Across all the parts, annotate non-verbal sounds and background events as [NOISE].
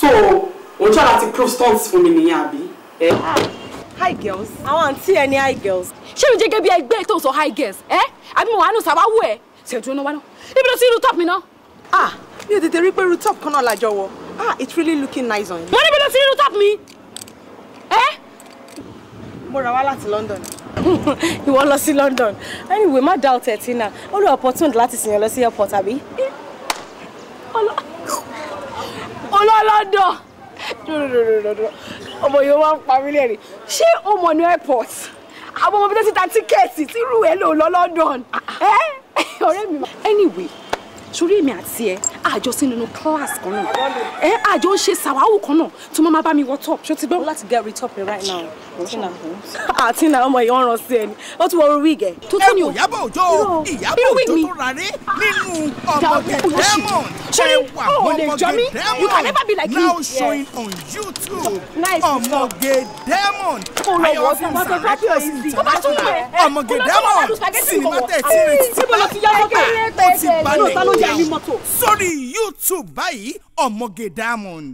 so òun ṣáà láti prove stunts fún mi nìyẹn eh? Ah, hi girls àwọn àǹtí see any hi girls. ṣé mi jẹ́ gẹ́gẹ́ bí ẹgbẹ́ tó or hi girls eh? I àbí mo wà nù sábà wù ẹ́ ṣẹ̀dúró náà wá náà you don't see rú top me náà. ah you did tètè rí pé top. kan náà lájọ wọ ah it's really looking nice on you. Why níbi tó see rí top me? Eh? mo rà wá láti London. [LAUGHS] ìwọ lọ sí London anyway my dá ọtẹ tí náà ó lọ opportunity láti sìn yàn lọ sí airport àbí. Eh? ọlọ́ọ̀ olólọ́dọ̀ ọmọ yìí wọ́n ń pa mí lẹ́rìn ṣé o mọ̀ ní airport àwọn ọmọ bíi títa tíkẹ́ẹ̀tì tí irú ẹ̀ lò lọ́lọ́dọ̀n ọ̀rẹ́ mi máa. anyway sórí èmi àti ẹ àjọ sí nínú class kan náà ẹ àjọ ń ṣe sàwáwù kan náà tó máa bá mi wọ top ṣó ti gbọ́. láti get rid of it right now. [LAUGHS] àti náà ọmọ yìí ọ̀ràn sí ẹni ó tún wọ orí wíìgì ẹ̀. tuntun ni o ìyábọ̀ òjó ìyábọ̀ òjó tó ra rí nínú ọmọ dẹ̀dẹ́mọ̀n ṣe wà ọmọ dẹ̀dẹ́mọ̀n now showing on YouTube ọmọ dẹ̀dẹ́mọ̀n ayọ̀wọ̀ fún sàrẹ́kọ̀ ọmọ dẹ̀dẹ́mọ̀n sinimá tẹ̀sí rẹ̀ ti bá ó ti balẹ̀ yà sórí YouTube báyìí ọmọ dẹ̀dẹ́mọ̀n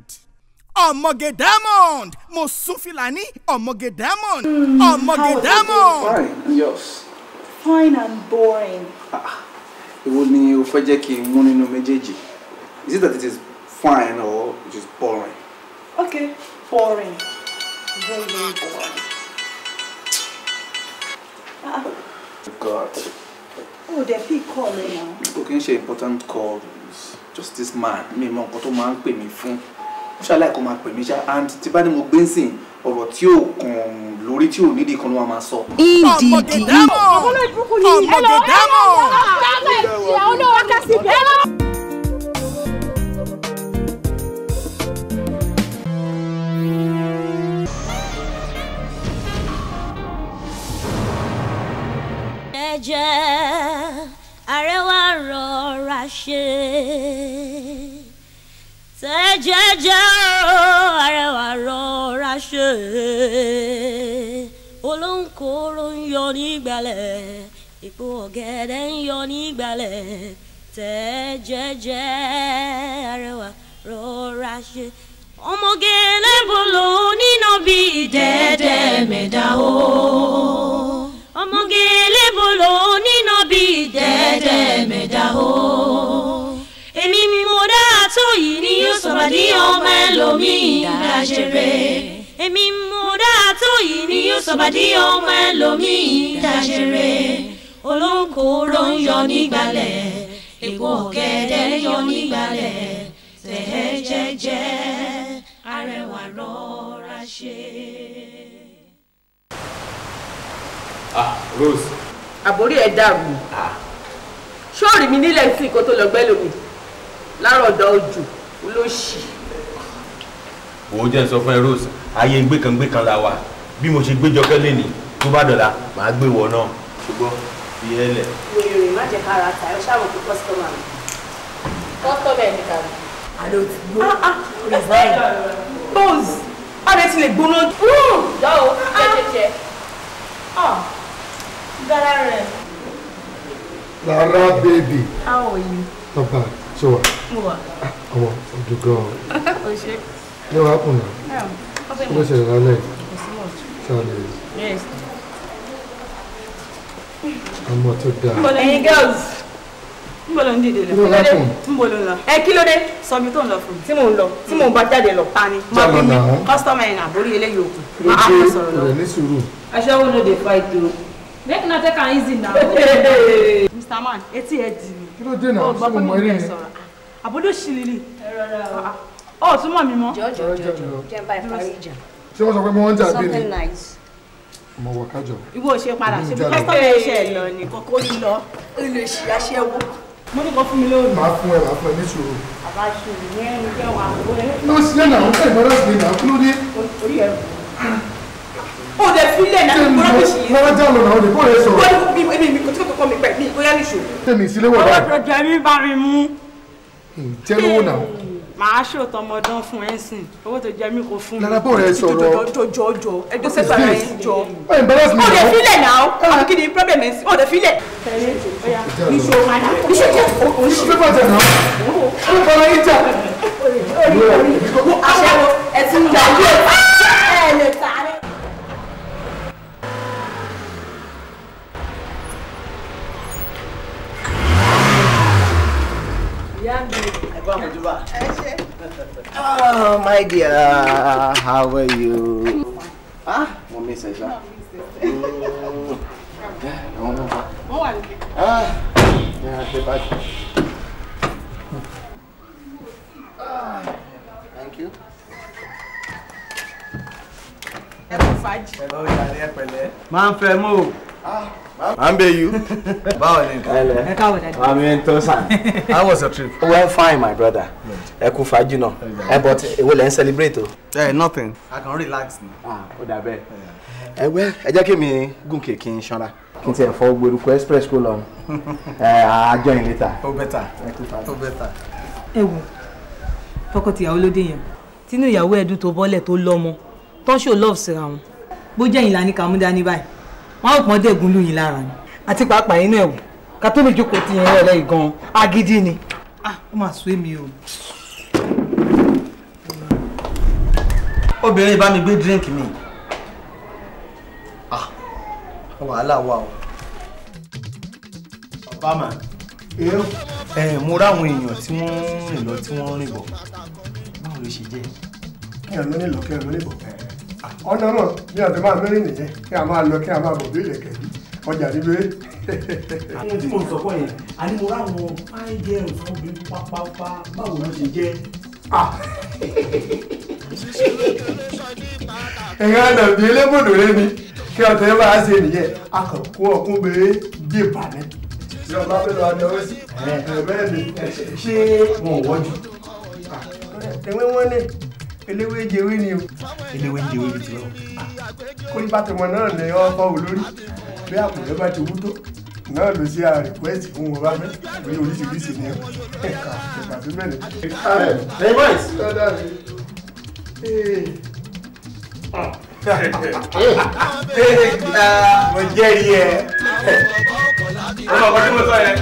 ọmọge diamond mo sún fìlàní ọmọge diamond hmm. ọmọge diamond. fine yes. fine and boring. Ah, èwo ni o fẹ́ jẹ́ kí n mú nínú méjèèjì is it that it is fine or it is boring. okay boring very very boring. Ah. God. Oh, the big call now. Kò kí n ṣe important call just this man mi mọ nǹkan tó máa ń pè mí fún ṣáláì kò máa pè mí ṣá and tí bá ní mo gbé ń sìn ọ̀rọ̀ tí ò kàn lórí tí ò nídìí kan ló wá máa sọ. ìdìdì ọmọdé dámọ̀ jẹ́ àrẹwà rọra ṣe ṣẹ́jẹ́jẹ́ arẹwà rọra ṣe olóńkóró ń yọ nígbàlẹ̀ èpo ọ̀gẹ̀dẹ̀ ń yọ nígbàlẹ̀ ṣẹ́jẹ́jẹ́ arẹwà rọra ṣe ọmọge lẹ́bùlò nínà bí dẹ́dẹ́ mẹ́ta o. ọmọge lẹ́bùlò nínà bí dẹ́dẹ́ mẹ́ta o. èmi mi mo dá tó yìí ni yóò sọ̀rọ̀ ní ọmọ ẹlòmíì dáṣeré. èmi mo dáa tó yìí ni yóò sọ̀rọ̀ ní ọmọ ẹlòmíì dáṣeré. olóńkòrò ń yọ nígbàlẹ̀ èpo ọ̀gẹ̀dẹ̀ ń yọ nígbàlẹ̀ tẹ̀ẹ́ jẹ́jẹ́ arẹwà rọra ṣe. ah Rose. àbórí ẹ dàrú. Ah. ṣó rí mi nílẹ̀ sí kó tó lọ gbẹ́ lárọ̀dọ̀ ojú olóṣì. òun jẹ́ sọ fún ẹ Rose ayé gbẹ̀kangbẹ̀kan la wa bí mo ṣe gbẹ́jọ́kẹ́ lẹ́ni tó bá dọ̀la màá gbé wọ náà ṣùgbọ́n fi ẹ lẹ̀. mo yòrò má jẹ́ kára ta ẹ ṣáà mọ̀ pé kọ́sítọ́mà mi. kọ́sítọ́mà ẹni kàwé. àlọ́ ti gbó resign. bose ọ̀rẹ́ ti lè gbóná. yọ̀ọ́ jẹ́jẹ́jẹ́. Ah, ah. gara rẹ̀. Lara baby. How are you? Not Ah, [LAUGHS] ṣé wà. mo wà. ọmọ ojú gan. o ṣe. ní wàá kùn náà. ọ̀sẹ̀ mi. ó ṣe ìrànlẹ́. sálẹ̀. yes. ọmọ tó dáa. mo lọ yín girls. n bolo n dìde lọ. kí ló dé n bolo lọ. ẹ kí ló dé sọ mi tó ń lọ fún mi. tí mò ń lọ tí mò ń bá jáde lọ. ta ni máa bí mi kọ́sítọ́mù ẹ̀ náà borí eléyìí òkú. máa kọ́ sọ̀rọ̀ lọ. rẹ̀ ní sùúrù. aṣọ́wó ló dé fight o. make una take am easy now. [LAUGHS] mr man etí ẹ dì mí kí ló dé náà sí mo mọ eré yẹn. àbúrò ṣìlìlì. ọ tún mi mọ́. jọjọ jọjọ jẹ́ bá ìjà. ṣé wọ́n sọ pé mo wọ́n jà bí ni mo wọ kájọ. ìwọ ṣe padà ṣe bí pásítọ̀ ẹ̀ ṣe lọ ní kókó lílọ. olè ṣì aṣẹ́wó. mo ní kó fún mi lónìí. màá fún ẹ màá fún ẹ ní sùúrù. bàbá ní ẹni jẹ́ wà ló ló ṣe é náà ṣe ìmọ̀ràn sí ìgbà kúrò dé. orí ẹ o de fi lẹ náà kó rọ́bìṣì yìí kọ́ mi pẹ̀lú ìkóyá nìṣó. tèmi ìsílẹ̀ wọ̀ báyìí. owó jẹjẹ mi bá mi mú. ǹjẹ́ lówó náà. màá ṣòótọ́ ọmọdán fún ẹ sìn owó tó jẹ mí kò fún mi. lára bọ́ọ̀ rẹ sọ̀rọ̀ jọjọ jọ ẹjọ́ sẹ́sọ̀ rẹ jọ. ó lè filẹ̀ náà àbí ah. kí ni problem ẹ̀ sí ó lè filẹ̀. níṣó níṣó jẹ́ òun ṣe. pépà jẹ náà ó fara yín jà. aṣẹ́wó ẹ̀ ti ń jà yóò ẹ̀ lè ta. Mama Juba. [LAUGHS] Oh, my dear, how are you? Ah, mommy says that. Ah, yeah, the bag. Ah, thank you. Ẹ kú fàájì. Ẹ lọ́ọ́ yàrá ẹ pẹ̀lẹ́. Máa ń fẹ́ Ah. I'm are you? Hello. I'm in Tosan. How was your trip? Well, fine, my brother. Eku kú fàájì Eh, but we lè celebrate o. Eh, nothing. I can relax now. Ah, ó dà bẹ́ẹ̀. Eh, well, ẹ jẹ́ kí mi gúnkè kí n ṣanra. Kí n tiẹ̀ fọ express kó lọ. Eh, [LAUGHS] I'll join later. Ó bẹ́tà. Ẹ kú fàájì. Ó bẹ́tà. Ẹ wo, tọkọ-tìyàwó ló dé yẹn. Tínú ìyàwó ẹ̀dùn tó bọ́lẹ̀ tó lọ́mọ, tọ́ṣù love síra wọn. Bó jẹ́ ìlànà dani báyìí wọn ò pọ́n dẹ̀gùn lù yín lára ni àti pàápàá inú ẹ̀wù ká tó jókòó ti yẹn rẹ̀ gan-an agídí ni ah ó mà sú èmi o. obìnrin bá mi gbé díríǹkì mi ah wàhálà wà o obama ẹ mo ráwọn èèyàn tí wọ́n ń rìn lọ tí wọ́n ń rìn bọ̀ báwo ló ṣe jẹ́. kẹrin ló nílò kẹrin ló níbọ̀ kẹrin ọ̀nà náà bí a ti máa mẹ́rin nìyẹn kí a máa lọ kí a máa bọ̀ bí ìlẹ̀kẹ̀ ọjà níbẹ̀. ohun tí mo sọ fọ yẹn àní mo ráwọn fine girls obìnrin pápápá báwo ló ṣe jẹ́. ìran àdàbí elébòdò rẹ ni kí ọ̀tẹ̀ bá a ṣe nìyẹn a kàn kó ọkún bèrè bí ìbàlẹ̀. tí ọba fẹ́ lọ adọ́wọ́ sí. bẹ́ẹ̀ ni ṣé wọn ò wọ́jú. ẹ̀wẹ́ wọn ní eléwé jewé ni o. eléwé jewé bi tiwọ́ kó ní bàtọ̀mọ̀ náà lè ọkọ̀ wò bí àpòjọ bá ti wú tó náà ló ṣe àrèkwẹ́sì fún wọn bá fẹ́ orí oríṣiríṣi ni ẹ̀ka ìgbà tó bẹ̀rẹ̀. ẹ boys. Ah, mo jẹ́rìí ẹ ọmọ ọkọ tí mo sọ yẹn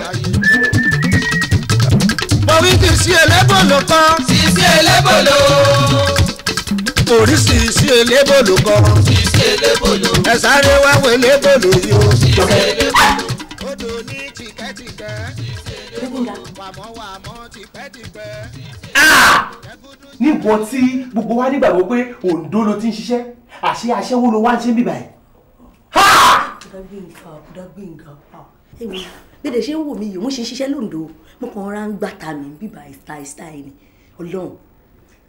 bọ̀wí kìí sí ẹlẹ́bọ̀ ló kọ́. sí sí oríṣiríṣi elébòlò kan. oríṣiríṣi elébòlò. ẹ sáré wá wo elébòlò yìí o. oríṣiríṣi elébòlò. odò ní tìkẹ́tìkẹ́. wàmọ́ wàmọ́ tìkẹ́tìkẹ́. níwọ̀n tí gbogbo wa nígbàgbọ́ pé Oǹdó ló ti ń ṣiṣẹ́ àṣé aṣẹ́wó ló wá ń ṣe ń bíbá ẹ̀. bẹ́ẹ̀ ṣe ń wò mí yìí mo ṣe ń ṣiṣẹ́ lóńdó mo kàn ra ń gbàtà mi bíbá ìta ìta ẹ̀ ni ọlọ́run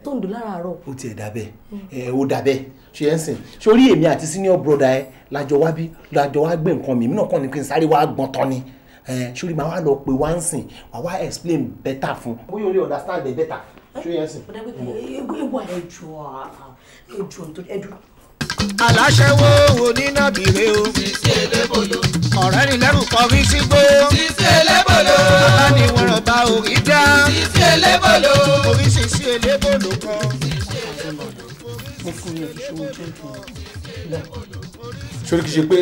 tó ń dùn láràárọ̀. ó tiẹ̀ dàbẹ̀ ẹ ó dàbẹ̀ ṣe ẹ́ sìn sórí èmi àti senior brother ẹ lájọ wá bí lájọ wá gbé nǹkan mi náà kàn ní kí n sáré wá gbọ́n tán ni sórí màá wá lọ pé wá ń sìn wàá wá explain better fún. bóyá o lè understand better ṣe ẹ sìn. ọ̀dà pé ewu àìjọ àìjọ ẹ̀dùn aláṣẹwó onínàbìrè o. sisi elébolo. ọ̀rẹ́ ni lẹ́rù kọrí sígbó. sisi elébolo. bàbá ni wọ́n rọ̀ bá orí dá. sisi elébolo. orí sisi elébolo kọ. mo fún mi ìṣòro tó ń tún sori kì ṣe pé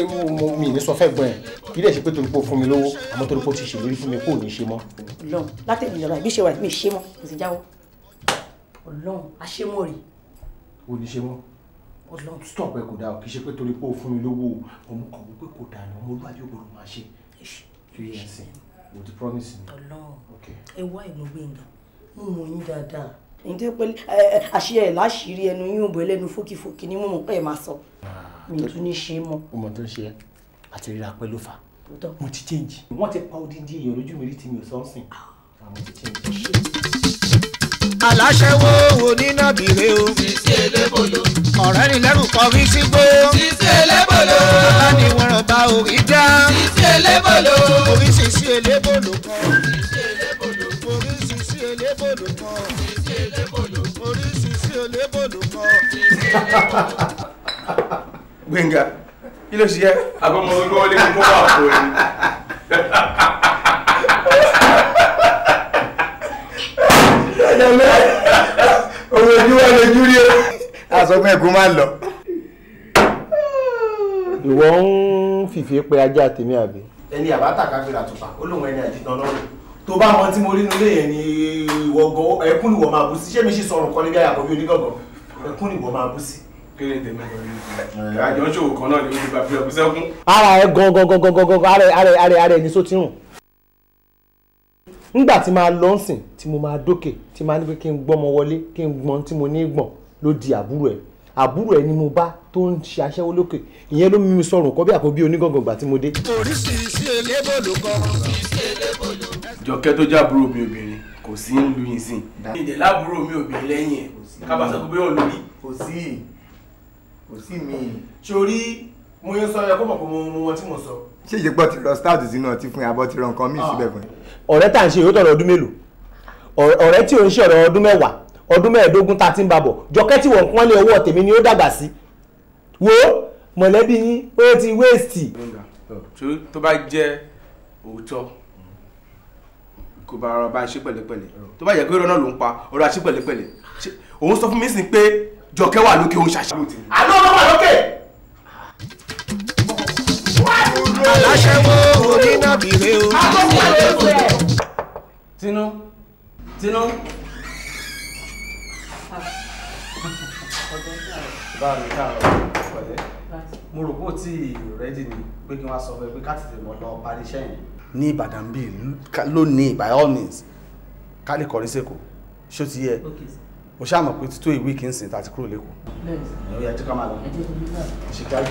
mi ní sọ fẹ́ gbọ́n ẹ̀ kì í ṣe pé torí pé o fún mi lówó àmọ́ torí pé o ti ṣèlérí fún mi kó o ní ṣe mọ́. Ọlọ́run láti ìlú ìjọba ìbí ṣe wà mí ṣe mọ́ kò sì jáwọ́ Ọlọ́run àṣemọ rè. o ní ṣe mọ́ wọ́n ti lọ stop ẹ kò dáa kì í ṣe pé torí pé o fún mi lówó ọmọ kan wípé kò dáa ni ọmọ olúwàbí ògbóló máa ṣe ṣe yẹn sìn o ti promise mi. Ọlọ́run ẹ wá ìlú gbẹngàn mo mọ yín dáadáa èyí tó pẹ àṣẹ ẹ láṣìírí ẹnu yín òbò ẹlẹnu fókìfókì ni mo mọ pé ẹ máa sọ mi ò tún ní ṣe mọ. ọmọ tó ń ṣe ẹ àti rírà pẹ́ ló fà mo ti change. wọ́n ti pa odindi èèyàn lójú mi rí tí mi ò sọ́ọ́sìn àwọn ah. ah, ti change aláṣẹwó wo níná bìrè o. sísè lébòlò. ọ̀rẹ́ ni lẹ́rù kọrí sígbó. sísè lébòlò. bàbá ni wọ́n ràn bá orí dá. sísè lébòlò. orí sísè lébòlò kan. sísè lébòlò. orí sísè lébòlò kan. sísè lébòlò. orí sísè lébòlò kan. [LAUGHS] gbẹ̀ngà kí ló ṣe yẹ. àbọ̀mọ̀ olúwọlé kókó wà fún ẹ. [LAUGHS] lẹ́lẹ́ òun ojú wa lójú rí o aṣọ pé ẹ̀kún máa lọ. ìwọ ń fìfì pe ajá tèmi àbí. ẹni àbáta káfíńrà tó pa ó lóun ẹni àjìtàn lọ́rùn tó bá wọn tí mo rí nílé yẹn ni ìwọ gan ẹkún ni ìwọ máa bú sí ṣé mi ṣe sọ̀rọ̀ kan níbi àyàkọ́ bí onígàngàn ẹkún ni ìwọ máa bú sí kéré tèmi pẹ̀lú àjọ ṣòwò kan náà ni ó ti gbà fi ọ̀bùsẹ́kún. ara ẹ gan gan gan gan gan ara ẹ ara ẹ ara ẹ ní sọ ti rùn nígbà tí máa lọ sìn tí mo máa dókè tí máa ní pé kí n gbọ́mọ wọlé kí n gbọ́n tí mo ní gbọ̀n ló di àbúrò ẹ̀ àbúrò ẹ̀ ni mo bá tó ń ṣe aṣẹ́wó lókè ìyẹn ló mímú sọ̀rùn kọ́ bí àkóbí onígangan gbà tí mo dé. oríṣiríṣi elébòlò kan. jọ̀kẹ́ tó jábúrò mi obìnrin kò sí ń lu ìsìn. ìdè lábúrò mi obìnrin lẹ́yìn ẹ̀ kábàṣà kó bẹ́ẹ̀ olórí. kò sí kò sí mi. sori mo yẹ sọ ẹ kó mọ̀ pé mo mọ ohun tí mo sọ. ṣé ìyípo ti rọ stout sínú ọtí fún yàrá bọ́ ti rọ nǹkan míì ọ̀rẹ́ tá à ń ṣe yóò tọ̀rọ̀ ọdún mélòó ọ̀rẹ́ tí ò ń ṣe ọ̀rọ̀ ọdún mẹ́wàá ọdún mẹ́ẹ̀ẹ́dógún tá a ti ń babọ̀ jọkẹ́ tí wọ́n pọ́nlé ọwọ́ tèmi ni ó dàgbà sí wo mọ̀lẹ́bí yín ó ti wéèsì. tó bá jẹ́ òótọ́ kò bá ara bá ṣe pẹ̀lẹ́pẹ̀lẹ́ tó bá yẹ pé rọ́nà ló ń pa ọ̀rọ̀ àṣẹ pẹ̀lẹ́pẹ̀lẹ́ òun sọ fún mi sí pé jọkẹ́ wà lókè òun ṣàṣà aláṣẹwó onínàbìrè o. tinú tinú. mo rò pé ó ti rẹ́dì ni pé kí wọ́n sọ pé ká tètè mọ̀ lọ parí iṣẹ́ yẹn. ní ìbàdàn bíi lónìí by all means ká kọrin sẹ́kọ̀ọ́ ṣó ti yẹ o ṣáà mọ̀ pé títú ìwé kì sìn tàti kúrò lẹ́kọ̀ọ́. bẹ́ẹ̀ yẹ kí ká máa lọ ṣe ká lè.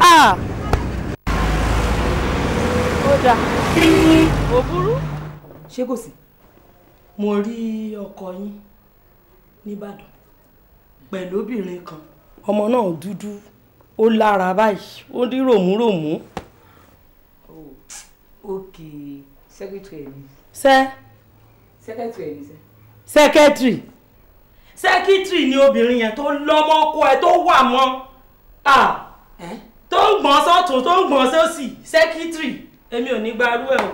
Ah. ó dáa kò burú. ṣé kò sí mo rí ọkọ yín nìbàdàn pẹ̀lú obìnrin kan ọmọ náà dúdú ó lára báyìí ó ní ròmúròmú. òkè sẹ́kítírì mi. sẹ́. sẹ́kítírì mi sẹ́. Secretary. Secretary ni obìnrin yẹn tó lọ́mọ ọkọ ẹ tó wà mọ́. ah. Eh? tó ń gbọ̀n sọ́tún tó ń gbọ̀n sósì sẹ́kítírì èmi ò ní gbarú ẹ̀ o.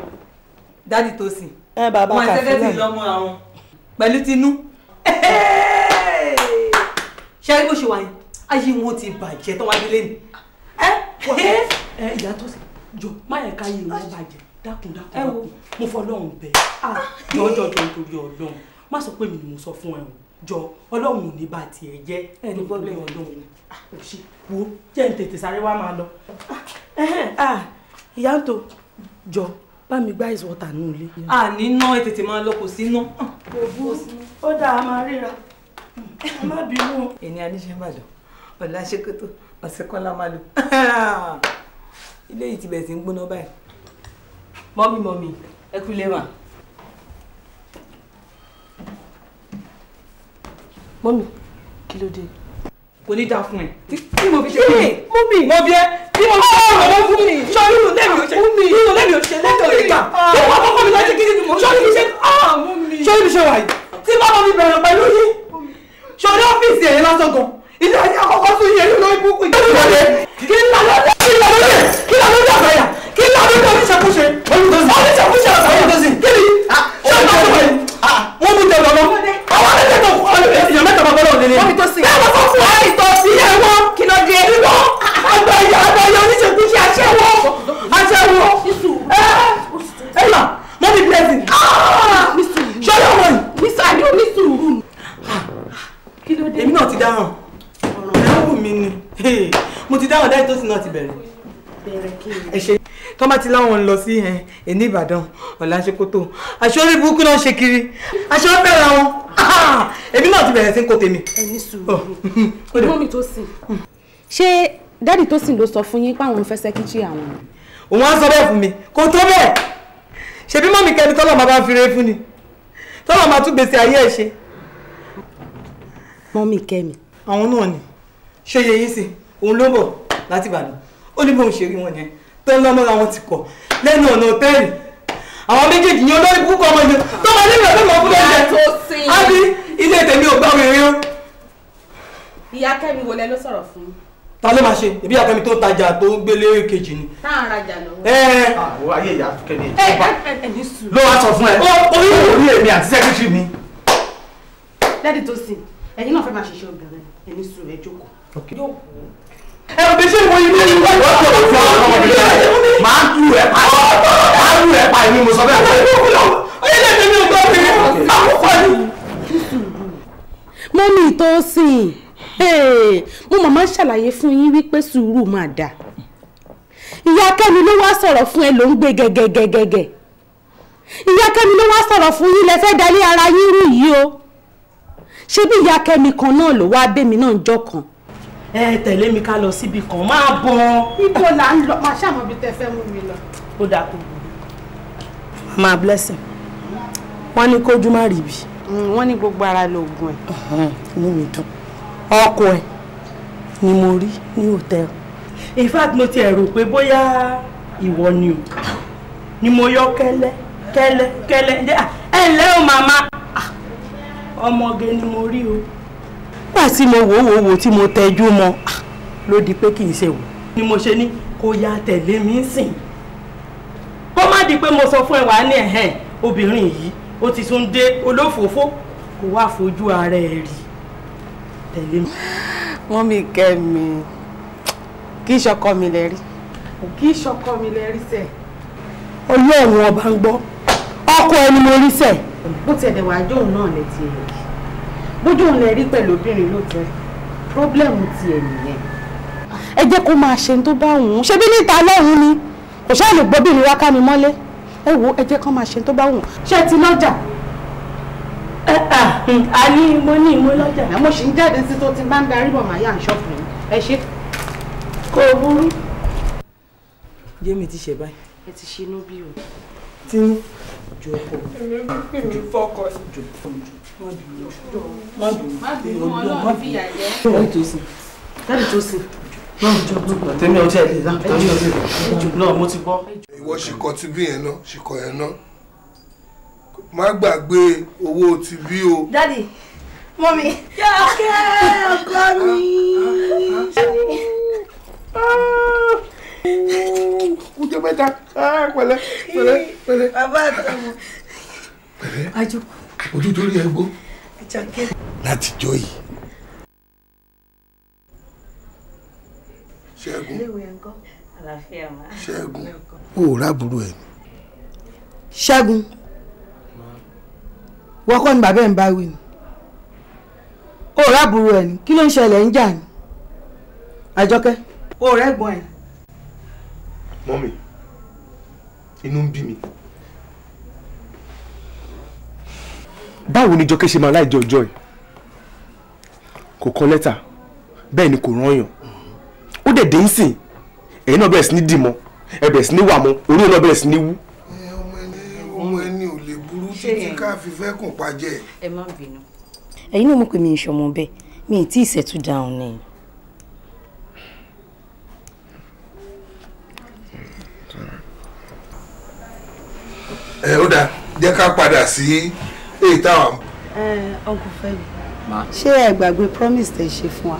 dádì tó sìn. ẹ bàbá kàfíńlẹ̀ wọn sẹ́kẹ́tì lọ́mọ àwọn pẹ̀lú tinú. ṣé ẹ bó ṣe wà yìí ayé wọn ti bàjẹ́ tó wáyé lẹ́nu. ẹ ẹ ìyá tó sìn jọ má yẹ ká yé wọn bàjẹ́ dákun dákun mo fọlọ́run bẹ́ẹ̀ ah. jọjọjọ nítorí ọlọ́run má sọ pé mi ni mo sọ fún ẹ o jọ ọlọ́run ò ní bá tiẹ̀ jẹ́ ẹni problem ọlọ́run ni kò ah, sí wo jẹ́ n tètè sáré wá máa lọ. Ah, ah, ìyá ń tó jọ bá mi gbá ice water nù ilé. a ní ná ẹ tètè máa lọ kò sí ná. kò bú ó dáa máa ríra má bínú. ẹni aníṣẹ́ máa lọ ọ̀la ṣèkótó ọ̀sẹ̀ kan la máa lò [LAUGHS] ilé yìí ti bẹ̀rẹ̀ sí ń gbóná báyìí. mọ́mí mọ́mí ẹ kú lé wa. mọ́mì kí ló dé. kò ní dáa fún ẹ tí mo fi ṣe fún mi mọ́mì mo bí ẹ bí mo fi ṣe ọ̀rọ̀ fún mi sọ́ọ́rì ló lẹ́mìí ọ̀ṣẹ́ mọ́mì ló lẹ́mìí ọ̀ṣẹ́ lẹ́tọ̀ ìgbà tí mo kọ́kọ́ mi láti kí ni mo sọ́ọ́rì mi ṣe wà yìí tí bàbá mi bẹ̀rẹ̀ pẹ̀lú yín sọ́ọ́rì ọ́fíìsì ẹ̀yìn lásán gan ilé ayé wọ́n mú jẹ lọ́wọ́ àwọn ẹlẹ́dẹ̀ tó fún ọ èèyàn mẹ́ta máa bọ́lọ̀ nílé. wọ́n tó sí i. bẹ́ẹ̀ wọ́n fún ọ ìtọ̀ sí i ẹ̀wọ́ kí ló dé. ìwọ àgbàyà àgbàyà oníṣègùn ṣe aṣẹ́wó aṣẹ́wó ẹ̀yà mọ́ mi blessing. Ah! ṣọlá wọ̀ yìí. mísù àdó mísù rù. kí ló dé. èmi náà ti dáhùn ẹ̀rọ mi ni mo ti dáhùn dáì tó sì náà ti bẹ̀rẹ̀ ẹ ṣe tó bá ti láwọn lọ sí ẹni ìbàdàn ọ̀la ṣekótó aṣọ orí burúkú náà ṣe kiri aṣọ bẹ̀rẹ̀ wọn [LAUGHS] èmi náà ti bẹ̀rẹ̀ sí kò tèmi. ẹni sùúrù oh. [LAUGHS] ìgbọ́n mi tó sìn. Hmm. ṣé dádì tó sìn ló sọ fún yín páwọn fẹ́ sẹ́kítì àwọn. òun á sọ bẹ́ẹ̀ fún mi kò tó bẹ́ẹ̀ ṣebí mọ́mí kẹ́ni tọ́lọ̀ máa bá fi re fún ni tọ́lọ̀ máa tún gbèsè ayé ẹ̀ ṣe. mọ́mí kẹ́mi. àwọn náà ni ṣé yẹ yín ó ní bóun ṣe rí wọn yẹn tó ń lọ mọ́ra wọn ti pọ̀ lẹ́nu ọ̀nà òtẹ́ẹ̀lì àwọn méjèèjì yẹn olórí púpọ̀ ọmọ ìlú tó máa nílò tó máa fún lọ́jọ́ àbí ilé tèmi ò gbá wèrè o. ìyá kẹ́mi wo lẹ ló sọ̀rọ̀ fún ta ló máa ṣe ìbí àkẹ́mi tó tajà tó ń gbélé kejì ni. tá a rajà lọ́wọ́. ẹ ẹ àwọn ayé ìyá kẹ́mi ẹ̀ ló wá sọ fún ẹ orí orí èmi àti sẹ́kítírì mi. lẹ́dí tó sìn ẹ̀yin náà fẹ́ máa ṣiṣẹ́ obìnrin ẹ̀ ní sùúrù ẹ̀ jókòó. jókòó ẹ ò bí ṣe ìwọ ilé ìwọ ìwọ tó o fún ọmọ ọmọ mi lẹ́yìn máa ń lu ẹ pa máa ń lu ẹ pa èmi mo sọ bẹ́ẹ̀ fún ẹ. ilé mi mi ò gbọ́ mi àkókò ni. mọ́mí tó sìn eh, mo màmá ṣàlàyé fún yín wípé sùúrù máa dà ìyá kẹ́mi ló wá sọ̀rọ̀ fún ẹ ló ń gbé gẹ́gẹ́gẹ́gẹ́ ìyá kẹ́mi ló wá sọ̀rọ̀ fún yín lẹ fẹ́ dalé ara yín rú yìí o ṣé bí ìyá kan náà ló wá bẹ́mi náà jọ kan ẹ tẹ̀lé mi ká lọ síbi kan máa bọ̀. ibo là ń lọ màá ṣàmọ̀ bí tẹ fẹ́ mú mi lọ. ó dáa kó burú. màmá blessing wọ́n ní kójú má rí ibi. Mm, wọ́n ní gbogbo ara lóògùn ẹ̀. inú mi dùn ọkọ ẹ ni mo rí ní hòtẹ́ẹ̀lì. in fact mo ti rò pé bóyá ìwọ ni o ni mo yọ kẹ́lẹ́ kẹ́lẹ́ kẹ́lẹ́ ẹ ǹlẹ́ o màmá ọmọge ni mo rí o nígbà tí mo wò wò wò tí mo tẹjú mọ́ ló di pé kì í ṣe wò ni mo ṣe ní kó yá tẹ̀lé mi sìn kó má di pé mo sọ fún ẹ wàá ní ẹ̀hẹ́n obìnrin yìí ó ti tún dé olófòófó kó wá fojú ara ẹ rí tẹ̀lé mi. wọ́n mi kẹ́ mi kí ìṣọkọ mi lè rí. kí ìṣọkọ mi lè rí sẹ́ẹ̀. ọlọ́run ọba ń gbọ́ ọkọ ẹni mo rí sẹ́ẹ̀. bó tiẹ̀ dẹ̀ wá jóun náà lẹ́tì ẹ̀ bójú òun lè rí pẹ̀lú obìnrin ló tẹ problem ti ẹ̀ nìyẹn. ẹ jẹ́ kó máa ṣe tó bá òun ṣe bí níta lọ́rùn ni kò ṣáà lè gbóbìnrin wákà mi mọ́lé ẹ wo ẹ jẹ́ kó máa ṣe tó bá òun ṣé ti lọ́jà. a ní mo ní mo lọ́jà. àmọ́ ṣì ń jáde sí tó ti bá ń darí bọ̀ máa yà ń ṣọ́ọ̀fù mi ẹ ṣe kó o burú. jẹ́mi ti ṣe báyìí. ẹ ti ṣe inú bí o. tinú ju ọkọ ju fọkọ ju fọkọ ju má bínú má bínú má bínú dáàdì tó sìn dáàdì tó sìn tèmi ọjọ́ ẹ̀ lè rà tèmi ọjọ́ ẹ̀ náà mo ti gbọ́. ìwọ ṣìkọ ti bí yẹn náà ṣìkọ yẹn náà má gbàgbé owó ti bí o. dáàdì mọ́mí. yọ̀ọ́kẹ́ ọkọ mi. kùtù mẹ́ta ah, pẹ̀lẹ́ pẹ̀lẹ́ pẹ̀lẹ́. bàbá àtàwọn. pẹ̀lẹ́. ajoko ojú tó rí ẹgbó láti jọ yìí. ṣẹ́gun ṣẹ́gun o ò rábùrú ẹ̀. ṣẹ́gun wọ́kọ́ ni bàbá ẹ̀ ń bá wí ni o ò rábùrú ẹ̀ ni kí ló ń ṣẹlẹ̀ ń jà ni àjọkẹ́ o ò rẹ́gbọ́n ẹ̀. mọ́mì inú ń bí mi. báwo ni jọkẹ́ ṣe máa láì jọ ọjọ́ ẹ̀ kò kọ lẹ́tà bẹ́ẹ̀ ni kò rányàn ó dẹ̀ dé ń sìn ẹ̀yin náà bẹ̀rẹ̀ sí ní dìmọ̀ ẹ bẹ̀rẹ̀ sí ní wàmọ̀ orí náà bẹ̀rẹ̀ sí ní wú. ọmọ ẹni ò lè burú títí ká fi fẹ́ kùn pajẹ́. ẹ má bínú. ẹ̀yin náà mọ̀ pé mi ń ṣọmọ bẹ́ẹ̀ mi ì tí ì settle down ni. ẹ ó dáa jẹ́ ká padà sí èyí táwa mú. ẹ ọkùn Fẹ́mi ṣé ẹ gbàgbé promise tẹ́ ṣe fún wa.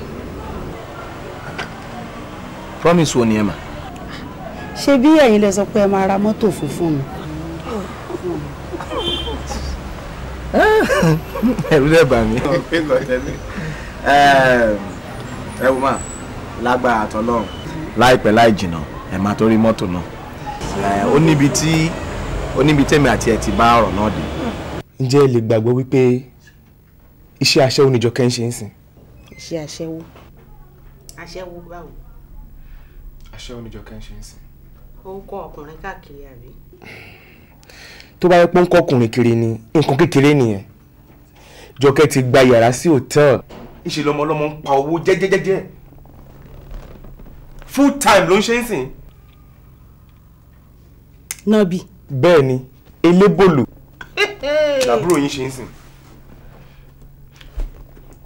promise wo ni ẹ mà. ṣé bí ẹ̀yin lẹ sọ pé ẹ máa ra mọ́tò funfun mi. ẹ̀rù lẹ bà mí. ẹ wò máa lágbára àtọlọ́run. láìpẹ́ láì jìnnà ẹ̀ máa torí mọ́tò náà ó níbi tí ó níbi tẹ́mi àti ẹ̀ ti bá ọ̀rọ̀ náà dé ǹjẹ́ ẹ lè gbàgbọ́ wípé iṣẹ́ aṣẹ́wó ni Jọkẹ́ ń ṣe ń sìn. iṣẹ́ aṣẹ́wó aṣẹ́wó báwo. aṣẹ́wó ni Jọkẹ́ ń ṣe ń sìn. ó ń kọ́ ọkùnrin káàkiri àbí. tó bá yẹ pé ó ń kọ́ ọkùnrin kiri ni nǹkan kékeré nìyẹn Jọkẹ́ ti gba yàrá sí hòtẹ́ẹ̀lì. ìṣe lọmọlọmọ ń pa owó jẹ́jẹ́jẹ́jẹ́ full time ló ń ṣe ń sìn. nọ́ọ̀bì. bẹ́ẹ̀ ni elébòlù làbúrò yín ṣe ń sìn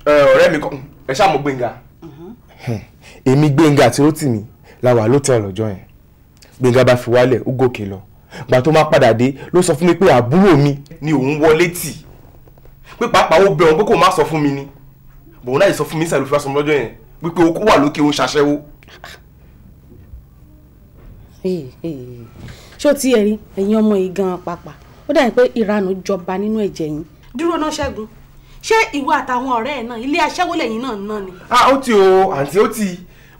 ọ̀rẹ́ mi kọ́ ẹ ṣáà mọ̀ Gbénga. èmi Gbénga àti Rótìmí la wà lótẹ́ẹ̀lì ọjọ́ yẹn Gbénga bá fi wálẹ̀ ó gòkè lọ gbà tó má padà dé ló sọ fún mi pé àbúrò mi ni òun wọlé tì pé pàápàá ó bẹ òun pé kò má sọ fún mi ni bòun náà yìí sọ fún mi sàlù fífa sọmọ lọ́jọ́ yẹn wípé ó wà lókè òun ṣàṣẹ́wó. ṣó ti ẹ̀rí ẹ̀yin ọmọ yìí gan-an pàápàá ó dàbí pé ìranù jọba nínú ẹ̀jẹ̀ yín. dúró náà ṣẹ́gun ṣé ìwọ àtàwọn ọ̀rẹ́ ẹ̀ náà ilé aṣẹ́wó lẹ́yìn náà náà ni. a ah, ó ti o àǹtí ó ti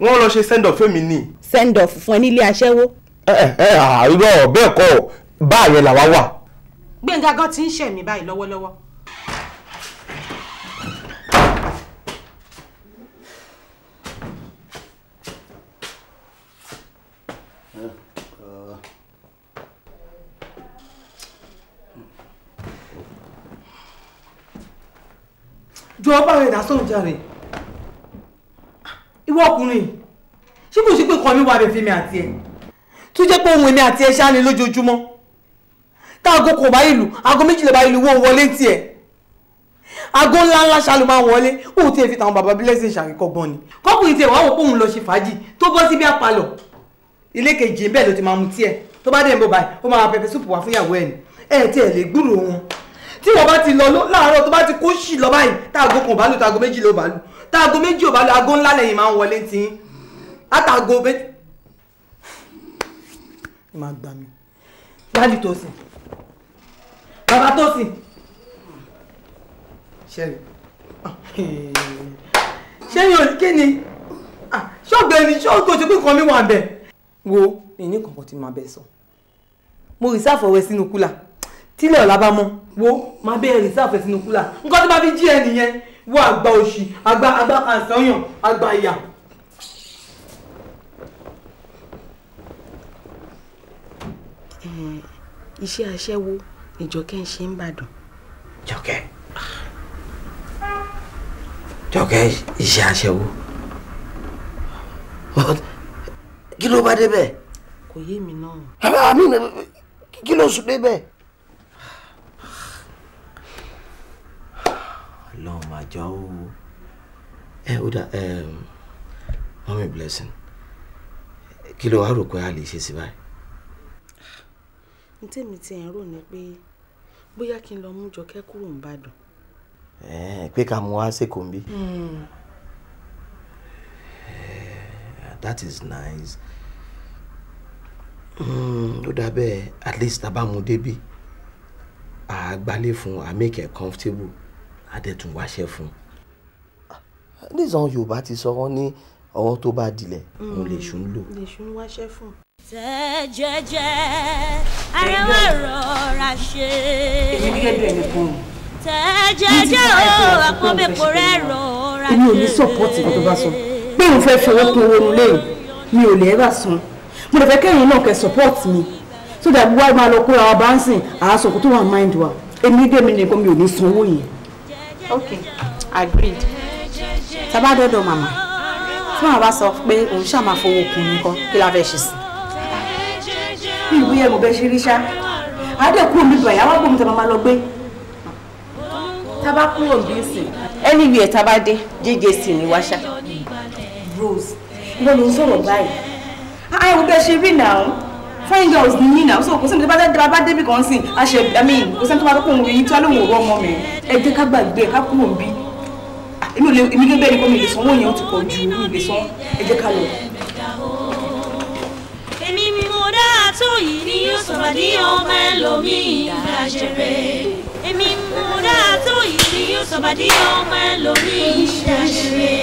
wọ́n lọ ṣe send off fẹ́mi ni. send off fún ẹ nílé aṣẹ́wó. ẹ ẹ àìrọ bẹ́ẹ̀ kọ́ báyẹn làwa wà. gbẹ̀ngà gan ti ń ṣẹ̀mí báyìí lọ́wọ́lọ́wọ́ jọ̀ọ́ bá rẹ̀ dásán jàre ìwọ ọkùnrin ṣé kò sí pé kọ́ mi wà bẹ̀ fèmi àti ẹ̀ tó jẹ́ pé ohun èmi àti ẹ̀ ṣáà ní lójoojúmọ́ táago kò bá ìlú aago méjìlá bá ìlú wọ́n wọlé tiẹ̀ aago ńlá ńlá ṣáà ló máa wọlé òun tí ẹ fi tàwọn bàbá bílẹ̀ ṣe ṣàríkọ́gbọ́n ni kọ́kùnrin tiẹ̀ wá wò pé òun lọ ṣe fàájì tó bọ́ síbi àpalọ̀ ilé kejì bẹ́ẹ̀ ló ti máa mu tiẹ̀ tó bá dẹ̀ ń bọ̀ báyìí ó máa pẹpẹ súpù wá fún ìyàwó ẹ̀ ní ẹ̀ tiẹ̀ lè gbúròó wọn tí wọ́n bá ti lọ láàárọ̀ tó bá ti kó ṣì lọ báyìí táàgó kan bá lù táàgó méjì ló bá lù táàgó méjì ò bá lù aago ńlá lẹ́yìn máa ń wọlé tí ń látàgó méjì. ẹ máa gbà mí dáàdì tó sìn bàbá tó sìn ṣẹ́ni ṣẹ́ni ò kí ni ah, ṣọ́gbẹ́ni ṣọ́gbẹ́ òṣèpé kan mi wà bẹ́ẹ̀ wo ìní kankan tí màá bẹ sọ mo rìsáfọ̀wẹ́ sínú kúlà tílẹ̀ ọ̀la bá mọ́ wo máa bẹ́ẹ̀ rìsáàfù ẹ̀ sínú kúlà nǹkan tó bá fi jí ẹ nìyẹn wo àgbà òṣì àgbà àgbà àṣàyàn àgbà ìyà. iṣẹ́ aṣẹ́wó ìjọkẹ́ ń ṣe ń bàdàn. jọkẹ́ jọkẹ́ iṣẹ́ aṣẹ́wó kí ló bá débẹ̀. kò yé mi náà. àmì kí ló sùn débẹ̀. Ọlọ́run máa jọ ó ẹ ó blessing kí ló wàá rò pé a lè ṣe sí báyìí. ní tèmi tí ẹ̀ ń rò ní pé bóyá kí n lọ mú Jọkẹ́ kúrò n'Íbàdàn. ẹ eh, pé ká mú hmm. eh, that is nice. Hmm, ó dà be. at least tá a bá mú débì i make her comfortable adẹ́tún wáṣẹ́ fún. nísàn yorùbá ti sọ wọn ní ọwọ́ tó bá dilẹ̀ òun lè ṣùn lò. lè ṣùn wáṣẹ́ fún. tẹ́ jẹ́jẹ́ arẹwà rọra ṣe. èmi gẹ́gẹ́ bí ẹni kan. tẹ́ jẹ́jẹ́ o àpọ́nbẹ́pọ̀ rẹ̀ rọra ṣe. èmi ò ní sọ́pọ́ọ̀tì kó tó bá sọ pé òun fẹ́ fi owó kún owó nulẹ̀ yìí mi ò lè ẹ́ bá sun mo lè fẹ́ kẹ́yìn náà kẹ́ sọ́pọ́ọ̀tì mi so that wọ́n máa lọ kóra wa ń sìn àásọ̀kú tó wà mind wa èmi dé mi nìkan mi ò ní sanwó yẹn okay agreed tábà dọ́dọ̀ màmá tí màmá bá sọ pé òun ṣáà máa fowó kun nǹkan kí la fẹ́ ṣe sí. bí ìlú mo bẹ ṣe rí ṣá àádẹ́kù omi bàyà wá gbọ́n mi tẹ́ máa lọ gbé tábà kúrò ń bí sí. anywhere tábà dé jíjẹ sí ni wáṣà. Mm. Rose ìwọ ló ń sọ̀rọ̀ báyìí àìwò bẹ́ẹ̀ ṣe rí nàá fine girls ni mí náà so kò sẹ́ni tó bá dé bá débi kan sìn àṣẹ àmì kò sẹ́ni tó bá dọ́kùn rí tí wọ́n lòun ò rọ ọmọ mi ẹ jẹ́ ká gbàgbé ká kúrò ń bí èmi ló bẹ́ẹ̀ ni kò mi lè sanwó yẹn ó ti pọ̀ ju mi lè san ẹ jẹ́ ká lọ. èmi ni mo dá àtọ́ yìí ni yóò sọ̀rọ̀ ní ọmọ ẹlòmíì dáṣẹrẹ èmi mo dá àtọ́ yìí ni yóò sọ̀rọ̀ ní ọmọ ẹlòmíì dáṣẹrẹ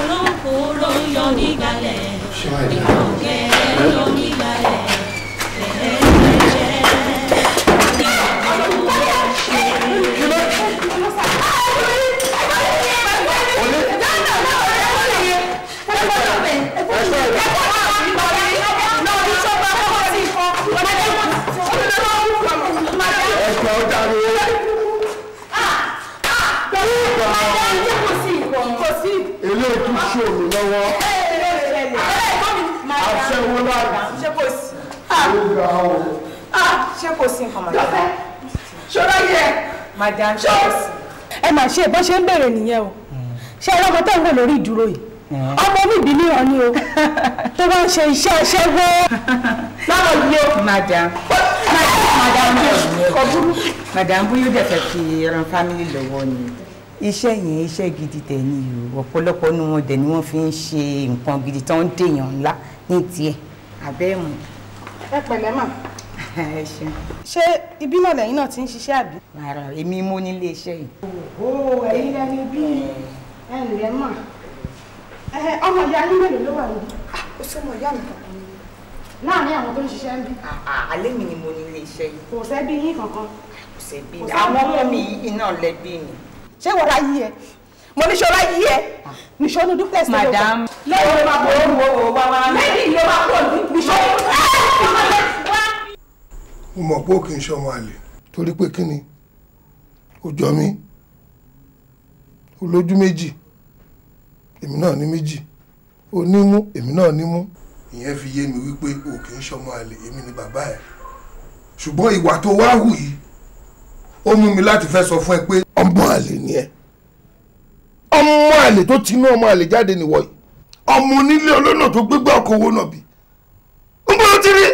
olóńkòó ló ń yọ nígbàlẹ̀ ìkọ̀kẹ́ lọ ní eré ètò ṣò mí lọ́wọ́ àṣẹwó láàrín ṣé kò sí ah, ah, ṣé kò sí nǹkan màdá ṣọlá yẹ màdá ṣé kò É, ẹ mà ṣe bó ele ń bèrè nìyẹn o ṣé ẹ lọ́kọ tó ń wò lórí ìdúró yìí mm-hmm. ọmọ oníbi ní ọ̀ni o [LAUGHS] tó bá ń ṣe iṣẹ́ aṣẹ́wó láwọn ilé o. madam madam bóyá dẹ̀ fẹ́ fi ran family lọ́wọ́ ni iṣẹ́ yẹn iṣẹ́ gidi tẹ̀ ni o ọ̀pọ̀lọpọ̀ nu wọn dẹ̀ ni wọ́n fi ń ṣe nǹkan gidi tán ń dèèyàn ńlá ní tiẹ̀ abẹ́ mu. ẹ pẹ̀lẹ́ mà. [LAUGHS] ẹ ṣeun. ṣé ibi náà lẹ́yìn náà ti ń ṣiṣẹ́ àbí. rárá èmi mo nílé iṣẹ́ yìí. o ẹ̀yin lẹni bí ẹ ǹlẹ́ mà ọmọ ìyá yín mélòó ló wà níbí. Ah, ó sọ ọmọ ìyá mi kankan ni. láàárín àwọn tó ń ṣiṣẹ́ ń bí. àlẹ́ ah, ah, mi ni mo nílé iṣẹ́ yìí. kò sẹ́bí yín kankan. kò sẹ́bí àwọn ọmọ mi iná lẹ́bí mi ṣé wọ́n ra yí ẹ mo ní ṣọlá yí ẹ nìṣó ní duplex tó lọ kọ lẹ́yìn ló máa kó òun wò wá wá lẹ́yìn ló máa kó nìṣó ní mo mọ̀ pé ó kì í ṣọmọ àlè torí pé kí ni ó jọ mí olójú méjì èmi náà ní méjì onímú èmi náà nímú ìyẹn fi yé mi wípé o kì í ṣọmọ àlè èmi ni bàbá ẹ ṣùgbọ́n ìwà tó wá hù yìí ó mú mi láti fẹ́ sọ fún ẹ pé ọmọ àlè ni ẹ ọmọ àlè tó tinú ọmọ àlè jáde nìwọ yìí ọmọ onílé olónà tó gbégbá ọkọ̀ owó náà bí ń bọ́ ló ti rí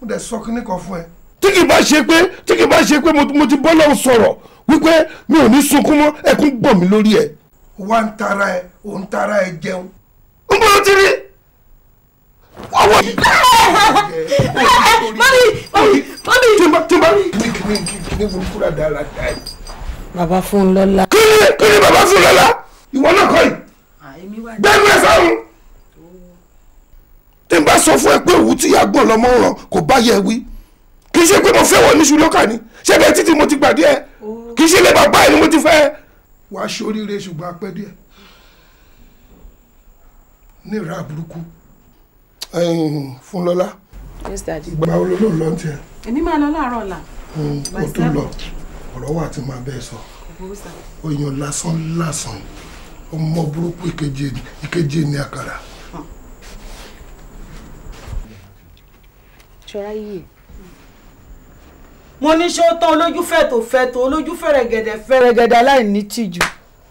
mo dẹ̀ sọ kíní kan fún ẹ. tí kì bá ṣe pé tí kì bá ṣe pé mo ti bọ́ lọ́hùn sọ̀rọ̀ wípé mi ò ní sunkún mọ́ ẹkún bọ̀ mí lórí ẹ. wá ń tara ẹ ò ń tara ẹ jẹun ń bọ́ ti rí ọwọ́ mi. mami mami mami. tìǹbà tìǹbà. kí ni kí ni burúkú la dá la dá yìí. baba fún lọ́la. kí ni kí ni baba fún lọ́la ìwọ náà kọ́ yìí gbẹ́nu ah, ẹ sáwọn tí n bá sọ fún ẹ pé òwú tí yàgbọ́n lọ́mọ ràn kò bá yẹ wí kì í ṣe pé mo fẹ́ wọ níṣu lọ́kà ni ṣé bẹ́ẹ̀ títí mo ti gbà díẹ̀ kì í ṣe lè bàbá ẹ̀ ni mo ti fẹ́. wàá ṣoríire ṣùgbọ́n apẹ́ díẹ̀ ní ìrà burúkú. Fúnlọ́lá ìgbà wo ló lọ tiẹ̀. èmi máa lọ láàárọ̀ ọ̀la. o hmm, tó lọ ọ̀rọ̀ wà tí màá bẹ́ẹ̀ sọ oyan lásán lásán ọmọ burúkú ìkeje ní àkàrà. ṣọ́ra yìí mo ní ṣé ó tán olójú fẹ̀tò fẹ̀tò olójú fẹ̀rẹ̀gẹ̀dẹ̀ fẹ̀rẹ̀gẹ̀dẹ̀ aláìní tìjú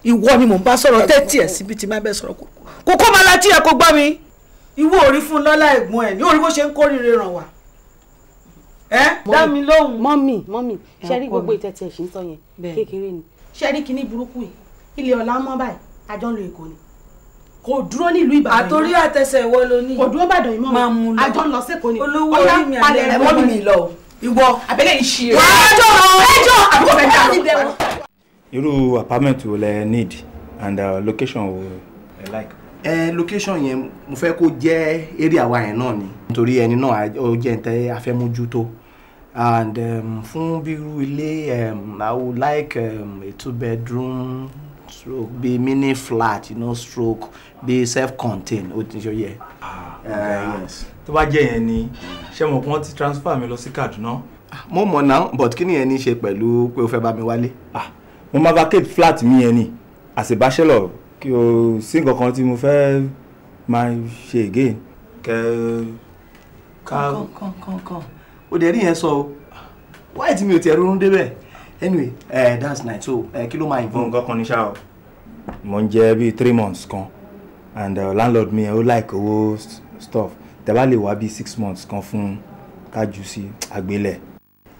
ìwọ ni mò ń bá sọ̀rọ̀ tẹ́tí ẹ̀ síbi tí má bẹ́ẹ̀ sọ̀rọ̀ kókó máa la tí ẹ kó gbọ́ mi ìwọ orí fún lọ́lá ẹ̀gbọ́n ẹ̀ ní orí bó ṣe ń kórìíre ràn wá. ẹ dá mi lóhùn. mọ́mì mọ́mì ṣẹ́rí gbogbo ìtẹ̀tẹ̀ ẹ̀sìn sọ yẹn kékeré ni. ṣẹ́rí kínní burúkú yìí ilé ọ̀la mọ́ báyìí àjọ èkó ni kò dúró nílùú ìbàdàn yìí àtòrí àtẹsẹ̀ ìwọ ló ní. kò dúró ìbàdàn yìí mọ́ mi àjọ ni olówó orí mi àlẹ́ ẹ̀rọ mi lọ ìwọ abẹ́lẹ̀ ìṣe apartment wo lẹ need and uh, location wo like ẹ location yẹn mo fẹ́ kó jẹ́ area wa yẹn náà ni nítorí ẹni náà ó jẹ́ ntẹ́ afẹ́mójútó and um, fún bírú ilé um, I would like um, a two bedroom stroke bí mini flat you know, stroke bí self-contained ó ti ṣe yẹ. Ah, uh, tó bá jẹ́ yẹn ni ṣé mo kàn ti transfer mi lọ sí Kaduna. Ah, mo mọ̀ náà but kí ni yẹn ní í ṣe pẹ̀lú pé o fẹ́ bá mi wálé. Ah, mo máa vacate flat mi yẹn ni as a bachelor kí o sí nǹkan kan tí mo fẹ́ máa ṣe again kẹ ká. kàn kàn kàn o dẹ̀ rí yẹn sọ o wáyé tí mi ò tiẹ̀ ronú débẹ̀ anyway uh, that's night so uh, kí ló máa involve. nǹkan kan ní ṣá o mo ń jẹ bíi three months kan and uh, landlord mi ó like owó stuff tẹ́ bá lè wá bíi six months kan fún kájú sí àgbélẹ̀.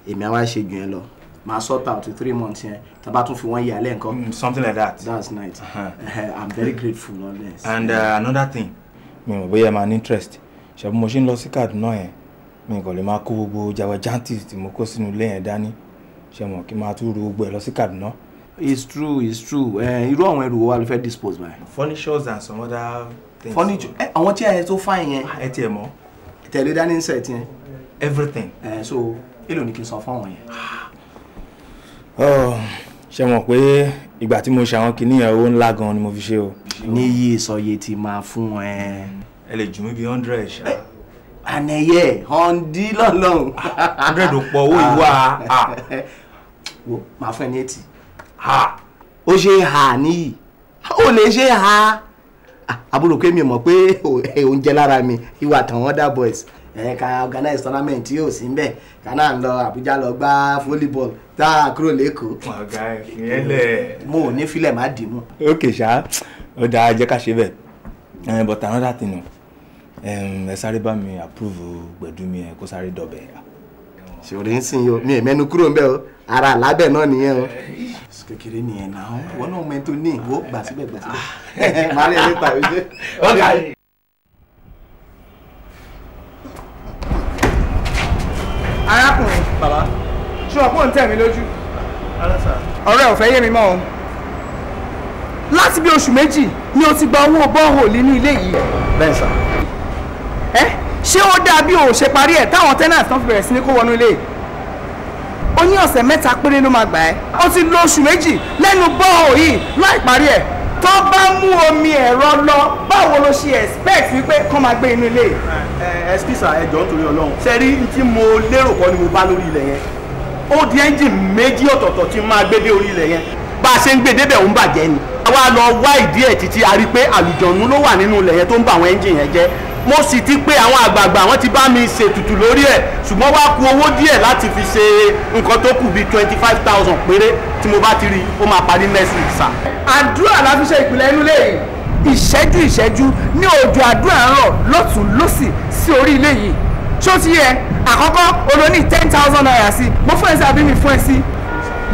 èmi àwa ṣe jù yẹn lọ màá sort out three months yẹn taba tún fi wọn yẹ alẹ nǹkan. Mm, something like that. that's nice uh -huh. i'm very grateful honest. and uh, another thing mi ò bóyá máa ní interest ṣe bí mo ṣe ń lọ sí Kaduna yẹn mi kò lè máa kó gbogbo java jantis tí mo kó sínú ilé yẹn dání ṣe mọ̀ kí n máa tún ru gbogbo ẹ̀ lọ sí Kaduna. it's true it's true irú àwọn ẹrù wo wa ló fẹ́ dispose by. furnitures and some other things. furniture ẹ àwọn tí ẹ tó fáìn yẹn. ẹ tiẹ̀ mọ̀. tẹ̀lé dání set yẹn. everything. ẹ so èló ni kí n san fún àwọn yẹn. Oh, ṣe mọ̀ pé ìgbà tí mo ṣe àwọn kinní yẹn owó ńlá gan ni mo fi ṣe o. níyì ìsọyè ti máa fún ẹ. ẹ lè jù mí bíi hundred ṣá. ànẹyẹ ọ̀ǹdí lọ́lọ́run. hundred ò pọ̀ owó ìwà. Ah. wo màá fún ẹ ní ètì. ó ṣe hà níyì ó lè ṣe hà ah, àbúrò kémi mọ̀ pé oúnjẹ lára mi ìwà tàn wọ́n dá boys ẹ ká organize tournament yóò sí nbẹ ká náà ń lọ Àbújá lọ gbá volleyball tá a kúrò lẹ́kọ̀ọ́. ọ̀gá ìyẹn lẹ̀. mo ò ní filẹ̀ má dì mú. ok ṣá ó dáa jẹ́ ká ṣe bẹ́ẹ̀ but another thing ẹ sáré bá mi approve Gbẹ̀dúmi ẹ kó sáré dọ̀bẹ̀. ṣòro ń sìn yọ mi ì mẹ́nu kúrò ń bẹ̀ o ara àlábẹ̀ náà nìyẹn o. kékeré nìyẹn náà wọn náà mẹ́tò ní ìwọ gbà síbẹ̀ gbà síbẹ̀ [LAUGHS] máa rí ẹni pàrọ̀ jẹ́. arákùnrin bàbá ṣé ọ̀pọ̀ ń tẹ̀ mí lójú ọ̀rẹ́ ọ̀fẹ́ yé mi mọ́ o láti bí oṣù méjì ni o ti gba owó bọ́ọ̀hòlì ní ilé yìí. bẹ́ẹ̀ sà. ẹ ṣé ó dáa bí o ṣe parí ẹ̀ táwọn tenants náà fi bẹ̀rẹ̀ sí ní kó wọnú ilé ó ní ọ̀sẹ̀ mẹ́ta péré ló máa gbà ẹ́ o ti lo oṣù méjì lẹ́nu bọ́ọ̀hò yìí láì parí ẹ̀ tó bá mú omi ẹ̀rọ lọ báwo ló ṣe expect wípé kán máa gbé inú ilé. ẹ ẹ skisa ẹjọ nítorí Ọlọ́run ṣe tí mo lérò kọ́ ni mo bá lórí ilẹ̀ yẹn ó di ẹ́ńjìn méjì ọ̀tọ̀ọ̀tọ̀ tí máa gbé dé orí ilẹ̀ yẹn bá a ṣe ń gbé débẹ̀ ó ń bàjẹ́ ni. àwa lọ wá ìdí ẹ̀ títí a rí i pé àlùjọ̀nù ló wà nínú ilẹ̀ yẹn tó ń bà àwọn ẹ́ńjìn yẹn jẹ́ mo sì ti pé àwọn àgbààgbà wọ́n ti bá mi ṣètùtù lórí ẹ̀ ṣùgbọ́n wá ku owó díẹ̀ láti fi ṣe nǹkan tó kù bíi twenty five thousand péré tí mo bá ti rí ó máa parí next week sir. àdúrà la fi ṣe ìpìlẹ̀ inú lè ìṣẹ́jú ìṣẹ́jú ní òjò àdúrà ń rọ̀ lọ́tún lọ́sì sí orí ilé yìí ṣó ti yẹ àkọ́kọ́ olóní ten thousand naira sí mo fún ẹ sí àbí mi fún ẹ sí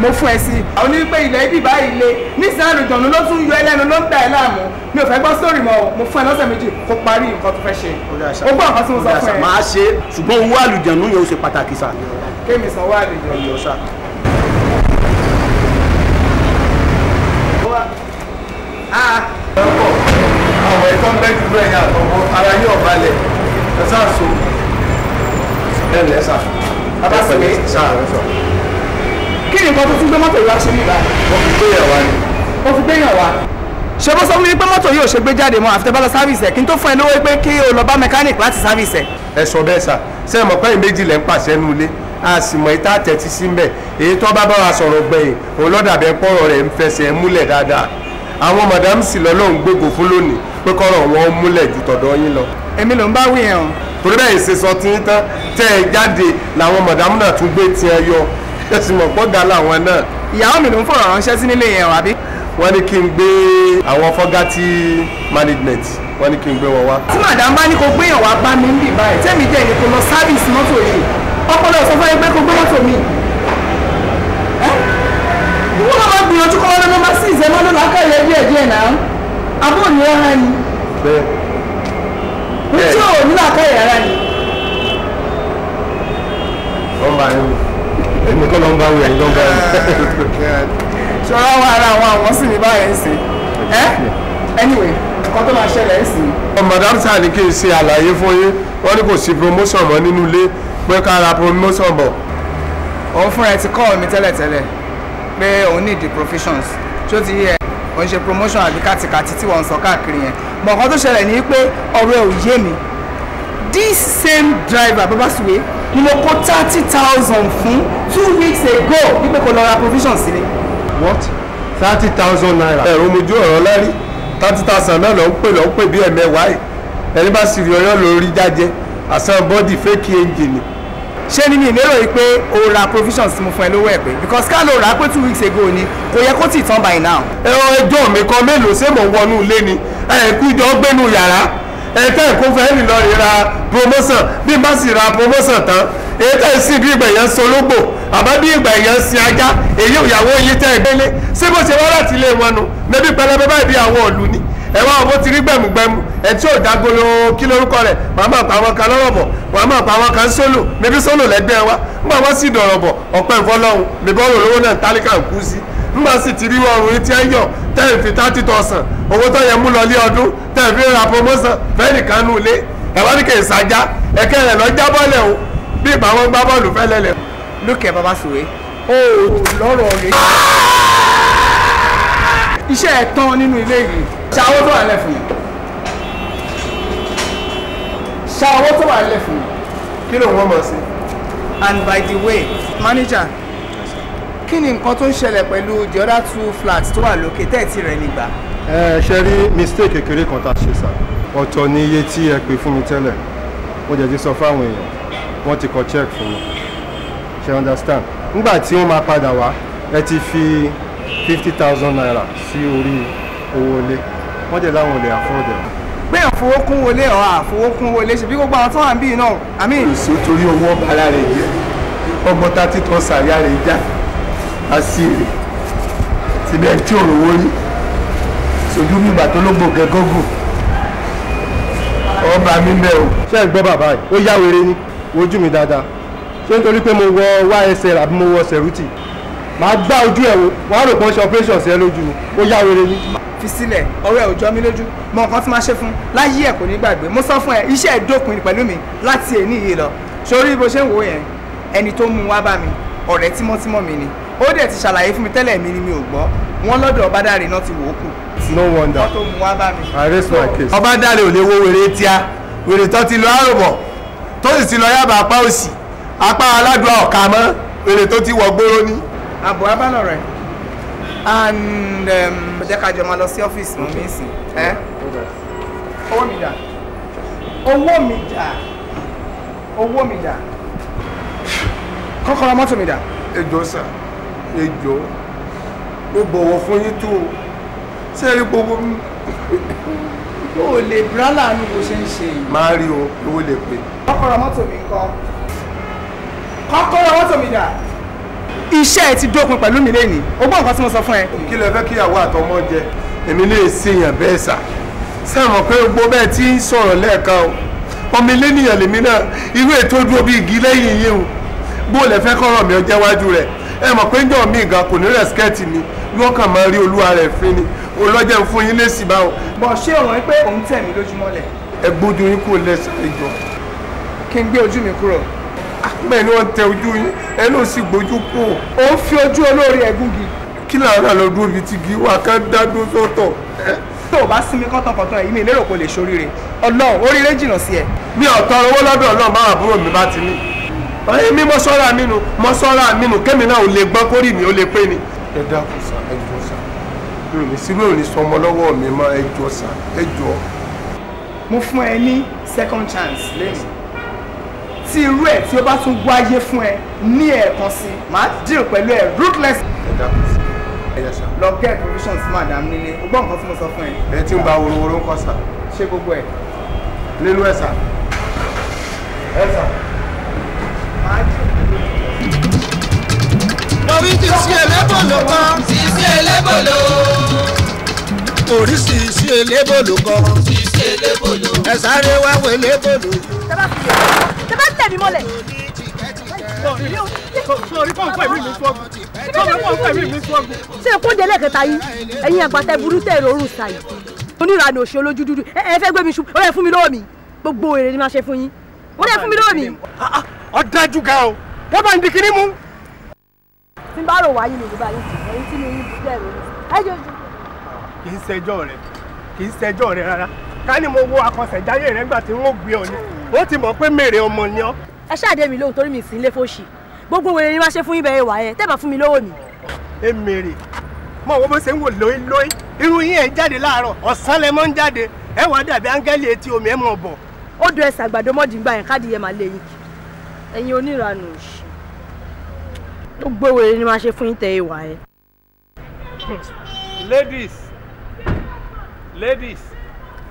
mo fún ẹ sí. àwọn onígbé ilẹ̀ ibi báyìí le nísìnyí àlùjọ̀nù ló tún yọ ẹlẹ́nu ló ń dà ẹ́ láàmú mi ò fẹ́ gbọ́ sórí mọ́ mo fún ẹ lọ́sẹ̀ méjì kó parí nǹkan tó fẹ́ ṣe. ó gbọ́ nǹkan tí mo sọ fún ẹ. máa ṣe ṣùgbọ́n owó àlùjọ̀nù yẹn ṣe pàtàkì sá. kémi sanwó àlùjọ̀nù. ọ̀pọ̀ ah. àwọn ẹ̀tọ́ bẹ́ẹ̀dì bẹ́ẹ̀ yà àtọ̀wọ́ ara yóò balẹ̀ ẹ̀sà so ẹ̀lẹ́sà abásìlẹ̀ sà rẹ̀ kí ni nǹkan tó tún gbé mọ́tò yìí wá sí ní ìbáyìí. ó fi gbéyàn wá ni. ó fi gbéyàn wá. ṣé bó sọ fún mi pé mọ́tò yìí ò ṣe gbé jáde mọ́ àfi tẹ́ bá lọ sáfìsì ẹ̀ kí n tó fún ẹ lówó pé kí o lọ bá mẹkáníìkì láti sáfìsì ẹ̀. ẹ sọ bẹ́ẹ̀ sà ṣé ẹ mọ̀ pé ìméjì lẹ́ ń pàṣẹ nu ilé a sì mọ̀ ìta tẹ̀tí sí mbẹ̀ èyí tó bá bá wa sọ̀rọ̀ gbẹ̀yìn òun lọ́dàbẹ̀ pọ̀rọ̀ rẹ̀ ń fẹsẹ̀ múlẹ̀ dáadáa àwọn madam sì lọ́lọ́run gbogbo fún lónìí pé kọ́rọ̀ wọn múlẹ̀ ju tọ̀dọ̀ yín lọ. èmi ló ń bá wí yẹn o. torí bẹ́ẹ̀ ṣe sọ tí ń tán tẹ́ ẹ jáde làwọn madam náà tún gbé tiẹ̀ yọ ẹ̀sìn mọ̀ gbọ́dá làwọn náà. ìyàwó mi ló ń fọ̀rọ̀ ránṣẹ́ sí nílé yẹn wàbí. wọ́n ní kí n gbé àwọn fọ́gátì management wọ́n ní kí n gbé wọn wá. tí màdàm bá ní kó gbé yàn wá bá mi ń bì báyìí tẹ́mi jẹ́ ìní kó lọ sábìsì mọ́tò yìí ọpọlọ sọ fún ẹ pé kó gbé mọ́tò mi. ìwọ náà máa gbìyànjú kọ́ ọ́nà nọ́mbà sí ìṣẹ́ mọ́tò lákàyè díẹ̀ díẹ̀ náà àbọ̀ ní rárá ni. bẹ́ẹ̀ bẹ́ẹ̀ ojú ò ní lákàyè rárá ni. wọ́n máa ń èmi kọ́ ló ń bá wí ṣọlá wà ara àwọn àwọn sì ní báyẹn sí ẹ anyway nǹkan tó máa ṣẹlẹ̀ ẹ̀ sí. madam sa ni kí n ṣe àlàyé fún yín wọ́n ní kò sí promotion mọ́ nínú ilé pé ká ra promotion bọ̀. òun fúnra ẹ ti kọ́ mi tẹ́lẹ̀tẹ́lẹ̀ pé òun ní the professions tí ó ti yẹ òun ṣe promotion àbí kàtìkàtì tí wọ́n ń sọ káàkiri yẹn mọ̀ nǹkan tó ṣẹlẹ̀ ni pé ọ̀rọ̀ ẹ̀ ò yé mi this same driver babasuwe ni mo kó thirty thousand fún two weeks ago wípé kò lọ ra provision sílẹ̀. what thirty thousand naira. ẹ̀rọ mojú ọ̀rọ̀ lárí thirty thousand náà lọ ń pè lọ ń pè bí ẹ̀mẹ́wàá ẹ̀ ẹni bá sì rí ọyọ́ lórí jájẹ́ àsan bọ́dì fẹ́kì ẹ́ńjìnì ṣé ni mi lérò yìí pé o ra provisions tí mo fún ẹ lówó ẹ pé because ká ló rà pé two weeks ago ni kò yẹ kó tì tán by now. ẹ ọ ẹjọ́ mi kan mélòó ṣé mò ń wọnú ilé ni ẹ yàrá ẹ̀ka ẹ̀kọ́ fẹ́ẹ́ nìlọ rí ra promotion bí n bá sì ra promotion tán èyí tẹ̀ sí bí ìgbà èèyàn sin ológbò àbá bí ìgbà èèyàn sin ajá èyí ìyàwó yìí tẹ̀ gbélé ṣé bó ṣe wá láti ilé wọn nu níbi pẹlẹbẹ báyìí bí àwọn òlù ni ẹ̀wọ́n àwọn ti rí gbẹ̀mùgbẹ̀mù ẹtí ò dágolo kí lórúkọ rẹ̀ màmá pa àwọn kan lọ́rọ̀ bọ̀ màmá pa àwọn kan sólò mẹbí sólò lẹ́gbẹ́ wa ń bá wọn sì dọ̀rọ̀ bọ̀ ọ̀pẹ́ ìfọlọ́hún mẹbí ọ̀rọ̀ olówó náà tálíkà kú sí ńgbà sì ti rí ọrùn etí ẹ̀yọ̀ tẹ́ẹ̀ fi thirty thousand owó tó yẹ mú lọ lé ọdún tẹ́ẹ̀ fi ra promotion fẹ́ẹ́ nìkan nù lé ẹ̀wọ́n ní kì í sàjá ẹ̀kẹ́ lọ já bọ́ọ̀lẹ̀ o bí ìgbà wọn gbá bọ́ọ̀lù fẹ́ lẹ́lẹ̀. lókè bàbá sùwé o lọ́rọ̀ rẹ̀. iṣẹ́ ẹ̀ tán nínú ilé yìí. ṣá owó tó wà lẹ̀ fún mi. ṣá owó tó wà lẹ̀ fún mi. kí ló ń wọ́n mọ̀ sí. and by the way manager kí ni nǹkan tó ń ṣẹlẹ̀ pẹ̀lú the other two flats tó wà lókè tẹ́ẹ̀tì rẹ̀ nígbà. ẹ ṣe rí mistake kékeré kan tá a ṣe sá ọ̀tọ̀ ni iye tí ẹ pè fún mi tẹ́lẹ̀ mo jẹ̀ ti sọ fáwọn èèyàn wọ́n ti kọ check fún mi ṣe understand nígbà tí wọ́n máa padà wá ẹ ti fi fifty thousand naira sí orí owó ilé wọ́n jẹ̀ láwọn ò lè afford ẹ̀ pé àfowókún wọlé ọ̀ àfowókún wọlé ṣe bí gbogbo àwọn tó wà ń bí náà àmì. kò sí torí owó ọba ara rẹ̀ jẹ́ ọgbọ́n tá títọ́ sàrí ara rẹ̀ já àṣírí síbẹ̀ tí ò rówó rí sojú bíbà tó ló gbòkè gógùn ọba mi bẹ o. ṣé ẹ gbọ́ bàbá yìí ó yá wèrè ni wojú mi dáadáa ṣé nítorí pé mo wọ ysl àbí mo wọ sẹ̀rútì màá gbá ojú ẹ̀ wò wọ́n á rò pé ó ṣe operation sí ẹ lójú ni ó yá wèrè ni. fi sílẹ̀ ọ̀rẹ́ ò jọ mí lójú mọ nǹkan tí máa ṣe fún láyé ẹ̀ kò ní gbàgbé mo sọ fún ẹ iṣẹ́ ẹ̀ dópin pẹ̀lú mi láti èní yìí lọ sórí bó ṣe ń wò yẹn ẹni tó mú wá bá mi ọ̀rẹ́ tímọ́tímọ́ mi ni ó dẹ̀ ti ṣàlàyé fún mi tẹ́lẹ̀ mi ni mi ò gbọ́ wọn lọ́dọ̀ ọbádàrẹ náà ti wò ó kù. no wonder wọn tó mú wá bá mi. i raise my case. ọbádàrẹ ò lè wo wèrè tíá wèrè tó ti lọ àròbọ̀ tó sì ti lọ yàbá apá òsì apá aládùá ọ̀ka mọ́ wèrè tó ti wọ̀ gbóró ní. àbọ̀ abánà rẹ̀ and um, jẹ́ ká jọ máa lọ sí ọ́fíìsì mọ́ mi sìn. owó mi dà owó mi dà owó mi dà kọ́kọ́rọ́ mọ́tò mi dà. ẹ jọ sà ẹ jọ mo bọ̀wọ̀ fún yín tó ṣe gbogbo mi. o ò lè bra láàánú bó ṣe ń ṣe yìí. máa rí o owó lè pè. kọ́kọ́rọ́ mọ́tò mi kọ́ kọ́kọ́rọ́ mọ́tò mi dà. iṣẹ́ ẹ ti dópin pẹ̀lú mi lénìí o gbọ́ nǹkan tí mo sọ fún ẹ. kí lẹ fẹ́ kíyàwó àtọmọ jẹ èmi lè ṣèyàn bẹ́ẹ̀ sà sẹ́wọ̀n pé gbogbo bẹ́ẹ̀ ti ń sọ̀rọ̀ lẹ́ẹ̀kan o ọmọ ilé nìyàn lèmi náà irú ètò dúró bíi igi lẹ́yìn yìí o bó lẹ fẹ́ kọ́rọ̀ mi ọjọ́ iwájú rẹ̀ ẹ mọ̀ pé njọ́ mi gan kò ní rẹ́sikẹ́ẹ̀tì mi wọ́n kàn máa rí olúwa rẹ̀ fín ni olọ́jẹ́ ń fún yín lésì bá wọn. bọ̀ ṣé o rán pé òun tẹ̀ mí lójúmọ́lẹ̀. ẹ gbójú yín kúrò lẹ́sẹ̀ ìjọ. kí n gbé ojú mi kúrò. Ah, bẹ́ẹ̀ ni wọ́n tẹ ojú yín ẹ ló sì gbójú kú. ó ń fi ojú olóore ẹ̀gúngi. kí làwọn àlọ́ dúró bíi ti gi wà ká dá dúró sọ́tọ̀. tó o bá sinmi kọ́tọ̀kọ́tọ̀ èyí mi lérò kó lè ṣoríire ọlọ́run oríire jìnnà sí ẹ. mi ò tọrọ owó lọ́dọ̀ ọlọ́run báwọn àbúrò mi bá ti ní èmi mo sọ́ra mi nu mo mi nu kémi náà ò lè gbọ́n kórì mi ò lè pé ni. ẹ dákun sa ẹ jọ sa mi ò ní sírú ò ní sọ mi má ẹ jọ sa ẹ jọ. mo fún ẹ ní second chance lẹ́yìn tí irú ẹ̀ tí ó bá tún wáyé fún ẹ ní ẹ̀ẹ̀kan sí màá deal pẹ̀lú ẹ ruthless. ẹ dákun sa ẹ yẹ sa. lọ get provisions madam nílé o gbọ́ nǹkan tí mo sọ fún ẹ. ẹ ti ń ba worowóró ń kọ sa. ṣé gbogbo ẹ. nínú ẹ sa. ẹ sa orí sisi elébòlò kan. sisi elébòlò. orí sisi elébòlò kan. sisi elébòlò. ẹ sáré wá wo elébòlò. tẹ́bá tẹ́bá tẹ̀ mí mọ́lẹ̀. sọ̀rí pọ̀npọ̀ ìlú mi sọ́gun. sọ̀rí pọ̀npọ̀ ìlú mi sọ́gun. ṣé kó délé kẹta yìí ẹ̀yin àgbàtà burú tẹ̀ lórùn sáyì. oníranù òṣì olójú dúdú ẹ fẹ́ gbé mi ṣubú ó yẹ fún mi lọ́wọ́ mi gbogbo èrè ni máa ṣe fún yín ó yẹ fún mi lọ́wọ́ mi ọ̀dájú gan o dábàá ní kíní mú. tí n bá rò wáyé mi ló bá yín sùn ẹ̀yin tí mi yín bú bẹ́ẹ̀ rò ẹ jẹ́ ojú. kì í ṣẹjọ́ rẹ kì í ṣẹjọ́ rẹ rárá ká ní mo wo akọ̀sẹ̀jáyé rẹ nígbà tí n ó gbé ọ ni ó ti mọ̀ pé mèrè ọmọ ni ọ. ẹ ṣáàdé mi lóhùn torí mi sì ń lé fóṣì gbogbo wèrè ni wá ṣe fún yín bẹ́ẹ̀ wà ẹ tẹ́ẹ̀ bá fún mi lówó mi. ẹ mèrè mọ owó bó ṣe ń wò lóí lóí irú yín ẹ ń jáde láàárọ̀ ọ̀sán lẹ mọ́ ń jáde ẹ wàá dàbí áńgẹ́lì etí omi ẹ mọ̀ bọ̀. ó do ẹsẹ̀ àgbàdo mọ́dìgbà yẹn káàdì yẹn máa lé yìí ẹ̀yin oníranù òṣì tó gbówèrè ni máa ṣe fún yín tẹ ìwà ẹ. ladies ladies.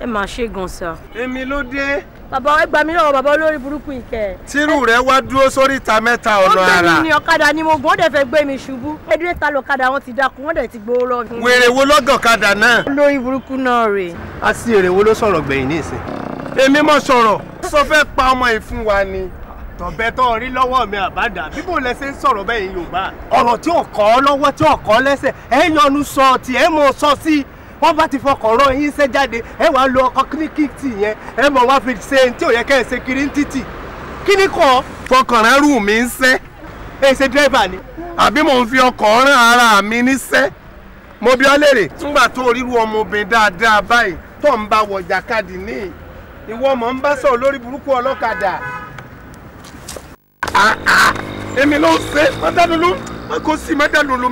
ẹ máa ṣe gan sa. èmi ló dé. bàbá ẹ gbà mí lọ́wọ́ bàbá olórí burúkú ìkẹ́. tírù rẹ wá dúró sórí ìta mẹ́ta ọ̀nà ara. ó gbé mi ní ọ̀kadà ni mo gbọ́n dẹ̀ fẹ́ gbé mi ṣubú. ẹdúrẹ́ ta lọ́kadà wọn ti dákun wọ́n dẹ̀ ti gbowó lọ. wèrè wo lọ́gàn kadà náà. olórí burúkú náà rè. a sì èrè wo ló sọ̀rọ̀ gbẹ̀yìn ní ìsìn. èmi mọ̀ sọ̀rọ̀ sọ fẹ́ pa ọmọ ìfún wa ni. ọ̀bẹ tọ́ rí lọ́wọ́ mi àbádà bíbò lẹ́sẹ̀ ń sọ̀rọ̀ bẹ́ẹ̀ yorùbá. ọ̀rọ̀ tí ò kọ́ lọ́wọ́ tí ò kọ́ lẹ́sẹ̀ ẹ yọnu sọ ti ẹ mọ sọ sí wọ́n bá ti fọkàn rán yín ṣẹ́ jáde ẹ wàá lo ọkọ kíríkìtì yẹn ẹ mọ̀ wá fi ṣe tí ò yẹ kẹ́ ṣe kiri ń títì kí kọ́. fọkàn rù mí ń ẹ ṣe dírẹ́bà ni. àbí mò ń fi ọkọ̀ rán ara mi níṣẹ́. mo bí ọ léèrè nígbà tó ríru ọmọbìnrin dáadáa báyìí tó ń bá ìwọ ń bá sọ̀rọ̀ lórí burúkú ọlọ́kadà emi ah, ah. ló ṣe mọ́tàdúnlú mọ́kò sí mi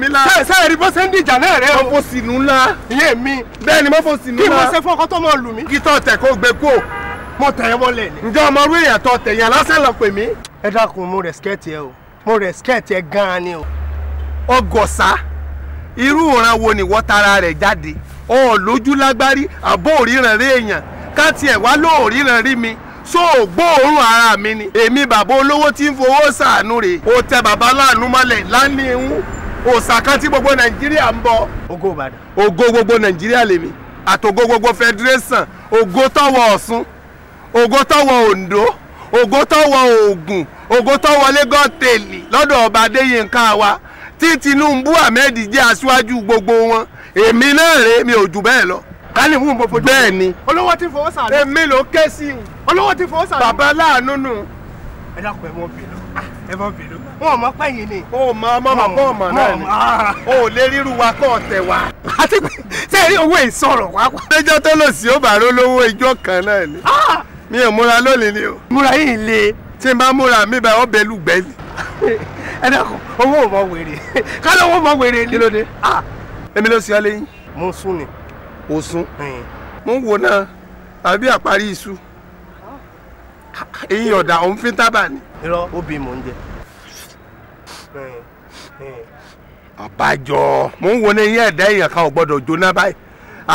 la. sẹ́ẹ̀ sẹ́ẹ̀ rí bó ṣe náà rẹ o. mi. ni mọ́fò kí mo ṣe fún ọkọ tó ma lù mí. kó kó mo wọlé ni. ọmọ èèyàn yàn lásán lọ pè mí. ẹ dákun mo o mo ẹ gan-an ni o. wo ni wọ́n tara rẹ̀ jáde ọ̀ lójú lágbárí àbó òríran rí èèyàn ká tiẹ̀ wá mi so gbóòórùn ara mi ni èmi bàbá olówó tí ń fowó ṣàánú rè o tẹ bàbá láàánú mọ́lẹ̀ lánìí òòsà kan tí gbogbo nàìjíríà ń bọ. ògo ìbàdàn. ògo gbogbo nàìjíríà lèmi àtògo gbogbo federation ògo tọwọ ọ̀ṣun ògo tọwọ ondo ògo tọwọ ògùn ògo tọwọ lagos tèlì lọ́dọ̀ ọba adéyínká wa tí tinubu ahmed jẹ́ aṣíwájú gbogbo wọn èmi náà rèé mi ò jù bẹ́ẹ̀ lọ kálí wù mo fojú. bẹ́ẹ̀ ni olówó ti fowó sàn. èmi ló ké sí i olówó ti fowó sàn. bàbá aláàánú nù. ẹ dákun ẹ mọ bèlú ah, ẹ mọ bèlú. wọn ò mọ pẹ́yìn ni. o mọ ọmọ mọ bọ́ ọmọ náà ni o ò ah. lè ríru wa kọ́ ọ̀tẹ̀ wa. àti pé ṣé ẹ rí owó ìsọ̀rọ̀ wá pa. ẹjọ́ tó lọ sí ó bá ró lówó ijó kan náà ni. Ah! mi ò múra lónìí ni o. múra yìí le. tí n bá múra mi bá ọbẹ̀ lùgbẹ́lì. [LAUGHS] ẹ mo sún ni òsùn mo ń wo na àbí àparí iṣu eyín ọ̀dà òun fi ń tábà ni. irọ́ obì mò ń jẹ. àbájọ mò ń wo ní eyín ẹ̀dá èèyàn kan ò gbọ́dọ̀ jóná báyìí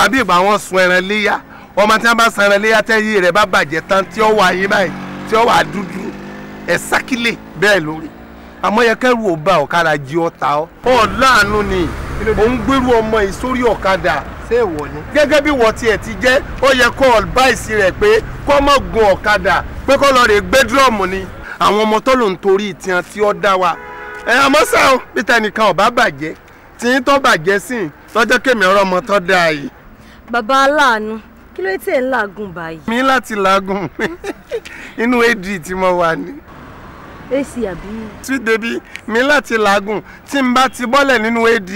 àbí ìgbà wọn sun ẹran léyà ọmọ tí wọn bá san ẹran léyà tẹ́yìn rẹ̀ bá bàjẹ́ tán tí ó wà yín báyìí tí ó wà dúdú ẹ̀ sákìlẹ̀ bẹ́ẹ̀ lórí àmọ́ yẹ kẹ́rù ò bá ọ̀kadà jí ọ ọ. ọ̀ láàánú ni òun gbérú ọmọ yìí sórí ọ̀kadà ṣé èèwọ̀ ni. gẹ́gẹ́ bí wọ́n tiẹ̀ ti jẹ́ ó yẹ kó ọ̀báìsì rẹ̀ pé kó mọ̀ gun ọ̀kadà pé kó lọ́ọ́ rè gbé dúrọ̀mù ni. àwọn ọmọ tó ló ń torí ìtìyàn tí ó dá wa. ẹ àmọ́ ṣá o peter nìkan ọ̀bá bàjẹ́ tí ń tọ́ bàjẹ́ sí i lọ́jọ́ kèmí ọ̀rọ̀ ọmọ tó dáa yìí. bàbá aláàánú kí ló tẹ̀ ń làágùn báyìí. mi láti làágùn [LAUGHS] inú ad tí mo wà ní èsì àbí. tí débi mi láti làágùn tí n bá ti bọ́lẹ̀ nínú ad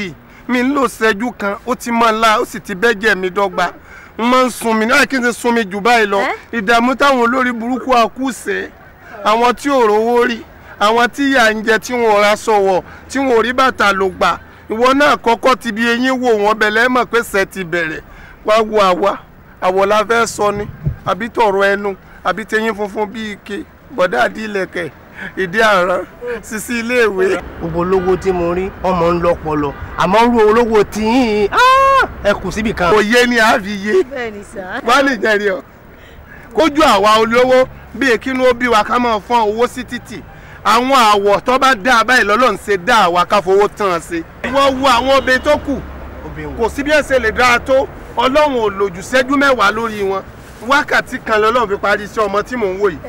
mi ń lò ṣẹ́jú kan ó ti máa la ó sì ti bẹ́jẹ̀ mi dọ́gba n máa ń sun mi náà kí n ti sun mi jù báyìí lọ ìdààmú táwọn olórí burúkú àkúṣe àwọn tí ò rówó rí àwọn tí ìyà ń jẹ tí wọn ò ra sọ̀wọ̀ tí wọn ò rí bàtà lò gbà ìwọ náà kọ́kọ́ ti bi eyín wò wọ́n bẹ̀lẹ́ mọ̀ pé sẹ́ ti bẹ̀rẹ̀ wá wo àwa àwọ̀ la fẹ́ sọ ni àbí tọ̀rọ̀ ẹnu àbí tẹyín funfun bíi ike bọ̀dá àdìlẹ̀kẹ̀ ìdí àrán sisi iléèwé. gbogbo olówó tí mo rí ọmọ ń lọ pọlọ àmọ́ rú olówó tí yín ah, ẹ kù síbi kan. òye ni a fi yé wọ́n lè jẹ́rìí ọ kójú àwa olówó bíi kínú bí wa ká máa fọ́n owó sí títì àwọn àwọ̀ tó bá dá a lọ́lọ́ ṣe dá àwa ká fowó tán an ṣe. wọ́n wo àwọn obìnrin tó kù kò sí bí ẹ̀sẹ̀ lè dáa tó ọlọ́run ò lòjù ṣẹ́jú mẹ́wàá lórí wọn wákàtí kan lọ́lọ́run fi parí iṣẹ́ ọmọ tí mò ń wò yìí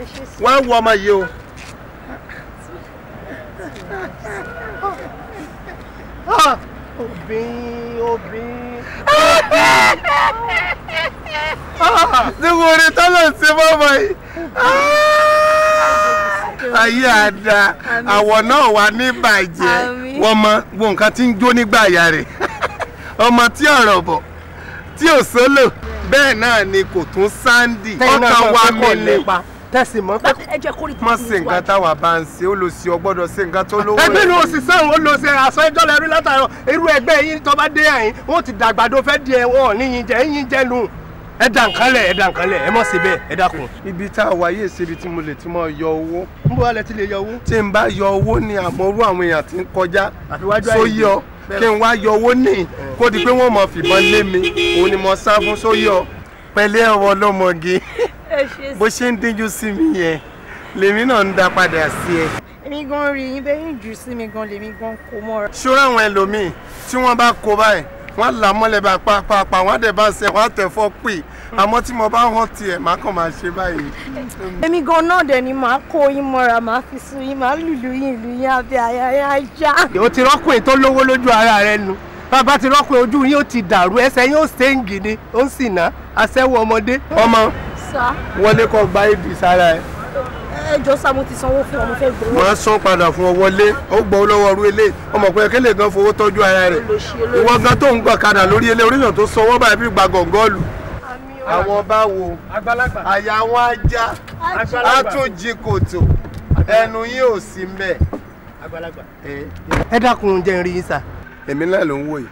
wọ́n á ọmọ yìí o obìnrin tí ń jó nígbà ọmọ tí ọ̀rọ̀ bọ̀ tí ò sólò bẹ́ẹ̀ náà ni kò tún sáńdì ọkàn wa tẹ̀sí mọ́ pé má ṣe nǹkan táwa bá ń ṣe ó lọ sí ọ gbọ́dọ̀ ṣe nǹkan tó lówó. ẹgbẹ́ inú òṣìṣẹ́ òun ó lọ sí aṣọ ìjọba ẹrú látàrọ irú ẹgbẹ́ yín tó bá dé ẹ̀yìn wọ́n ti dàgbàdo fẹ́ di ẹ̀wọ̀n níyìn jẹ́ yín jẹ́ nù. ẹ dà nǹkan lẹ̀ ẹ dà nǹkan lẹ̀ ẹ mọ̀ síbẹ̀ ẹ dákun. ibi tá a wà yìí tí mo lè ti mọ yọ owó. n bọ́ alẹ́ ti lè yọ owó. tí n bá yọ owó ni àmọ́rú àwọn èèyàn ti ń kọjá sóyọ kí n wá yọ owó ní kó di pé wọ́n mọ̀ fìbọn lé mi òun ni mo sá fún sóyọ pẹ̀lẹ́ ọ̀wọ́ lọ́mọge bó ṣe ń dínjú sí mi yẹn lèmi náà ń dá padà sí ẹ. èmi gan rí yín bẹ́ẹ̀ yín jù sí mi gan lèmi gan kò mọ́ra. ṣúra àwọn ẹlòmíì tí wọ́n bá kó báyìí wọ́n là mọ́lẹ̀ bá pàápàá wọ́n dẹ̀ bá ṣe wọ́n àtẹ̀fọ́ pè àmọ́ tí mo bá hàn tiẹ̀ má kàn máa ṣe báyìí. èmi gan náà dẹ̀ ni màá kó yín mọ́ra màá fi sun yín màá lùlù yín ìlú yín abẹ́ àyà ajá. o ti rọ́kùnrin tó lówó lójú ara rẹ nu bàbá ti rọ́kùnrin ojú yín ó ti dàrú ẹsẹ̀ yín ó ṣèǹgì ni ó ń sì ná aṣẹ́wó ọmọdé. ọmọ sá. wọlé kọ gba ibi sára ẹ. ẹ jọ sá mo ti sanwó fún ọ mo fẹ́ gbowó. máa san padà fún ọ wọlé ó gbọ́ lọ́wọ́ ọrú ilé ọmọ pé kẹ́lẹ́ gan fowó tọ́jú ara rẹ̀ ìwọ gan tó ń gbọ̀kadà lórí ilé oríyàn tó sanwó báyìí bí gba gọ̀ǹgọ́ọ̀lù àwọn bá wo àyà wọn á já á tún jí kòtò ẹnu yín ò sí mbẹ. ẹ dákun jẹ́ ń rí yín sà. èmi náà ló ń wò yìí.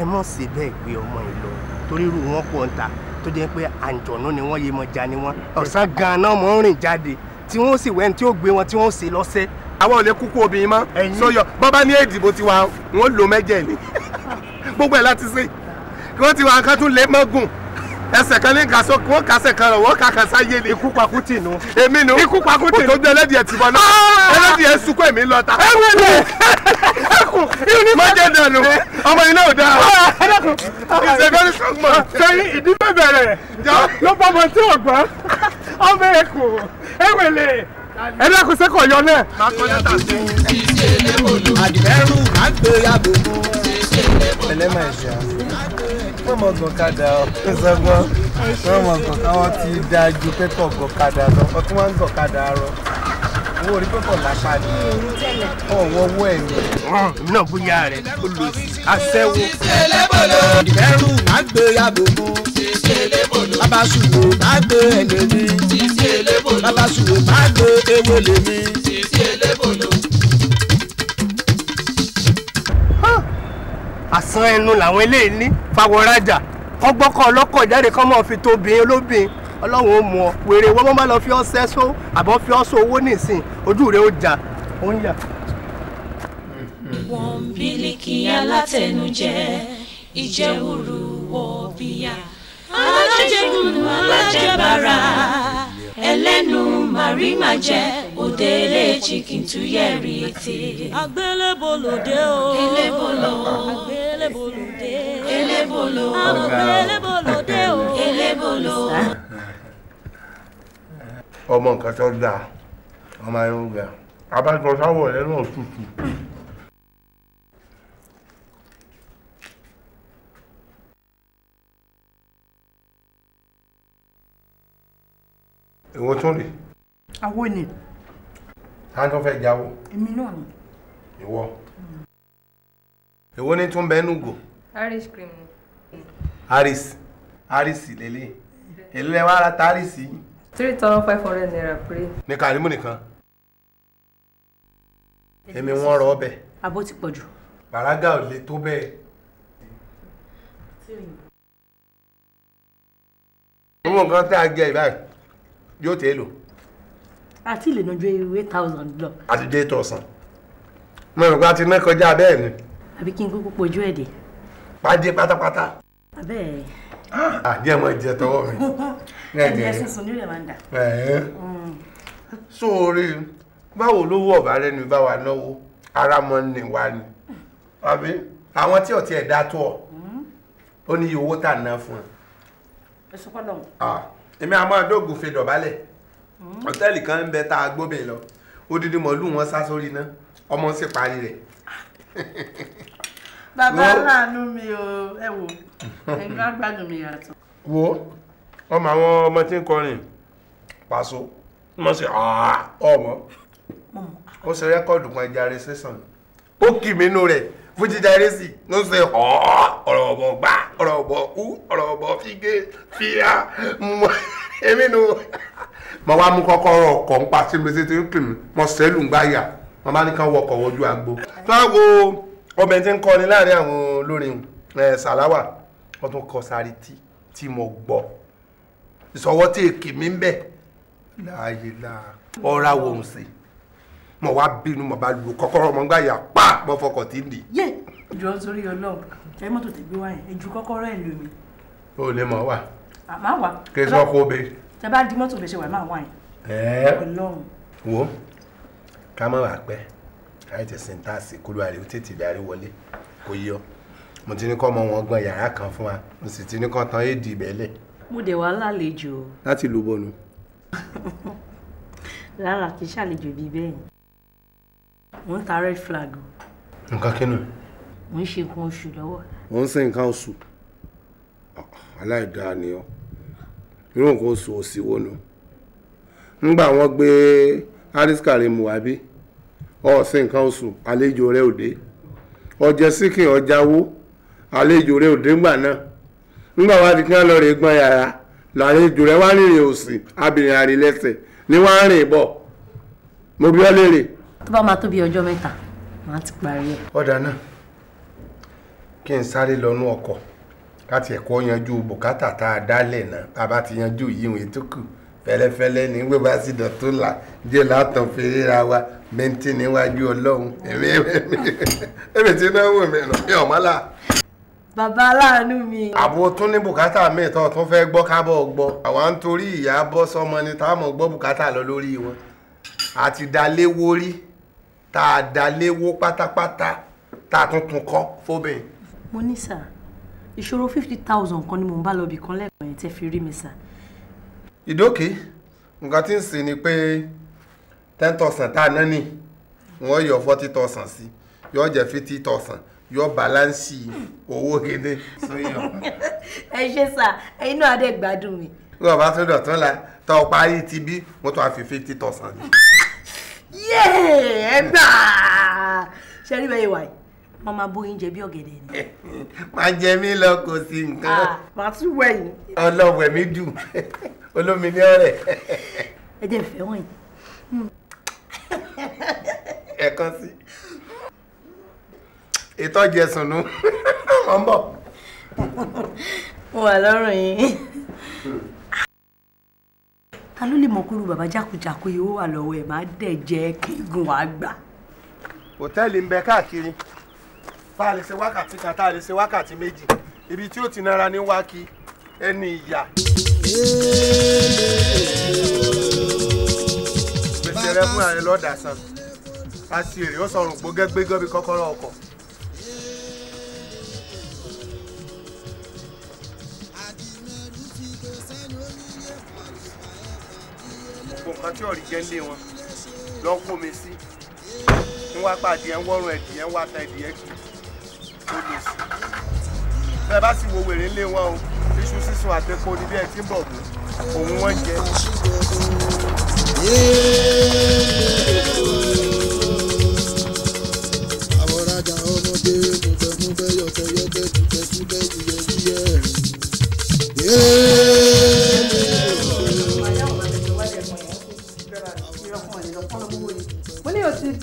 ẹ mọ̀ sí bẹ́ẹ̀ gbé ọmọ yìí lọ torí irú wọn kò ń ta tó jẹ́ pé àǹjọ̀nú ni wọ́n yé mọ ja ni wọ́n ọ̀sán gan-an mọ̀ ń rìn jáde tí wọ́n sì wẹ́n tí ó gbé wọn tí wọ́n sì lọ́sẹ̀. àwọn ò lè kúkú obìnrin mọ́ sọyọ bọ́bá ní èdìbò tiwa wọ́n lò mẹ́jẹ̀ ni gbogbo ẹ̀ láti ṣe kí wọ́n ti wá nǹkan tún lè mọ́gùn ẹsẹ̀ kan ní nǹkan sọ wọ́n kàṣẹ̀ kan rọ̀ wọ́n kàkà sáyé ni. ikú pakútì nu. èmi nu ikú pakútì nu. kò tó dé ẹlẹ́dìẹ̀ tìbọn náà ah! ẹlẹ́dìẹ̀ sunkún èmi lọ́ta. ẹ wọlé [LAUGHS] You need ní. má jẹ́ dànù ọmọ iná ò dáa. ẹlẹ́kùn is a very strong man. sẹ́yìn ìdílé bẹ̀rẹ̀ ló bá ọmọ tí ò gbọ́ ọmọ èkó ewele ẹlẹ́kùn sẹ́kọ̀ yọ náà. má kọ́ yàtà sí i. àdìmẹ́rù àgbéyàgbó. ẹlẹ́mà ìṣá wọ́n mọ̀ gọ̀kadà ọ̀ ṣọ́gbọ́n wọ́n mọ̀ gọ̀kadà wọ́n ti dáa ju pẹ́tọ̀ gọ̀kadà lọ ọtún wọn gọ̀kadà rọ owó orí pé kò lápá ni ọwọ́ owó ẹ̀ ni. èmi náà bóyá rẹ̀ ó lò sí aṣẹ́wó. ìbẹ̀rù má gbé yàgògùn bàbá sùwò má gbé ẹlẹ́mi bàbá sùwò má gbé ewé lèmi. àsán ẹnu làwọn eléyìí ní fáwọn rájà kọ́gbọ́kọ́ ọlọ́kọ̀ jáde kọ́ mọ́ fi tóbi olóbìn ọlọ́run ó mú ọ wèrè wọ́n máa lọ fi ọ́ sẹ́só àbọ̀ fi ọ́ sọ owó nísìn ojú rẹ̀ ó jà ó ń yà. wọ́n bílíkì alátẹnujẹ ìjẹwùrú wọ bíyà alájẹkùnú alájẹbàrà ẹlẹ́nu màrímàjẹ òdèlé chicken tó yẹ̀rì ètè. àgbélébò lòdè o àgbélébò lòdè àgbélébò lòdè àgbélébò lòdè o àgbélébò ọmọ nǹkan tó dáa ọmọ ayélujára abájọ sáwọ̀ rẹ náà tutù. èwo tún rè. àwo ni. táwọn tó fẹ́ jáwó. èmi náà ni. ìwọ. èwo ni tún bẹ́ẹ̀ nùgò. Irish cream ni. Aris Aris lélẹ̀ èlé wa ara tá Aris yìí three thousand five hundred naira péré. ní Kàrímù nìkan èmi wọn rọ ọbẹ. àbó ti pọ̀ jù. bàrágà ò lè tó bẹ́ẹ̀. gbogbo nǹkan tá a jẹ ìbáyìí yóò tẹ́ lò. àti ìlànà ju eight thousand lọ. àti ju eight thousand mo rò pé a ti ná kọjá bẹ́ẹ̀ ni. àbí kí n kúkú pojú ẹ̀ dé. pàdé pátápátá. abẹ́ẹ̀. àdìẹ ah, mọ jẹ tọwọ́ mi. [LAUGHS] ẹ̀jẹ̀ sísun nílẹ̀ máa ń dà. Mm. sóòrè báwo lówó ọ̀bá lẹ́nu bá wa náwó ara mọ́ ni wa ni àbí àwọn tí ọ̀tí ẹ̀dá tó ọ̀ mm. ó ní owó tà ná fún un. èso pọ́ lọ́wọ́. èmi àmọ́ àdóògùn fi dọ̀bálẹ̀ mm. hòtẹ́ẹ̀lì kan ń bẹ tá a gbóbìn lọ odidi mọ̀lú wọn sá sórí iná ọmọ sì parí rẹ̀. bàbá aláàánú mi o ẹ wo ẹ̀yin agbádùn mi yàtọ̀. wo ọmọ àwọn ọmọ tí ń kọrin pàṣọ wọ́n sì ah. ọmọ ó ṣe rẹ́kọ̀dù kan ẹja rẹ sẹ́sàn ó kì mí inú rẹ̀ fújíjà eré sì ló ṣe ọ̀rọ̀ ọ̀bọ̀ gbá ọ̀rọ̀ ọ̀bọ̀ ú ọ̀rọ̀ ọ̀bọ̀ fígé fíà èmi nu mo wá mú kọ́kọ́rọ́ ọkọ̀ ń pa sí mi títí ń kì mí mo sẹ́lù ń gbáyà mo bá ní ká wọkọ̀ wọjú agbo. báwo ọbẹ̀ tí ń kọrin láàrin àwọn olórin ṣàláwà wọ́n tún kọ sáré tí tí mo gbọ́ ìsọwọ́ tí èkì mi ń bẹ̀ láàyè láà ọ̀rá wọ̀hún sí mo wá bínú mo bá lu kọ́kọ́rọ́ mo gbá yà pa mo fọkọ̀ tí ń dì. yé jọ sórí Ọlọ́run ẹ mọ́tò tẹgbẹ wá yẹn ẹ ju kọ́kọ́rọ́ ẹ lù mí. o ò lè mọ wà. àmà wà. kí n sọ kó o bẹ. tẹ bá di mọ́tò bẹ ṣe wà máa wà yẹn. ẹẹ Ọlọ́run. wo ká mọ̀ wá pẹ́ láìtẹ̀ sèǹtàsì kúlú àrè ó tètè darí wọlé kó yí ọ mo ti ní kọ́ ọmọ wọn gbọ́n yàrá kan fún wa mo sì ti ní kọ́ tán éèdì ìbẹ́lẹ̀ mo dẹ̀ wá lálejò. láti lù bọ́nu. [LAUGHS] rárá kì í ṣàlejò bíi bẹ́ẹ̀ ni mo ń ta red flag o. nǹkan kínú. mo ń ṣe nǹkan oṣù lọ́wọ́. mo ń ṣe nǹkan oṣù aláìdáa ni ọ irú nǹkan oṣù òsì wo nu ńgbà wọn gbé Haris Karim wábí ọ̀sìn nǹkan oṣù àlejò rẹ òde ọ̀jẹ̀ síkìn ọ̀jáwó àlejò rẹ òde ńgbà náà ńgbà wá di kí wọ́n lọ rè gbọ́n yàrá làlejò rẹ̀ wá rìnrìn òsì abìnrin àrè lẹ́sẹ̀ ni wọ́n á rìn bọ̀ mo bí ọ léèrè. tó bá máa tó bí ọjọ́ mẹ́ta màá ti parí ẹ̀. ọ̀dà náà kí n sáré lọ́nú ọkọ̀ láti ẹ̀kọ́ yanjú bùkátà tá a dálẹ̀ náà tá a bá ti yanjú yíwọ̀n ètò kù fẹlẹfẹlẹ ní gbé bá sì là jẹ́ látàn fèrèrà wa bẹ́ntì níwájú ọlọ́run èmi èmi èmi tí náà wò mí ràn bàbá aláàánú mi. àbò tún ní bùkátà mẹ́tọ́ tún fẹ́ gbọ́ kábọ̀ gbọ́ àwa ń torí ìyá bọ́ sọmọ ni táwọn gbọ́ bùkátà lọ lórí wọn àti daléwó rí tá a daléwó pátápátá tá a tuntun kọ́ fóbìn. mo ní sà ìṣòro fifty thousand kan ni mò ń bá lọ bì kan lẹ́ẹ̀kan yẹn tẹ́ fi rí mi sà. ìdókè nǹkan tí ń sìn ni pé ten thousand tá a ná nì wọ́n yọ forty thousand sí yọ jẹ́ fifty thousand yọ balansi owó gidi sóyún ọ̀pá. ẹ ṣe sà inú adé gbádùn mi. bí ọba tó dọ̀tún la tọ́ ọ parí ti bí mo tún á fi fifty thousand. yéè ẹ gbà ṣe rí bẹ́ẹ̀ wáyé mo máa bó oúnjẹ bí ọ̀gẹ̀dẹ̀ ni. máa jẹ mí lọ kò sí nǹkan. Ah, màá tún wẹ̀yìn. ọlọ́wẹ̀ mi dùn olómi ní ọ̀rẹ́. ẹ jẹ́ ìfẹ́ wọ̀nyí. Hmm. ẹ̀kan sí i. ìtọ́jú ẹ̀sùn nù [LAUGHS] mọ̀ ń bọ̀. wà lọ́rùn yìí. ta lè bàbá jákujàku yìí ó wà lọ́wọ́ ẹ̀ máa dẹ̀ jẹ́ kígun gbà. òtẹ́ẹ̀lì ń káàkiri tá wákàtí kan tá wákàtí méjì ibi tí ó ti nara ní wákì ẹni gbèsè rẹ fún lọ́dà a sì èrè ó bí kọ́kọ́rọ́ ọkọ̀. gbogbo tí ọ̀rí jẹ́ ńlé wọn lọ kó mi sí ń wá pàdé ẹ̀ ń wọ́rùn ẹ̀dìyẹ ń wá ta ẹ̀dìyẹ kì ó lè sí. bẹ́ẹ̀ bá sì wo wèrè ńlé wọn o iṣu sísun àtẹ̀kọ́ ni bí ẹ ti ń bọ̀ mú òun wọ́n jẹ. àwọn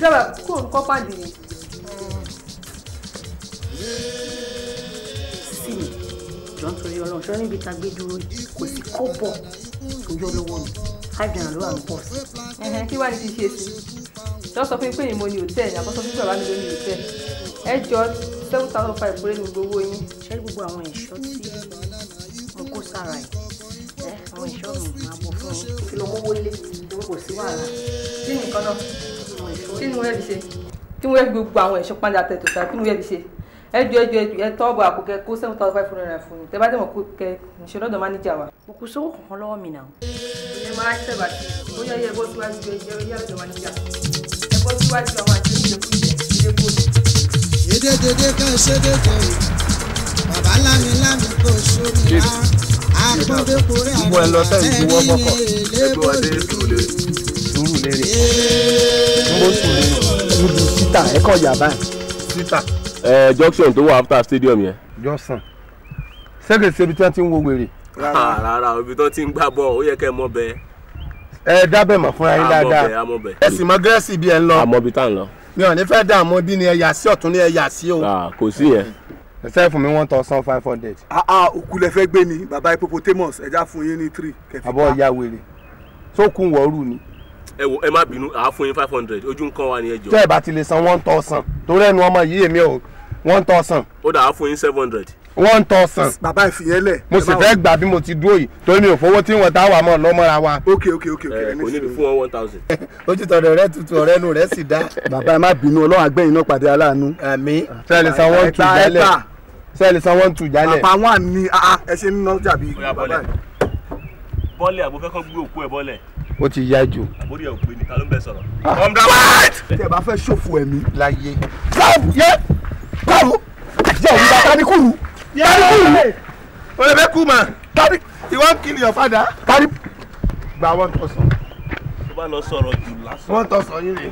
Jọba kó ń kọ́ pàdé ni. Sí mi, jọ ń torí ọlọ́run ṣọ́ níbi tá a gbé dúró yìí kò sí kọ́bọ̀ tó yọ lọ́wọ́ mi. Five naira ló wà ní pọ̀sì. Kí wàá ní ti ṣe sí? Jọ sọ fún mi pé ìmọ̀ ni hòtẹ́ẹ̀lì àkọ́sọ́ fún bàbá mi ló ní hòtẹ́ẹ̀lì. Ẹ jọ seven thousand five péré ní gbogbo yín. Ṣé gbogbo àwọn ẹ̀ṣọ́ tí mo kó sára yìí? àwọn ìṣọ́run máa bọ̀ fún un kí ló mówó lé owó kò sí wàhálà sí nìkan náà kí ni gbogbo àwọn ẹ̀ṣọ́ pàǹdà tẹ̀tò sáà kí mo yẹ ṣe ẹ jọ ẹ jọ ẹ tọ́ kó seven thousand five hundred naira fún mi tẹ bá dẹ̀mọ̀ kẹ ìṣe lọ́dọ̀ máníjà wa. kò sówó kankan lọ́wọ́ mi náà. ẹ máa ń tẹ̀ bàtí ó yẹ yẹ bó síwájú ẹ jẹ ẹ yẹ lọ́dọ̀ máníjà ẹ bó síwájú àwọn àti ìṣèkú ìjẹ ìdẹ́gbò. yédèdèdè kan ṣédè kan bàbá lámilámi kò sómi wá àpọ̀dé kórè àwọn àtẹ̀lé sùúrù lérè mo sùúrù ibi sítà ẹ kọ yà báyìí. sítà. ẹ junction tó wà after stadium yẹn. junction ṣéèkì ṣe ibi tí wọ́n ti ń wo wèrè. rárá ah, ibi tó ti ń gbá bọ̀ ó yẹ kẹ́ ẹ mọ̀ bẹ́ẹ̀. ẹ dábẹ̀ mọ̀ fúnra yín dáadáa ẹ sì mọ gẹ́rẹ́sì bí ẹ ń lọ. àmọ́ bí tá à ń lọ. mi ò ní fẹ́ dààmú bí ni ẹ yà sí ọ̀tún ni ẹ yà sí o. kò sí yẹn ṣe fún mi one thousand five hundred. aa òkú lẹ fẹ́ gbé ni baba hippopotamus ẹja fún yín ní three. àbọ̀ ya wèrè tó kún wọ́ọ́rù ni ẹ wò ẹ má bínú àá fún yín five hundred ojú nǹkan wa ni ẹ jọ. tẹ́ ẹ bá ti lè san one thousand torí ẹnu ọmọ yìí èmi ò one thousand. ó dà á fún yín seven hundred. one thousand. bàbá ìfìyẹ́lẹ̀. mo sì fẹ́ gbà bí mo ti dúró yìí torí mi ò fowó tí wọ́n táwa mọ̀ lọ́mọ́ra wa. ok ok ok ok ẹ kò níbi fún wọn one thousand. [LAUGHS] ó ti tọ̀dọ̀ rẹ tutù ọ̀rẹ́ nu rẹ sì dá. bàbá ẹ má bínú ọlọ́run àgbẹ̀yìn náà pàdé aláàánú. àmín. tẹ́ ẹ lè san one two jálẹ̀ tẹ́ ẹ one two jálẹ̀. àpá wọn ni ah, ah, ẹ ṣe ń ná jàbí. bọ́lẹ̀ àbúfẹ́ kọ́ gbé òkú ẹ̀ bọ́lẹ̀ ó ti yá jù. àbórí ẹ ò pé ní ta ló ń bẹ sọ̀rọ̀. ọmọdé wáyé. tẹ bá fẹ́ ṣòfò ẹ̀mí láyé. sáàbù yẹ kọ́ọ̀rù jẹ́ òun bá tanikúrú. tanikúrú. o lè fẹ́ kú mà. tani. you wan kill your father. tani. gba one thousand. tó bá lọ sọ̀rọ̀ jù lásán. one thousand yìí rè.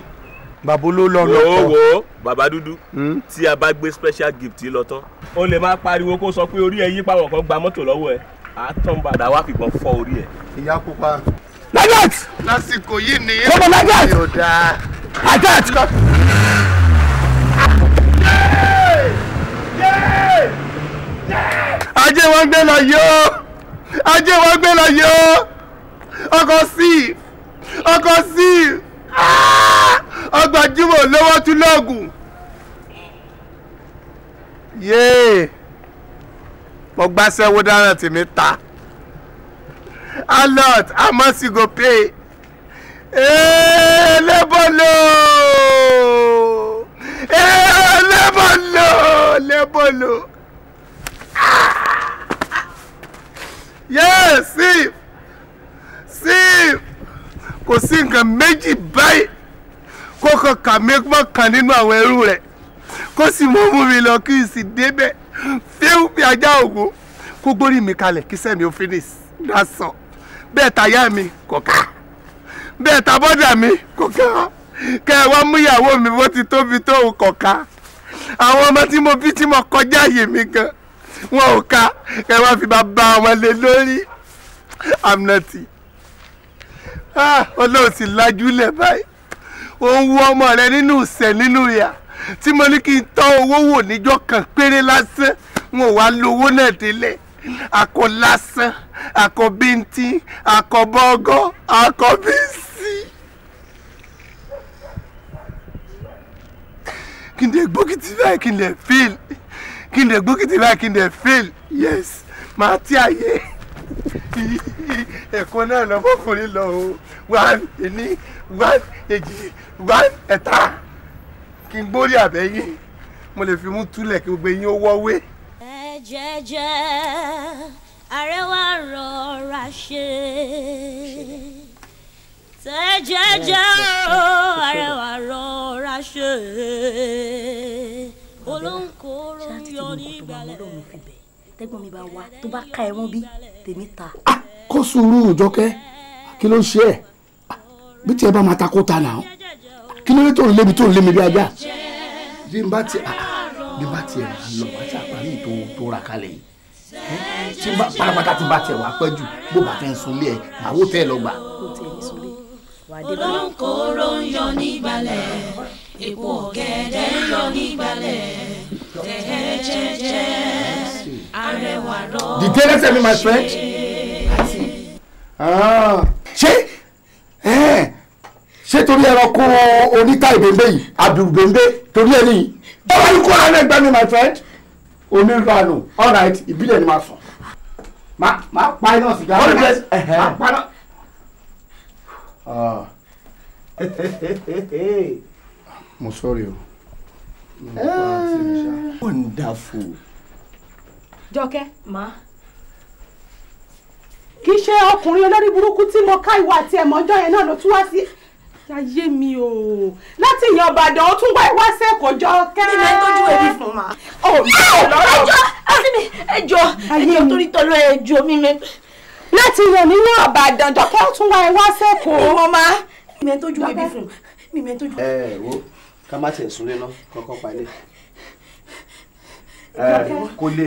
bàbá ló lọ lọ. wo wo bàbá dúdú. Hmm? tí a bá gbé special gift lọ tán. o lè máa pariwo kó sọ pé orí ẹ yí pàwọ̀ kan gba mọ́tò lọ́wọ́ ẹ àtọ̀nbàdà wà fìbọn fọ́ orí ẹ. ìyá pupa like that. lásìkò yìí ni come on like that. yọ̀dá. like that. ajé wọn gbé lọ yó ajé wọn gbé lọ yó ọkọ sí ọkọ sí ah! ọgbà jùmọ̀ lọ́wọ́ tún lọ́ọ̀gùn yéé mo gbàṣẹ́ wo dáná tèmi ta a lot how much you go pay lebolo lebolo lebolo yes sif sif kò sí nǹkan méjì báyìí kó kàn kà mẹ́gbọ́n kan nínú àwọn ẹrú rẹ̀ kó sì mú mú mi lọ kí n sì débẹ̀ fíw bí ajá ògùn kó gbórí mi kalẹ̀ kí sẹ́mi ó finish that's all bẹ́ẹ̀ ta yá mi kò ká bẹ́ẹ̀ ta bọ́dà mi kò ká kẹ́ ẹ wá mú ìyàwó mi bó ti tóbi tó o kò ká àwọn ọmọ tí mo bí tí mo kọjá àyè mi gan wọn ò ká kẹ́ ẹ wá fi máa ba àwọn lé lórí amnati ah, ọlọ́run sì lajú lẹ̀ báyìí ó wú ọmọ rẹ nínú ìṣẹ́ nínú ìyà tí mo ní kí n tọ́ owó wò níjọ́ kan péré lásán wọn ò wá lo owó náà délẹ̀ akọ lásán akọ binti, akọ bọ́gọ́ akọ bisi. Kinde n lè kinde báyìí kí n lè fail kí n lè gbókìtì fail yes màá tí àyè ẹ̀kọ́ náà lọ́mọkùnrin lọ o one ení one èjì one ẹ̀ta kí n gbórí àbẹ́yìn mo lè fi mú túlẹ̀ kí gbogbo eyín ó wọ́wé jẹ́jẹ́ arẹwà rọra ṣe tẹ jẹ́jẹ́ o arẹwà rọra ṣe olóńkóró yọ nígbàlẹ̀. tẹ́gbọ́n mi bá wa tó bá ka ẹ̀wọ̀n bí tèmi ta. Ah, kó sùúrù jọkẹ́ ah, kí ló ń ṣe ẹ́ ah, bí tiẹ̀ bá máa ta kó ta nà án kí ló dé tó ń lébi tó ń lémi bí ajá bí n bá tiẹ̀ bí n bá tiẹ̀ lọ wájà múra kalẹ̀ yìí tí pátápátá ti bá tiẹ̀ wá pẹ́ jù bó bá fẹ́ ń sunlé ẹ̀ àwọ̀ tẹ́ ẹ lọ gbà. olóńkóró ń yọ nígbàlẹ̀ èpo ọ̀gẹ̀dẹ̀ ń yọ nígbàlẹ̀ jẹ́jẹ́jẹ́ arẹwà lọ. dìde lẹ́sẹ̀ ah. mi my friend. ṣé ṣé torí ẹranko oníta ìbèǹbè yìí àbí ìbèǹbè torí ẹni yìí. báwo ni kó ara rẹ̀ gbá mi my friend onírànù alright ìbílẹ̀ ni màá sọ màá pa iná sìgá màá pa iná. mo sọ̀rọ̀ o. wonderful. jọkẹ́ màá kì í ṣe ọkùnrin olórí burúkú tí mo ká ìwà àti ẹ̀mọ́jọ́ yẹn náà ló tún wá sí. ayé mi o láti yan Ìbàdàn ó tún wá ìwá sẹ́kọ̀ọ́jọ́ kẹ́rẹ́. mi máa ń tọ́jú ẹbí fún ma. ọ bẹ́ẹ̀ lọ́rọ̀ ẹjọ́ àtìmí ẹjọ́ ẹjọ́ torí tọ́lọ́ ẹjọ́ mi mẹ́. láti yan nínú Ìbàdàn jọ̀kẹ́ ó tún wá ìwá sẹ́kọ̀ọ́. mo máa mi máa ń tọ́jú ẹbí fún mi máa ń tọ́jú. ẹ ẹ wo ká má tiẹ̀ súnlé náà kọ́kọ́ palẹ̀. ẹ kó lè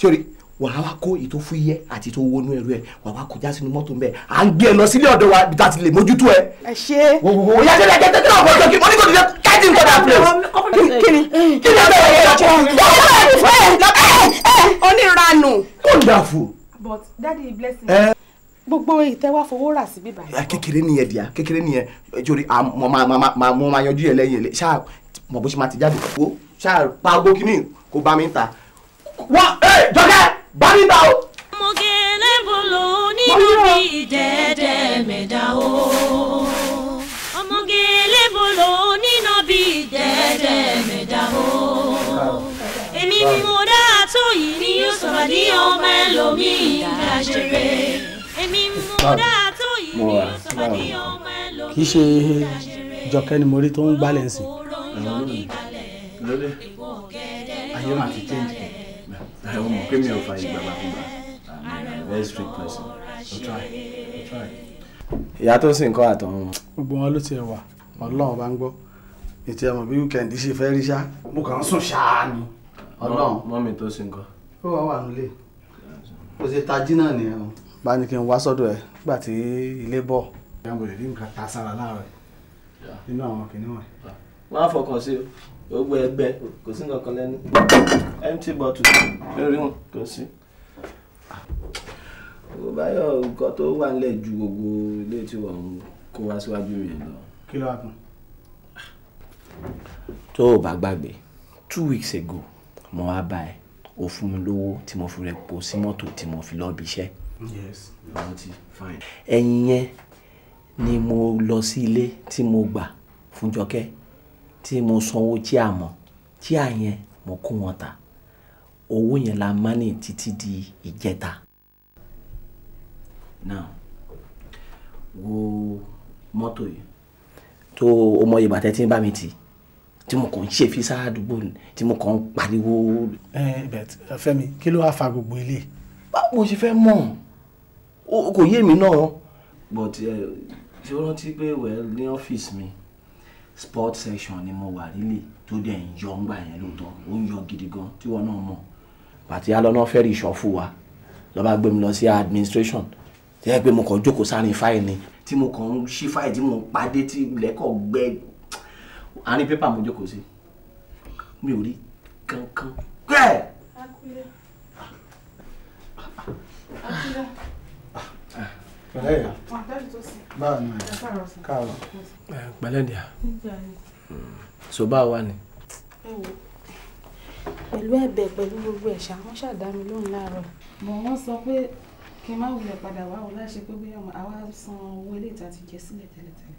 sórí wà á wá kó èyí tó fúyẹ́ àti tó wọnú ẹrú ẹ wà á wá kọjá sínú mọ́tò ń bẹ à ń gbé ẹ lọ sílé ọ̀dọ̀ wa bí tá a ti lè mójútó ẹ. ẹ ṣe é. wò wò yá sílẹ̀ kẹ́tẹ́ tí wọ́n kọjọ kí wọ́n ní kò ní fẹ́ kájí nǹkan Kini. Kini. kíni kíni ọ̀dọ̀ yẹn yẹn kọ́ ọ́ onírànù. kò dàfo. but daddy blessing. gbogbo ìtẹ́ wá fowó rà síbí báyìí. kékeré nìyẹn díà kékeré nìyẹn jórí mo máa yanjú yẹn lẹ́yìn ṣáà mọ̀ bó ṣe máa ti jáde kó pa agbó kíní kó bá mi ta. wọ́n ẹ jọ́kẹ́ bá o. mo gé lẹ́bùn nínú bí dẹ́dẹ́ mẹ́ta o. ọmọ gé lẹ́bùn nínú bí dẹ́dẹ́ mẹ́ta o. èmi ni mo dá àtò yìí ni yóò sọ̀rọ̀ ní ọmọ ẹlòmíì dáṣẹ́rẹ́. èmi ni mo dá àtò yìí ni yóò sọ̀rọ̀ ní ọmọ ẹlòmíì dáṣẹ́rẹ́. kì í ṣe jọkẹ́ ni tó ń gbálẹ̀ ń sìn. ayé máa ti change. I o mọ̀ pé mi ò fa ìgbàgbàkúgbà a very strict person i try i try. ìyá tó sì ń kọ́ àtọ̀hún. gbogbo wọn ló ti wà ọlọ́run bá ń gbọ́ ètò ẹ̀mọ̀ bí weekend ṣe fẹ́ rí ṣá mo kàn ń sùn ṣáá ni ọlọ́run. mọ́mì tó sì ń kọ́. ó wà wà nílé o ṣe tají náà nìyẹn bá ní kí n wá sọ́dọ̀ ẹ̀ nígbà tí ilé bọ̀. ìyá mo lè rí nǹkan ta sára láàárọ̀ nínú àwọn kìnìún ẹ̀. wọ́n fọkàn sí o gbogbo ẹgbẹ́ kò sí nǹkan kan lẹ́nu empty bottle lórí wọn kò sí. owó báyọ̀ nǹkan tó wà nílẹ̀ ju gbogbo ilé tí wọ́n kó wá síwájú rẹ̀ lọ. kí ló wà fún. tó o bá gbàgbé two weeks ago mo wá bá ẹ o fún mi lówó tí mo fi rẹ po sí mọ́tò tí mo fi lọ́ọ́ bí iṣẹ́. yes rántí fine. ẹ̀yìn yẹn ni mo lọ sí ilé tí mo gbà fún jọkẹ́ tí mo sanwó chia mọ́ chia yẹn mo kó wọn ta owó yẹn la má ní títí di ìjẹta now wo mọ́tò yìí tó o mọ ìbàtẹ́ tí ń bá mi tì tí mo kàn ń ṣe fisa àdúgbò tí mo kàn ń pariwo. ẹ bẹt uh, Fẹ́mi kí ló wá fa gbogbo ilé. báwo ṣe fẹ́ mọ̀ kò yé mi náà. but uh, ṣé o rántí pé wẹ́ẹ́ ní ọ́fíìsì mi sport section ni mo wà lílì tó dẹ̀ ń yọ ńgbà yẹn lóòótọ́ ó ń yọ gidi gan tí wọn náà mọ̀. pàtí alọ́nà fẹ́ẹ́ rí ìṣọ́fù wa lọ́ba gbé mi lọ sí administration tí wọ́n pé mo kàn jókòó sáárín fáìlì ni. tí mo kàn ń ṣí fáìlì tí mo pàdé tí lẹ́kọ̀ọ́ gbẹ àárín pépà mo jókòó sí mi ò rí kankan. Akúlẹ̀. Akúlẹ̀ pẹ̀lẹ́ díà so bá a wà ní. pẹ̀lú ẹ̀bẹ̀ pẹ̀lú gbogbo ẹ̀ṣà wọ́n ṣàdámi lóhùn láàárọ̀. mọ̀ wọ́n sọ pé kí n má wulẹ̀ padà wá o láṣẹ pé bóyá àwa san owó ilé ìta ti jẹ sílẹ̀ tẹ́lẹ̀tẹ́lẹ̀.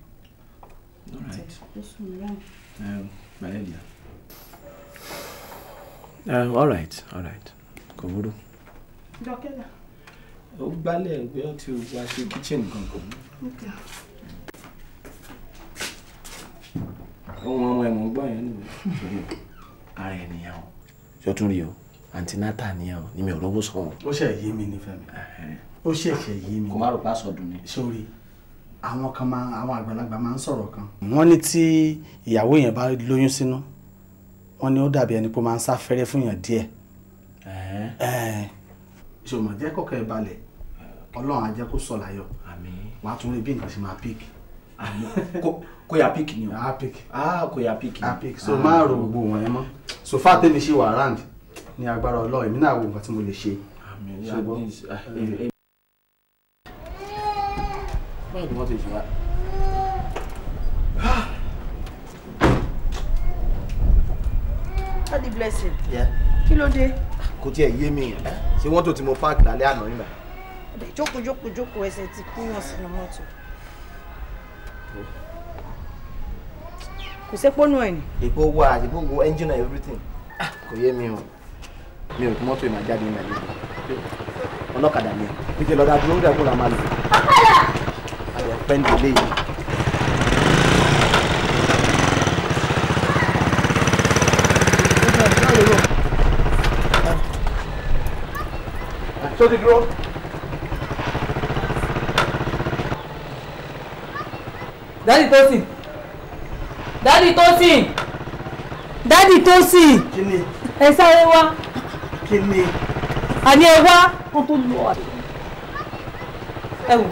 all right all right kò burú. dọ́kẹ́lá ó gbálẹ̀ ẹgbẹ́ ọtí ogun aṣọ kitchen gangan. ohun ọmọ ẹ̀mọ́ gbọ́ yẹn nìyẹn. ara ènìyàn o ṣọtún rí o antinata nìyẹn o ni mi ò lówó sọ o. ó ṣe yé mi ní Fẹ́mi ó ṣẹ̀ṣẹ̀ yé mi. kò má rò bá sọdún ni. sórí àwọn kan máa àwọn àgbàlagbà máa ń sọ̀rọ̀ kan. wọ́n ní tí ìyàwó yẹn bá lóyún sínú wọ́n ní ó dàbí ẹni pé ó máa ń sáfẹ́rẹ́ fún yàn díẹ̀. ṣòmọ̀jẹ́kọ̀kẹ́ balẹ̀ ọlọ́run á jẹ́ kó sọ̀ láyọ̀ wà á tún rí bí nǹkan ṣe máa pík. kò yà pík ni o a pík ah, kò yà pík ni a pík so máa ro gbogbo wọn yẹn mọ́ so far tèmi ṣe wà round ní agbára ọlọ́run èmi náà wo nǹkan tí mo lè ṣe. Ah, báyìí ni wọ́n ti ṣe wá. Daddy blessing. Kí ló dé? Kò tiẹ̀ yé mi. Ṣé wọ́n tó ti mo páàkì lálẹ́ àná yìí náà? Joko, Joko, Joko. jókòó ẹsẹ̀ ti kú yàn sínú mọ́tò kò sépò nù ẹ̀ ni. èpo wà èpo wo engine and everything ah, kò ye mi o mi ò kí mọ́tò ìmọ̀ jáde ìmọ̀ ìlú ọlọ́kadà ni pété lọ́dà dúró dẹ̀ kó la máa lò. ayọ̀ pẹ́ńdì léyìí. sọ́ọ́ ti dúró. dádì Tósìn dádì Tósìn dádì Tósìn ẹ sáré wá àní ẹ wá wọn tó lù ọ ẹ wò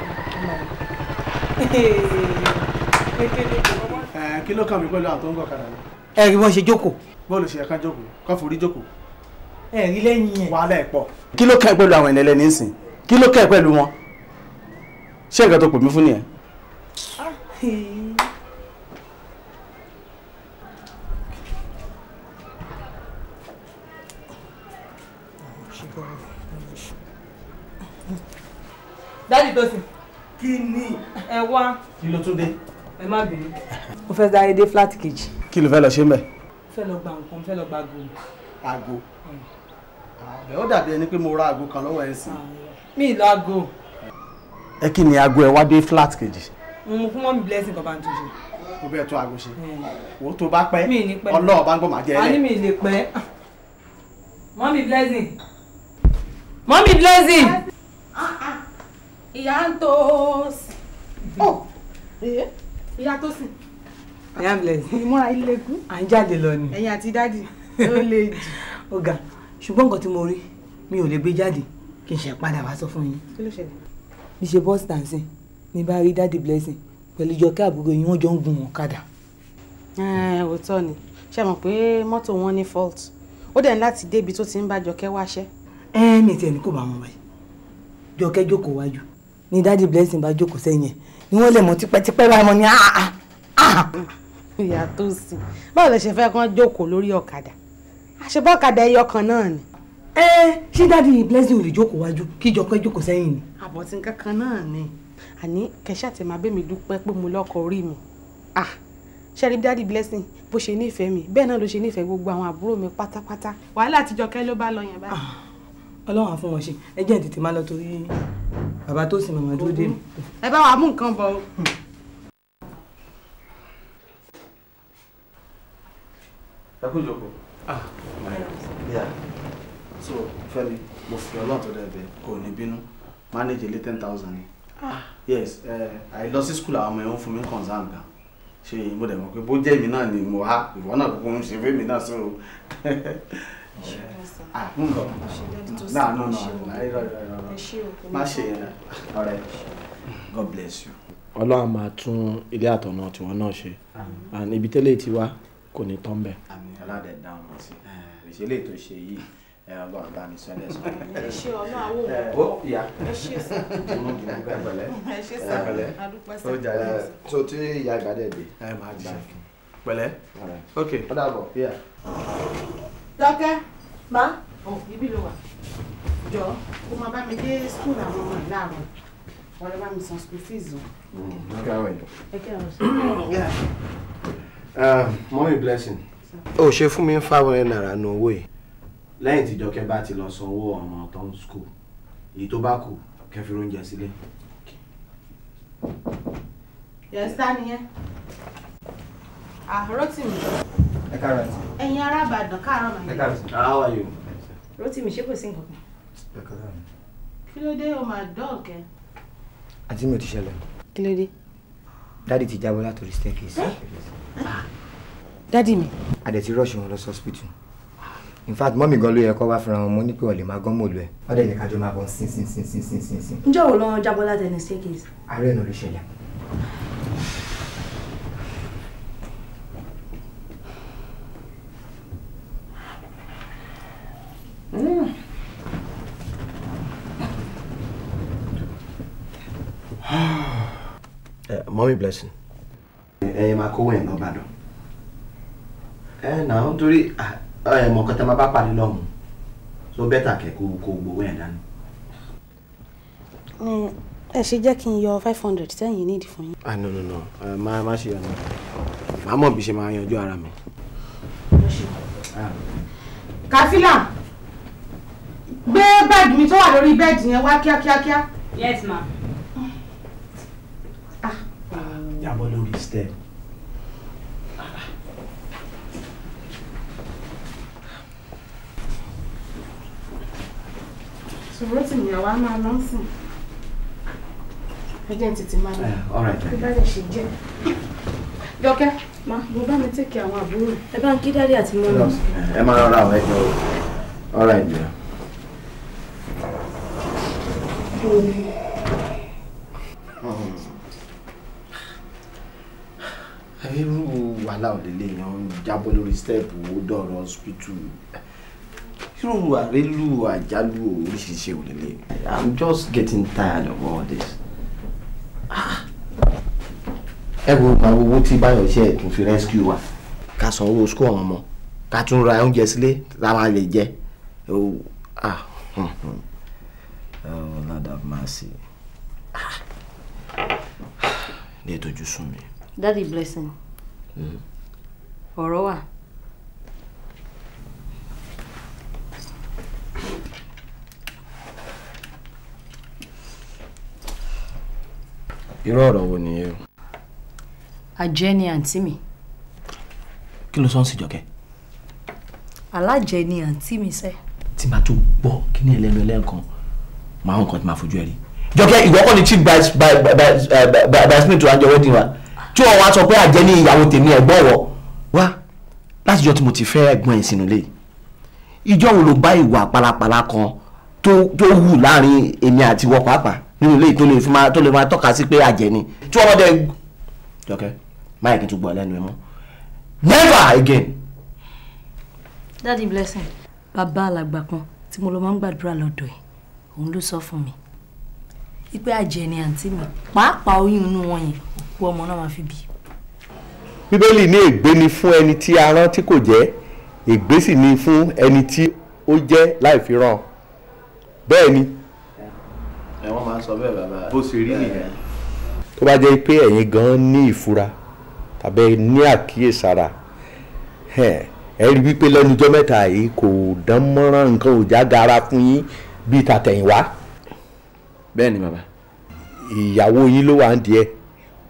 kí ló kàn mí pẹ̀lú àtọ́ ń gọ̀ kadà lọ. ẹ rí wọn ṣe jókòó. bọ́ọ̀lù ṣe ẹ̀ka jókòó ká forí jókòó. ẹ rí lẹ́yìn yẹn. wàhálà ẹ̀ pọ̀. kí ló kàn pẹ̀lú àwọn ẹ̀nẹ́lẹ́ nísìn kí ló kàn pẹ̀lú wọn ṣé nǹkan tó pè mí fún nìyẹn dáàdì tó sì kí ni ẹ wá. kí ló tún dé. ẹ má bínú. mo fẹ́ sáré dé flat kejì. kí ló fẹ́ lọ ṣe mẹ́. mo fẹ́ lọ gba nǹkan mo fẹ́ lọ gba aago. aago hmm. àbẹ̀ ó dàbí ẹni pé mo ra aago kan lọ́wọ́ ẹ̀ ń ah, mi ì lọ aago. ẹ kí ni aago ẹ wá dé flat kejì mo fún mọ́mí blessing kan bá ń tún ṣe. mo tó aago ṣe tó bá pẹ́ ọlọ́ọ̀ bá ń gbọ́ màá jẹ́ ẹ. àní mi lè pẹ́ mọ́mí blessing mọ́mí blessing. ìyá ń tó sí ìyá tó sì. ìyá blessing. ìmúra ilé kú. à ń jáde lọ ni. ẹ̀yin àti dádì ló lè jù. ọ̀gá ṣùgbọ́n nǹkan tí mo rí mi ò lè gbé jáde kí n ṣe padà wá sọ fún yín. kí ló ṣẹlẹ̀. ìṣe bọ́ọ̀sì tàǹsìn ní bá rí dáàdì blessing pẹ̀lú jọkẹ́ àbúrò yìí wọ́n jọ ń gun ọ̀kadà. òótọ́ ni ṣe mọ̀ pé mọ́tò wọn ní fault ó dẹ̀ ní láti débi tó ti ń bá jọkẹ́ wáṣẹ́. ẹ ẹ mi tiẹ̀ ní kò bá wọn wáyé jọkẹ́ jókòó wájú ni dáàdì blessing bá jókòó sẹ́yìn ẹ̀ ni wọ́n lè mọ̀ tipẹ́tipẹ́ báyìí mọ́ ni áà ah, áà. Ah, ah, ìyá tó sì báwo lè ṣe fẹ́ kán jókòó lórí ọ̀kadà àṣebọ́ ọ̀kadà ẹyọ kan náà ni. ẹ ṣé dáàdì blessing ò lè jókòó wájú kí jọkẹ́ jókòó sẹ́yìn ni. àbọ̀tí nǹkan kan náà ni àní kẹṣà tí màá bẹ́mi dúpẹ́ pé mo lọ́kọ orí mi ah ṣẹ́rí dáàdi blessing bó ṣe nífẹ̀ẹ́ mi bẹ́ẹ̀ náà ló ṣe nífẹ̀ẹ́ gbogbo àwọn àbúrò mi pátápátá wàhálà àtijọ́ kẹ́ ló bá lọ yẹn báyìí. Ah, ọlọ́run á fún wọn ṣe ẹ jẹ́ tètè máa lọ torí bàbá tó sì màmá dúró dé mi. ẹ bá wa mú nǹkan bọ̀ o. Hmm. ẹ kú ìjókòó. Ah, so Fẹ́mi mo fi Ọlọ́run tó dẹ̀ bẹ́ẹ̀ kò ní bínú manage ilé ten thousand ni yes eh, I lost the school on my own for ń concern She, gan ṣe mo dẹ̀ mọ̀ pé bó jẹ́ èmi náà ni mo há ìwọ náà kúkú ń ṣe fún èmi náà [LAUGHS] ah, No, no, no. nù no, no, no. yẹn ọ̀rẹ́ god bless you. ọlọ́run máa tún ilé àtọ̀nà tiwọn náà ṣe and ibi tẹ́lẹ̀ ti wá kò ní tán bẹ́ẹ̀. àmì aládẹ̀ẹ́dáhùn sí ìṣẹ̀lẹ̀ tó ṣe yìí ẹ Ọlọ́run bá mi sọ lẹsùn. ẹ ṣe ọlọ àwọn ọmọ ìyá ẹ ṣe sọ. ẹ ṣe sọ adúpẹ́ sọ. tó tí ìyá ìgbàdẹ dé. ẹ máa jí pẹ̀lẹ́ ok. ó dàbọ̀ bíyà. tọ́kẹ́ má ibi ló wà jọ kó máa bá mi dé skul àwọn ọmọ ìlà àwọn wọn lọ bá mi san school fees o. Mm, ẹ kẹ́ àwọn [COUGHS] ẹ̀ uh, mọ́mí blessing. o ṣe fún mi ń fáwọn ẹ̀ nàrà nù owó yìí lẹ́yìn tí Jọkẹ́ bá ti lọ sanwó ọmọ tó ń skul èyí tó bá kù kẹ́ fi oúnjẹ sílẹ̀. yẹ̀sà nìyẹn àhóró tì mí. ẹ káàárọ̀ àǹtí. ẹ̀yin ará Ìbàdàn káàárọ̀ màá yẹn. ẹ káàárọ̀ sí. how are you. Rótìmí ṣé kò sí nǹkan kan. ẹ káàárọ̀ mi. kí ló dé o máa dọ́ọ̀kẹ́. àǹtí mi ò ti ṣẹlẹ̀. kí ló dé. dáàdi ti jábọ́ látòrí staircase. dáàdi mi. àdẹ̀ ti rọ́ọ̀ṣì wọn lọ sí hospital in fact mọ́mì gan ló yẹ kó wá fúnra wọn mo ní pé ọ̀lẹ́ máa gán mòlú ẹ̀ wọ́n dẹ̀ ní kájọ máa bọ̀ sín sín sín sín sín sín sín. ǹjẹ́ wo lọ́wọ́ jábọ́ láti ẹni staircase. ààrẹ náà ló ṣẹlẹ̀. [SIGHS] Eh, mọ́mì blessing. ẹ̀yin máa kówó ẹ̀ lọ́bàdàn ẹ̀ eh, náà nítorí ah, ẹ mọ̀ nǹkan tẹ́ máa bá pàdé lọ́hùn so bẹ́tà kẹ́ kó gbowó ẹ̀ dání. ẹ ṣe jẹ́ kí n yọ five hundred sẹ́yìn nídìí fún yín. ah no no no máa má ṣe ọ̀nà màá mọ̀ bí ṣe máa yanjú ara mi. kàfílà gbé báàgì mi tó wà lórí bẹ́ẹ̀dì yẹn wá kíákíákíá. yes ma. Ah. jábọ́ lórí step. ṣùgbọ́n tì mí àwa máa lọ sùn ẹjẹ tètè máa lọ bí bá lè ṣe jẹ dọkẹ ma mo bá mi tẹkẹ àwọn àbúrò ẹ bá ń kí dárí àti mọ lọ. ẹ máa rọra àwọn ẹjọ ọ̀rọ̀ ẹjọ. irú wàhálà òlélẹ́yìn jábọ́ lórí stẹ́ẹ̀pù ó dọ̀rọ̀ hospital irú àrélù àjálù oríṣiríṣi òlélẹ̀. i'm just getting tired of all this. Ah. ẹ wo màá wo owó tí báyọ̀ iṣẹ́ ẹ̀ tún fi rescue wa. ká san owó sukú àwọn ọmọ ká tún ra oúnjẹ sílé tá a máa jẹ. Ah, oh lord have mercy. Ah. ní ètò ojú sùn mi. daddy blessing. Hmm. ọ̀rọ̀ wà. Mm -hmm. irú ọ̀rọ̀ wo nìyẹn. àjẹ́ ni àǹtí mi. kí ló sọ ń sìjọkẹ́. alájẹ ni àǹtí mi sẹ́. tí màá tún gbọ́ kí ní ẹlẹ́nu ẹlẹ́nkan màá hàn kan tí màá fojú ẹ rí. jọkẹ́ ìwọ kọ́ ni chief basmin tó ránjọ wedding wa tí wọ́n wá sọ pé àjẹ́ ni ìyàwó tèmi ẹ̀gbọ́n wọ wá láti jọ tí mo ti fẹ́ ẹ̀gbọ́n ẹ̀ sínú lé ìjọ wo ló bá ìwà pálapàla kan tó wù láàrin èmi àti wọ pàápàá nínú ilé tó lè fi tó lè máa tọ́ka sí pé àjẹ́ ni tí wọ́n dẹ̀ jọkẹ́ máa kì í tún lẹ́nu ẹ̀ never again. dádì blessing bàbá alàgbà kan tí mo lọ máa ń gbàdúrà lọ́dọ̀ ẹ̀ òun ló sọ fún mi ipe àjẹ́ ni àǹtí mi pàápàá oyún inú wọn yẹn òkú ọmọ náà máa fi bí. bíbélì ní ègbé ni fún ẹni tí a tí kò jẹ́ ègbé sì ni fún ẹni tí ó jẹ́ láì fi rán bẹ́ẹ̀ ni. ẹ wọ́n máa ń sọ bẹ́ẹ̀ bàbá. bó ṣe rí nìyẹn. tó bá jẹ́ pé ẹ̀yin gan-an ní ìfura tàbí ní àkíyèsára ẹ rí wípé lẹ́nujọ́ mẹ́ta yìí kò dán mọ́rán nǹkan ò gara fún yín bíi tàtẹ̀yìnwá. bẹ́ẹ̀ ni bàbá. ìyàwó yín ló wà ń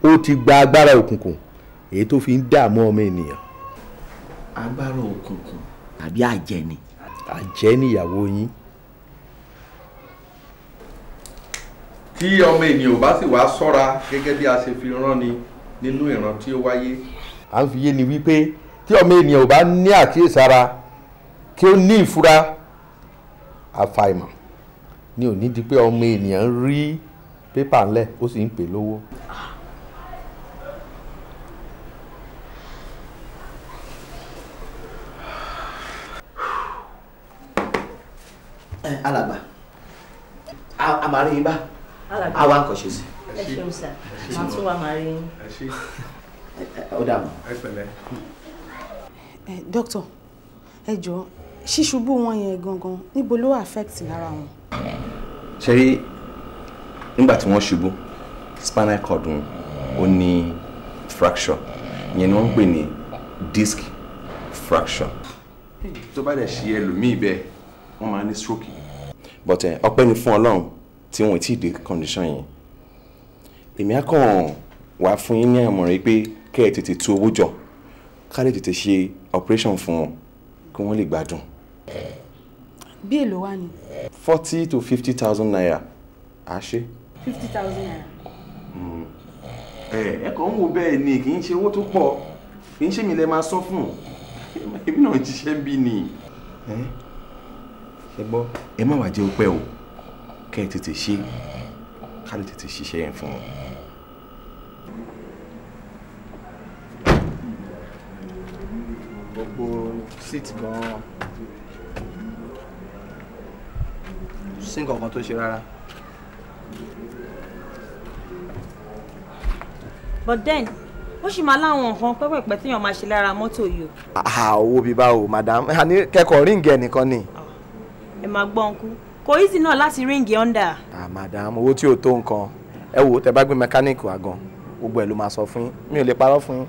ó ti gba agbára òkùnkùn èyí tó fi ń dààmú ọmọ ènìyàn. agbára òkùnkùn àbí ni. ìyàwó yín. tí ọmọ ènìyàn bá sì wá sọ́ra gẹ́gẹ́ bí a ṣe fi rán ni nínú ìran tí ó wáyé. a ń fi yé ni wípé tí ọmọ ènìyàn bá ní àkíyèsára kí ó ní ìfura àfàìmọ̀ ni ò ní di pé ọmọ ènìyàn ń rí pépà ńlẹ̀ ó sì ń pè lówó. bá. àwa kò ṣe sí. ẹ ṣeun sá màá tún wà máa rí yín. ó dààmú. ẹ pẹ̀lẹ́. ẹ dókítà ẹ jọ ṣíṣubú wọn yẹn gangan níbo ló affect lára wọn. ṣe nígbà tí wọ́n ṣubú spinal cord wọn ó ní fracture ìyẹn ni wọ́n ń pè ní disc fracture. tó bá dẹ̀ ṣe ẹlòmíì bẹ́ẹ̀ wọ́n máa ní stroke. but ọpẹ́ ni fún Ọlọ́run tí wọ́n ti dé condition yẹn èmi á kàn wá fún yín ní àmọ̀ràn pé kẹ́ ẹ tètè tú owó jọ ká lè tètè ṣe operation fún wọn kí wọ́n lè gbádùn. bí èlò wà ní. forty to fifty thousand naira à ṣe. fifty thousand naira. Hmm. ẹ ẹ kàn ń wo bẹ́ẹ̀ ni kì í ṣe owó tó pọ̀ kì í ṣe mi lè máa sọ fún un èmi náà ń ṣiṣẹ́ bí ni. ẹ gbọ́ ẹ má wàá jẹ́ ọpẹ́ o kẹ́ ẹ tètè ṣe ká lè tètè ṣiṣẹ́ yẹn fún wọn. gbogbo sit gan-an sí nǹkan tó ṣe rárá. but then ó sì máa láwọn nǹkan pẹ́pẹ̀pẹ́ téèyàn máa ṣe lára mọ́tò yìí o. àwo bíbá o madam kẹ́kọ̀ọ́ ríǹgì ẹnìkan ni. Ah, ẹ máa gbọ́ ọ́nkú kò easy náà láti ríǹgì under. ah madam owó tí ò tó nǹkan ẹ wò ó tẹ bá gbé mẹkáníìkì wá gan gbogbo ẹ ló máa sọ fún mi ò lè parọ́ fún yín.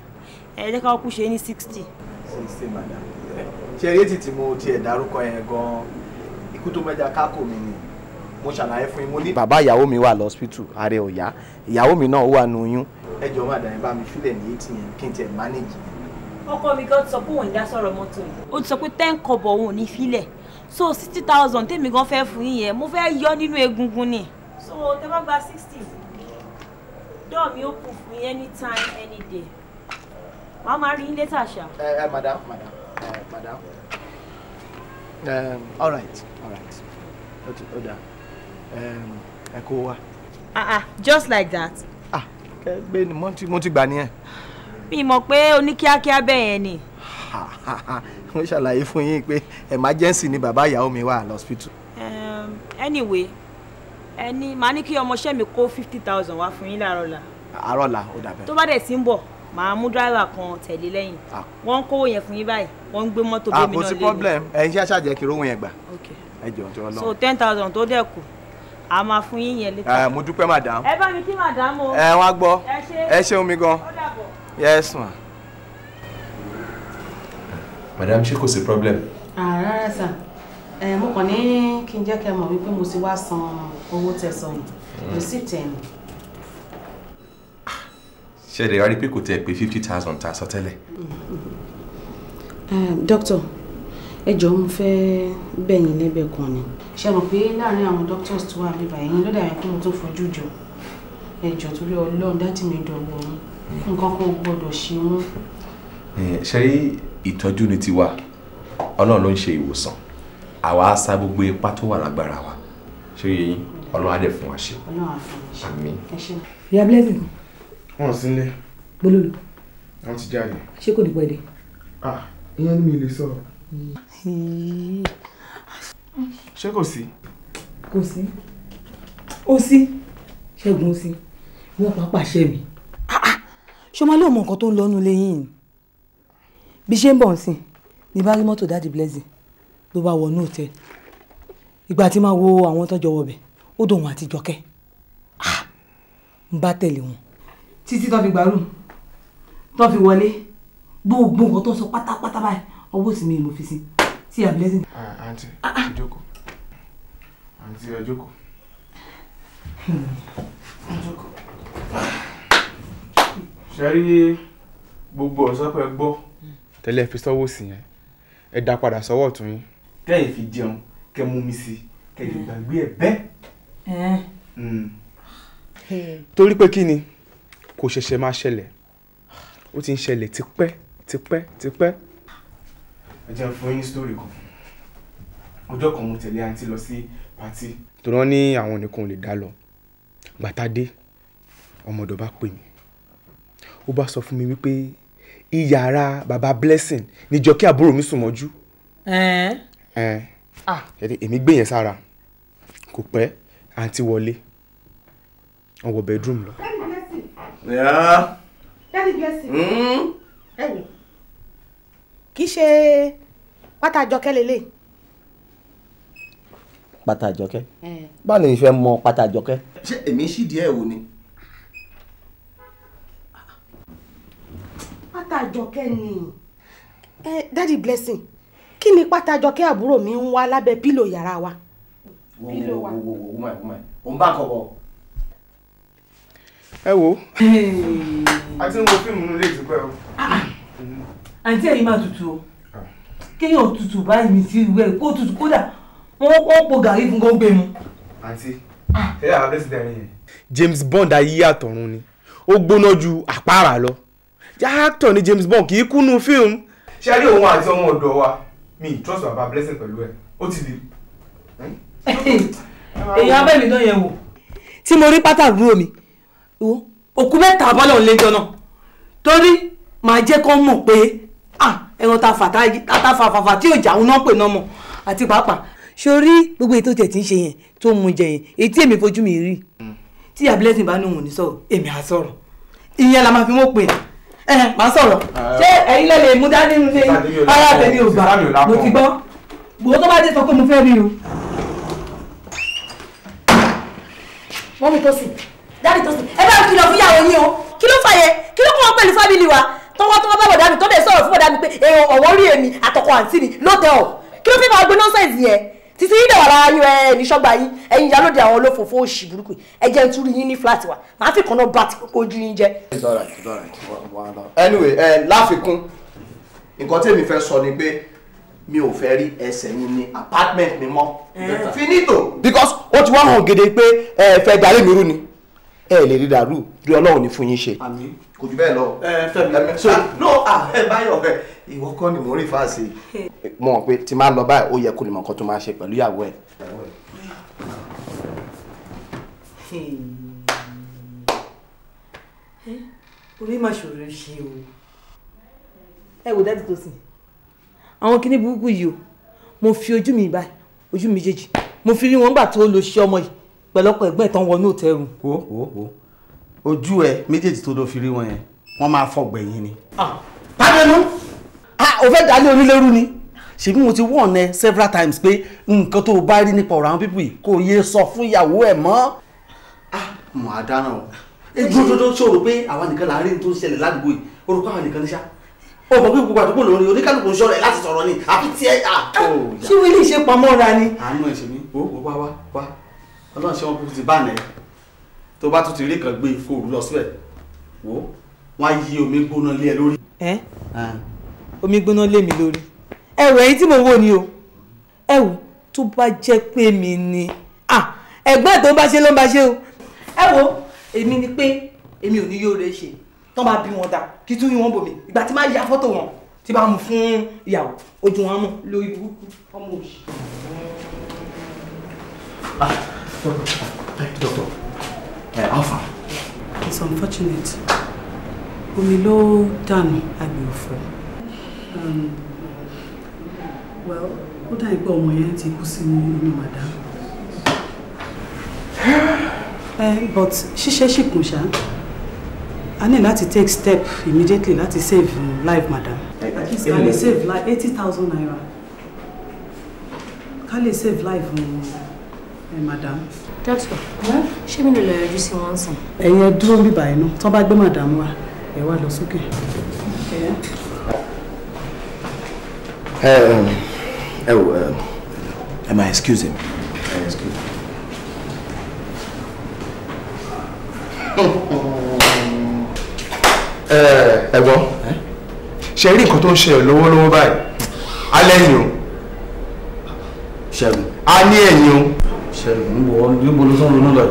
ẹ jẹ́ ká kú ṣe ní sixty. sixty madam ṣe eré tìtì mo tiẹ̀ dárúkọ yẹn gan ikú tó mẹ́ja kákò mi ni mo ṣàlàyé fún yín mo ní. bàbá ìyàwó mi wà lọ́sítù ààrẹ ọ̀yá ìyàwó mi náà wà nù oyún. ẹ jọ máa dàní bá mi ṣúlẹ̀ ní eighty yẹn kí n tiẹ̀ manage. ọkọ mi gan ti sọ pé òun ìdásọ̀rọ̀ mọ́tò yìí. ó ti sọ pé ten kọ̀bọ̀ òun ò ní fílẹ̀ so sixty thousand tèmi gan fẹ́ fún yín yẹn mo fẹ́ yọ nínú egungun ni so tẹ bá gba sixty dọ́ọ̀ mi open kù fún yín anytime any day màá máa rí yín létà ṣá. ẹ ẹ madam madam ẹ eh, madam. Um, all right all right ó ti ó um, ẹ kó wa. ah ah just like that. ah kẹ gbé ni mo ti gbà nìyẹn. mi mọ̀ pé oníkíákíá bẹ́ẹ̀ yẹn ni ó ṣàlàyé fún yín pé emergency ni bàbá ìyàwó mi wà lọ́sítù. Um, anyway ẹni màá ní kí ọmọọṣẹ́ mi kó fifty thousand wá fún yín láàárọ̀ la. àárọ̀ la ó dàbẹ̀. tó bá dẹ̀ ti ń bọ̀ màá mú dráìvà kan tẹ̀lé lẹ́yìn ah. wọ́n ń kówó yẹn fún yín báyìí wọ́n ń gbé mọ́tò bẹ́ẹ̀ ah, mi náà lé mi. problem ẹ̀yin ṣáà ṣàjẹ́ kí rówó yẹn gbà. ẹ jọ̀ọ́ tí wọ́n lọ. so ten thousand tó dẹ̀ kù a máa fún yín yẹn létà. ẹ eh, mo dúpẹ́ madam. ẹ bá mi kí madam o. ẹ eh, wá gbọ́ ẹ ṣeun mi gan. ó dàbọ̀. yes ma madam ṣé kò sí problem. rárá sà mo kàn ní kí n jẹ́ kẹ́ mọ̀ wípé mo ti wá san owó tẹ̀sán yìí hmm. receipt ẹ̀ mi. ṣẹ̀dẹ̀ rárí pé kò tẹ̀ pé fifty thousand ta sọ tẹ́lẹ̀. dókítà ẹ jọ̀ọ́ mo fẹ́ bẹ̀yìn lẹ́bẹ̀ẹ́ kan ni ṣe mọ̀ pé láàrin àwọn doctors tó wà bíbá ẹ̀yin ló dàbí kí mo tó fojú jọ ẹ jọ̀ọ́ torí ọlọ́run dátì mi dọ̀wọ́ yín hmm. nǹkan kan ò gbọ́dọ̀ ṣe wọ́n. ṣe ìtọ́jú ni tiwa ọlọ́run ló ń ṣe ìwòsàn àwa á sá gbogbo ipá tó wà lágbára wa ṣé yẹ yín ọlọ́run á dẹ̀ fún wa ṣe. àmín. ìyá blessing. wọn sí ilé. gbólóòlù. wọn ti jáde. ṣé kò ní pẹ́ dé. ah ìyẹn mi lè sọ̀rọ̀. ṣé kò sí. kò sí ó sí ṣẹ́gun ó sí wọ́n pàápàá ṣẹ́ mi. Ah, ah. ṣọmọ ló mọ nǹkan tó ń lọ́nu lẹ́yìn bí ṣe ń bọ̀ nsìn ní bá rí mọ́tò dáàdì blessing ló bá wọnú òtẹ́ ìgbà tí máa wo àwọn tọ́jọ́ wọbẹ̀ ó dòun àti jọkẹ́ ń ah! bá tẹ̀lé wọn. títí tó fi gbàrú tó fi wọlé gbogbo nǹkan tó sọ pátápátá báyìí ọwọ́ sì mi mo fi sí tí a blessing. àǹtí ah, ah, ìjókòó àǹtí hmm, ìjókòó. ìjókòó. ṣe rí gbogbo ọ̀sán pẹ́ gbọ́ tẹ́lẹ̀ fi sọ́wọ́ sí yẹn ẹ dá padà sọ́wọ́ ọ̀tún yín. tẹ́yìn fi jẹun kẹ́ mú mi sí kẹ́ gbàgbé ẹ̀ bẹ́ẹ̀. Hmm. torí pé kí ni kò ṣẹ̀ṣẹ̀ máa ṣẹlẹ̀ ó ti ń ṣẹlẹ̀ tipẹ́ tipẹ́ tipẹ́. ẹ jẹ́ fún yín sítórì kan ọjọ́ kan mo tẹ̀lé àǹtí lọ sí pàtí. tòun ní àwọn nìkan ò lè dá lọ gbàtà dé ọmọdọ̀ bá pè mí ó bá sọ fún mi wípé iyàrá baba blessing ni jọkí àbúrò mi sùn mọ́jú. ẹ ẹ èmi gbé yẹn sára kò pẹ́ àǹtí wọlé wọ́n wọ bedroom lọ. Hmm? kì í ṣe pátá àjọkẹ́ lélẹ̀. pátá àjọkẹ́ báwo ni ìfẹ́ mọ pátá àjọkẹ́. ṣé èmi ń ṣídìí ẹ̀ wò ni. pátájọkẹ́ ni. ẹ dádì blessing kí ni pátájọkẹ́ àbúrò mi ń wá lábẹ́ pílò yàrá wa. pílò wa wo wo wo wo wo wo n bá kọ bọ. ẹ wo. a ti ń wo fíìmù nílé ìtúpẹ́ o. Ah, ah. àǹtí ẹ̀yin máa tutù o ah. kéèyàn tutù báyìí mi sí ìwé kó tutù kódà wọ́n po gàrí fún gbọ́ngbẹ́ mu. àǹtí ẹ yàrá bẹ́sì dẹ́rìn yẹn. James Bond ayé àtọ̀run ni ó gbóná ju àpáàrà lọ já actor ni James Bond kì í kúnnú fíìmù. ṣé a rí òun àti ọmọ ọ̀dọ̀ wa mi ì trust bàbá blessing pẹ̀lú ẹ̀ ó ti di. èèyàn abẹ́mi náà yẹn wò. tí mo rí pátá àbúrò mi òkú mẹ́ta àbálọ̀ lẹ́jọ́ náà torí màá jẹ́ kó mọ̀ pé ẹran ta fà ta fà fà fà tí ò jáun náà pè náà mọ̀ àti pàápàá sórí gbogbo ètò tẹ̀ tí ń ṣe yẹn tó ń mu jẹ yẹn èyí tí èmi fojú mi rí tí àbílẹ̀sìn bá ní òun ní sọ̀rọ̀ èmi á sọ̀rọ̀ ìyẹn la máa fi mọ̀ pé ẹ máa sọ̀rọ̀ ṣé ẹ̀yin lẹ́lẹ̀ mú dání nílé ara tẹ̀lé ò gbà mo ti gbọ́ gbogbo tó bá dé sọ pé mo fẹ́ rí o. mọ́mí tó sì dáàdì tó sì ẹ bá ń kìlọ̀ fún ìyàwó yín o kí ló fàyẹ kí ló kún wọn pẹ̀lú fábìlì wa tọwọ́ tọwọ́ bá bọ̀dá mi tó dẹ̀ sọ̀rọ̀ fún bọ̀dá mi pé èèyàn ọ̀wọ́ rí èmi àtọkọ àǹtí mi ló ọ̀ kí ló fẹ́ máa gbé nọ́ńsẹ̀ǹsì yẹn títí yín dẹ̀wà lára yín ẹ ní ṣọ́gbà yín ẹ̀yin ìyá lóde àwọn olófòfó òṣì burúkú ẹ jẹ́ nítorí yín ní fúláàtì wa màá fi kàn náà bá ti kókó ojú yín jẹ. anyway ẹ láfikún nǹkan tí èmi fẹ́ sọ ni pé mi ò fẹ́ rí ẹsẹ̀ yín ní apartment mi mọ́ eh. finito. because ó ti wá hàn gèdè pé ẹ fẹ́ dalé mi rú ni ẹ lè rí dàrú rí ọlọ́run ní fún yín ṣe. àmín kò jù bẹ́ẹ̀ lọ. ẹ fẹmi so ah, no ah, ẹ báyọ̀ ẹ ìwọ kọ́ ni mò ń rí fáàsì. mo mọ̀ pé tí máa lọ báyìí ó yẹ kó lè mọ nǹkan tó máa ṣe pẹ̀lú ìyàwó ẹ̀. orí máa ṣòro ṣe o. ẹ wò dáàdì tó sìn àwọn kinní burúkú yìí o mo fi ojú mi báyìí ojú mi jèjì mo fi rí wọn gbà tó lọ ṣe ọmọ yìí pẹ̀lú ọkọ ẹ̀gbọ́n ẹ̀ tán wọnú òtẹ́rù. wo wo wo ojú ẹ méjèèjì tó lọ fi rí wọn yẹn wọ́n máa fọgbẹ̀ yín ni. pàdánù ah. ah, o fẹ́ dalé onílérú ni ṣèbí mo ti warn ẹ several times pé nǹkan tó o bá rí nípa ọ̀rọ̀ àwọn pípù yìí kò yéé sọ fún ìyàwó ẹ̀ mọ́. Ah, mo á dáná o ejú òdodo ṣòro pé àwa nìkan là ń rí ní tó ń ṣẹlẹ̀ ládùúgbò yìí orúkọ àwọn nìkan ní o mọ̀ pé gbogbo àdúgbò lórí oníkálùkù ń ṣọ́rọ̀ ẹ̀ láti sọ̀rọ̀ ni àfi tí ẹ à. ṣé wílì ṣe pamọ́ra ni. àánú ẹ̀ ṣèmi wò wá wá wá ọlọ́run ṣe wọn kò ti bá nà ẹ́ tó bá tún ti rí kan gbé fóònù lọ síbẹ̀ wò ó wọ́n á yí omi gbóná lé ẹ lórí. ẹ omi gbóná lé mi lórí ẹ wò tí mo wò ni o ẹ wò tó bá jẹ́ pé mi ni ẹ̀gbọ́n tó ń bá ṣe ló ń bá ṣe o ẹ wò èmi ni pé èmi ò ní yóò rẹ ṣe tán bá bí wọn dà kí tún yín wọn bòmí ìgbà tí máa ya fọ́tò wọn tí bá mú fún ìyàwó ojú wọn mú lórí burúkú ọmọ òṣì. Ah, dókítà ẹ alpha. it's unfortunate Umilo, Dan, dànù àgbẹ̀ òfò um, well what dà ìgbà ọmọ yẹn ti kú sínú inú madam but ṣíṣe ṣìkùn ṣá a ní láti take step immediately láti save life madam at least save life eighty thousand naira Can lè save life um, eh, madam dókítà ṣé mi lè lọ yọjú sí wọn sàn. ẹ̀yin ẹ dúró bíbà yìí náà tó bá gbé màdàmú wa ẹ wá lọ sókè. ẹ um, wò um, ẹ máa excuse me. Excuse me. [LAUGHS] ẹ̀gbọ́n ṣe rí nǹkan tó ń ṣẹlẹ̀ lọ́wọ́lọ́wọ́ báyìí alẹ́ ni o ṣẹ́gun a ní ẹ̀yìn o ṣẹlẹ̀ níbo níbo ló tún ronú lọ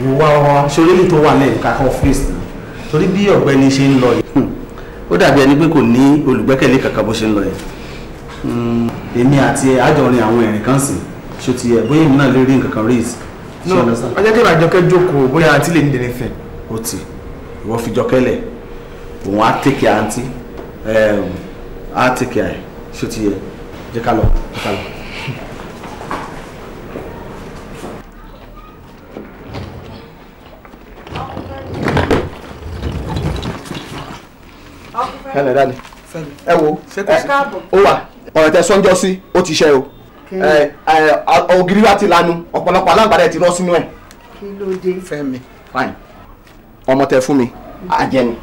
yìí wá wá ṣorí ní tó wà lẹ́yìn kakọ́ fèsì torí bí ọ̀gbẹ́ni ṣe ń lọ yìí hmm, ó dàbí ẹni pé kò ní olùgbẹ́kẹ̀lé kankan bó ṣe ń lọ yìí hmm, èmi àti àjọrin àwọn ẹ̀rìn kan sì ṣó ti ẹ̀ bóyá èmi náà lè rí nǹkan kan rí ìsì. ọjọ́ kí àjọkẹ́ jókòó bóyá àǹtí lè ní dèrè fẹ̀. ó ti ìwọ fi jọkẹ́ lẹ̀ òun á tèkè àǹtí á tèkè àì ṣó ti ẹ̀ jẹ́ ká lọ jẹ́ ká lọ. hello dale ẹ wo ó wà ọ̀rọ̀ tẹ sọ́njọ́ sí ó ti ṣe o ògiri wa ti lanu ọ̀pọ̀lọpọ̀ alágbàdẹ ti rọ́ sínú ẹ̀. kí ló dé. fẹmi fine ọmọ tẹ fún mi àjẹni.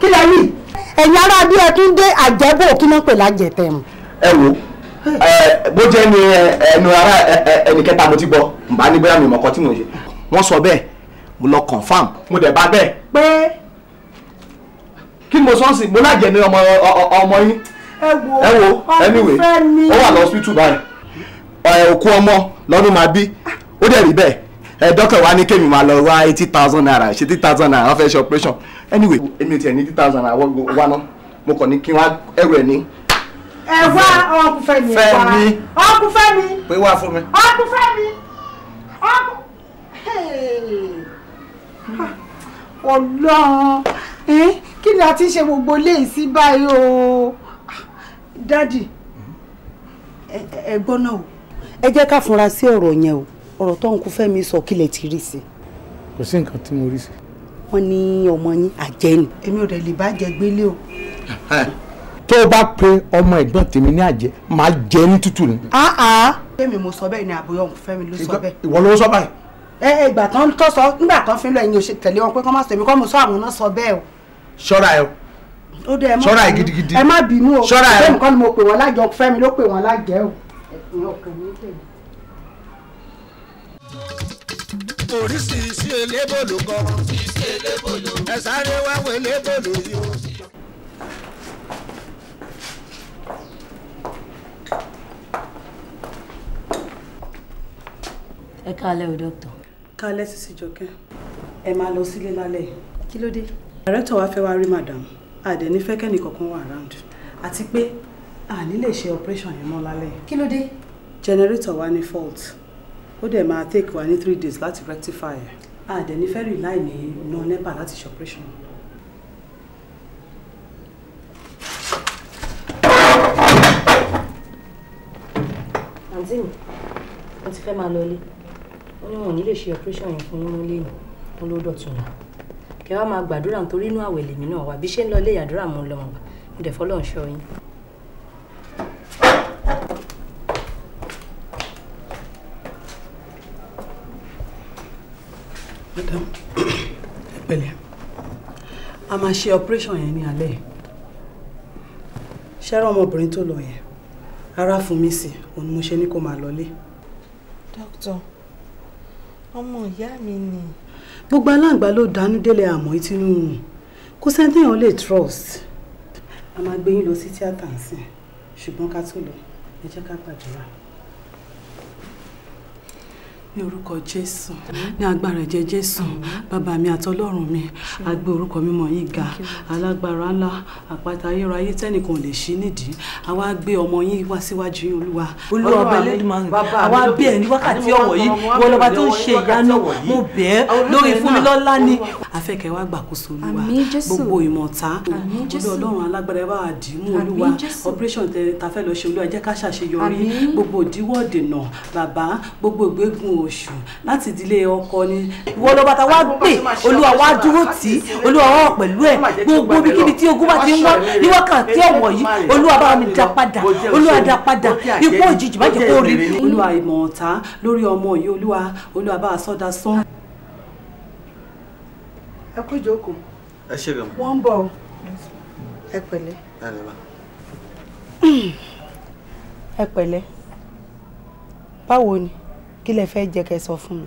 kí lẹ rí. ẹ̀yin ará bí ẹ tún dé àjẹbò kí náà pè lájẹtẹ̀ mu. ẹ wo bó jẹ́ ni ẹnu ara ẹnì kẹta mo ti gbọ́ nbà ní bóyá mi mọ̀kọ́ tí mo ṣe wọ́n sọ bẹ́ẹ̀ mo lọ confam mo dẹ̀ bá bẹ́ẹ̀. pé kí ni mo sọ ń sìn mo lájẹ ní ọmọ ọmọ yín ẹ wo anyway ó wà lọ́sítù báyìí òkú ọmọ lọ́dún máa bí ó dẹ̀ rí bẹ́ẹ̀ ẹ wa ni kémi máa lọ wá eighty thousand naira ṣe eighty thousand naira wọ́n fẹ́ ṣe operation anyway èmi tiẹ̀ ní eighty thousand naira wá ná mo kàn ní kí wọ́n ẹrù ẹ̀ ní. ẹ wá ọkùn Fẹ́mi ẹ wá ọkùn pé wá fún mi. ọkùn Fẹ́mi ọkùn Ọlọ́run kí ni a ti ṣe gbogbo léyìí sí báyìí o dádì ẹ gbọ́ náà o ẹ jẹ́ ká fúnra sí ọ̀rọ̀ yẹn o ọ̀rọ̀ tó ń kú fẹ́mi sọ kílẹ̀ ti rí sí. kò sí nǹkan tí mo rí sí. wọ́n ní ọmọ yín àjẹ́ ni. èmi ò dẹ̀ lè bá jẹ gbélé o. tó o bá pe ọmọ ẹ̀gbọ́n tèmi ní àjẹ́ máa jẹ ní tútù ni. èmi ah, ah. mo sọ bẹ́ẹ̀ ni àbúyọ̀ ọ̀hún fẹ́mi ló sọ bẹ́ẹ̀. ìwọ ló sọ báyìí. ẹ ẹ ìgbà tán tó sọ nígbà tán fi lọ ẹ̀yin ò ṣọ́ra ẹ o ṣọ́ra ẹ gidigidi ẹ má bínú o ṣọ́ra ẹ o nǹkan ni mo pè wọ́n lájọ fẹ́mi ló pè wọ́n lájẹ́ o ẹ̀sìn ọkàn mi tẹ̀lé. oríṣiríṣi elébòlò kan ẹ sáré wá wo elébòlò yìí o. ẹ kálẹ̀ o dókítà. kálẹ̀ sísí jọkẹ́ ẹ máa lọ sílé lálẹ́. kí ló dé director wa fẹ́ wá rí madam àdẹ ní fẹ́kẹ́ni kankan wà around àti pé àní lè ṣe operation yẹn mọ́ lálẹ́. kí ló dé. generator wa ní fault ó dẹ̀ máa take wa ní three days láti rectify ẹ̀ àdẹ ní fẹ́ rely ní iná nepa láti ṣe operation. àǹtí mi mo ti fẹ́ máa lọ ilé ó ní wọn ò ní lè ṣe operation yẹn fún yín mọ́ lẹ́yìn wọn ló dọ̀tun náà kẹ wá máa gbàdúrà nítorí inú àwẹ̀ lèmi náà wà bí ṣe ń lọ ilé ìyàdúrà mú lọ wọn mo dẹ̀ fọlọ́run ṣọ́ yín. a máa ṣe operation yẹn ní alẹ́ ṣẹ́rọ ọmọbìnrin tó lọ yẹn ara fún mi sí òun mo ṣe ní kó máa lọlé. dókítà ọmọ ìyá mi ni gbogbo aláǹgbá ló dánú délé àmọ́ ìtinú rùn kò sẹ́ni lè trust a máa gbé yín lọ sí tíátà nsìn ṣùgbọ́n ká tó lọ ẹ jẹ́ ká gbàdúrà ní orúkọ jésù ní agbára ẹ̀jẹ̀ jésù bàbá mi àtọlọ́run mi àgbé orúkọ mímọ́ yìí ga alágbára ńlá àpáta ayérayé tẹ́nìkan ò lè ṣí nídìí àwa gbé ọmọ yín wá síwájú yín olúwa olúwa ọba ẹlẹ́dùnmáà àwa bí ẹ̀ ní wákàtí ọ̀wọ̀ yìí wọ́n lọ́ba tó ń ṣe ìyanu mo bẹ̀ ẹ́ lórí fún mi lọ́lá ni. afẹ́kẹ́ wa gbàkóso olúwa gbogbo ìmọ̀ta olú ọlọ́run alágbára ẹ bá wa dì mú olúwa operation tafẹ́ lọ ṣe olúwa jẹ́ ká oṣù láti ìdílé ọkọ ni ìwọ lọ́ba ta wá gbé olúwa wá dúró tì í olúwa wà pẹ̀lú ẹ̀ gbogbo ibikíbi tí ogun bá ti ń wá ní wákàtí ọ̀wọ̀ yìí olúwa bá mi dá padà olúwa dá padà ikú òjijì má jẹ́ kó rí mi. olúwa ìmọ̀ ọ̀tá lórí ọmọ yìí olúwa olúwa bá a sọ́dá sán. ẹ kú ìjókòó ẹ ṣe gan. wọ́n ń bọ̀ ẹ pẹ̀lẹ́. ẹ pẹ̀lẹ́ báwo ni kí lẹ fẹ́ jẹ kẹ́ sọ fún mi.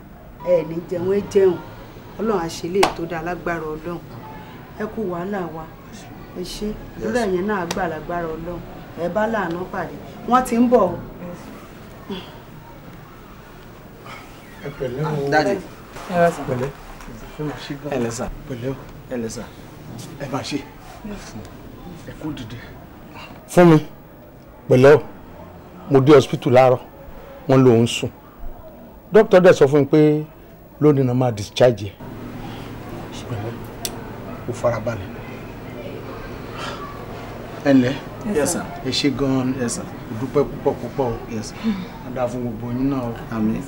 ẹ ní jẹun ẹ jẹun ọlọ́run àṣẹlẹ tó dáa lágbára ọlọ́run ẹ kú wàhálà wa ẹ ṣe lórí ẹ̀yẹn náà gbà lágbára ọlọ́run ẹ bá láàánú pàdé wọ́n ti ń bọ̀ o. ẹ pẹ̀lẹ́ o dájú pẹ̀lẹ́ ẹlẹ́sà pẹ̀lẹ́ o ẹlẹ́sà ẹ máa ṣe ẹ kú dìde. fún mi pẹ̀lẹ́ o mo dé hospital láàárọ̀ wọ́n lóun sùn. Doctor dẹ̀ sọ fún mi pé lónìí náà máa discharge ẹ̀ ṣùgbọ́n ó farabalẹ̀ ẹ ǹlẹ́ ẹ ṣe gan-an ìdúpẹ́ púpọ̀ púpọ̀ ó dáa fún gbogbo yín náà àmín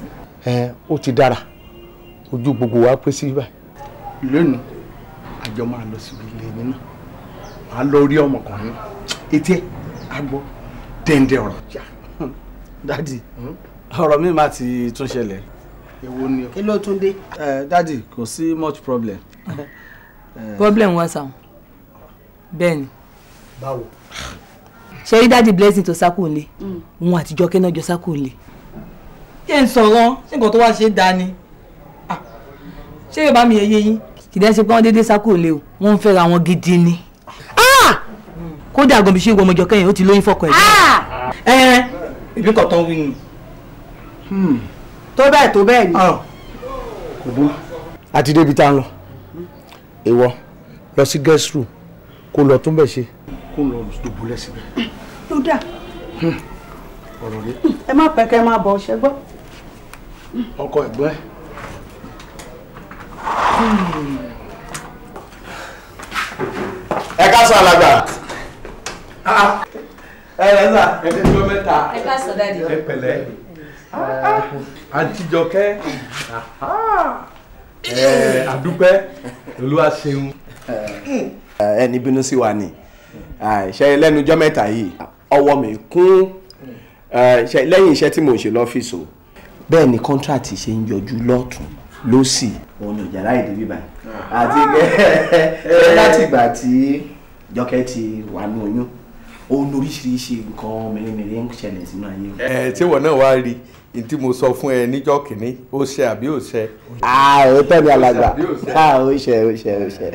ẹ ó ti dára ojú gbogbo wa pé sí báyìí lónìí àjọ máa lọ sí ilé yín náà màá lọ rí ọmọkùnrin etí àgbọ̀ dẹ́ndẹ́ ọ̀rọ̀ dáàdì ọ̀rọ̀ mi máa ti tún ṣẹlẹ̀. èwo ni o. kí ló tún dé. Eh, dadi kò sí much problem. [LAUGHS] Eh. problem wá sáwọn bẹ́ẹ̀ ni. báwo. ṣe rí dadi blessing tó sákò lé mm. òun àtijọ́ kẹ́nà jọ sákò lé. ṣé n sọ̀rọ̀ ṣé nǹkan tó wá ṣe dáa ni ṣé yorùbá mi yẹ yín kìdẹ́ ṣe pé wọ́n déédéé sákò lé o wọ́n ń fẹ́ra wọn gidi ni kódà àgọ́bí ṣe wọ ọmọ ìjọ kẹyìn ó ti lóyún fọkàn ẹ̀. ẹ̀ẹ́n ìbí kọ̀ọ̀tàn wí ni. Hmm. tó bẹ́ẹ̀ tó bẹ́ẹ̀ ni. kò burú àti débi tá a ń lọ ìwọ lọ sí guest room kó lọ tún bẹ̀ ṣe. kó lọ dùbúlẹ̀ síbẹ̀. ló dà. Hmm. ọ̀rọ̀ rẹ. Hmm. ẹ má pẹ́ kẹ́ ẹ máa bọ̀ ṣe gbọ́. ọkọ ẹ̀gbọ́n ẹ ká sọ alága. Ah, ah. ẹ ẹ sà ẹ ti tó mẹ́ta. ẹ ká sọ dáàdi. ẹ pẹ̀lẹ́ àtijọ́kẹ́ eh, àdúpẹ́ eh, olúwa ṣeun. Eh, ẹni bínú sí wa ni ah, ṣe lẹ́nu ọjọ́ mẹ́ta yìí ọwọ́ mi kún lẹ́yìn iṣẹ́ tí mo ṣe lọ́fíìsì o bẹ́ẹ̀ ni kọ́ńtrátì ṣe ń yọjú lọ́tún lọ́sì. òun ni òjàrá èdè bíbá àti láti ìgbà tí jọ́kẹ́ ti wà ní oyún òun oríṣiríṣi nǹkan mèremère ń ṣẹlẹ̀ sínú ayé. ẹ tí wọn náà wá rí i ntí mo sọ fún ẹ níjọ́ kìíní ó ṣe àbí ó ṣe. ó tẹ́ mi alàgbà ó ṣe ó ṣe ó ṣe.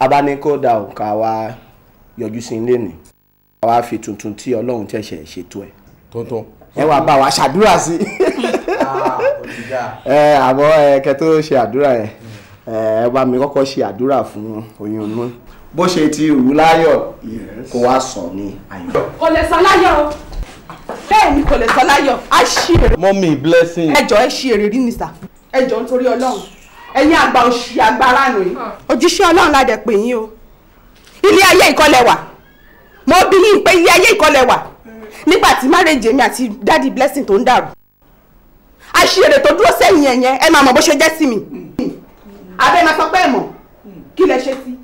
abánikódà òǹkà wa yọjú sí ilé ni àwa fi tuntun tí ọlọ́run tẹ̀sẹ̀ ṣètò ẹ̀. tuntun. ẹ wàá bá wa ṣàdúrà sí [LAUGHS] ah, i. àmọ́ kẹ́ tó ṣe àdúrà yẹn ẹ bá mi kọ́kọ́ ṣe àdúrà fún oyún náà bó ṣe ti rù láyọ̀ kó wá sàn ní ayọ̀. kò lè sàn láyọ̀ o bẹ́ẹ̀ ni kò lè sàn láyọ̀ á ṣí mọ́mí blessing. ẹjọ́ ẹ ṣí èrè rí ni sà ẹjọ́ nítorí ọlọ́run ẹ̀yin àgbà òṣì agbára nù yín. òjíṣẹ́ ọlọ́run la dẹ̀ pè yín o ilé ayé ìkọlẹ̀ wà mo bí yín pé ilé ayé ìkọlẹ̀ wà nígbà tí márèjì mi àti dáàdi blessing tó ń dàrú àṣìrè tó dúró sẹ́yìn ẹ̀yẹn ẹ máa mọ̀ bó ṣe jẹ́ sí mi abẹ́ máa sọ pé ẹ̀ mọ̀ kí lẹ ṣe sí i.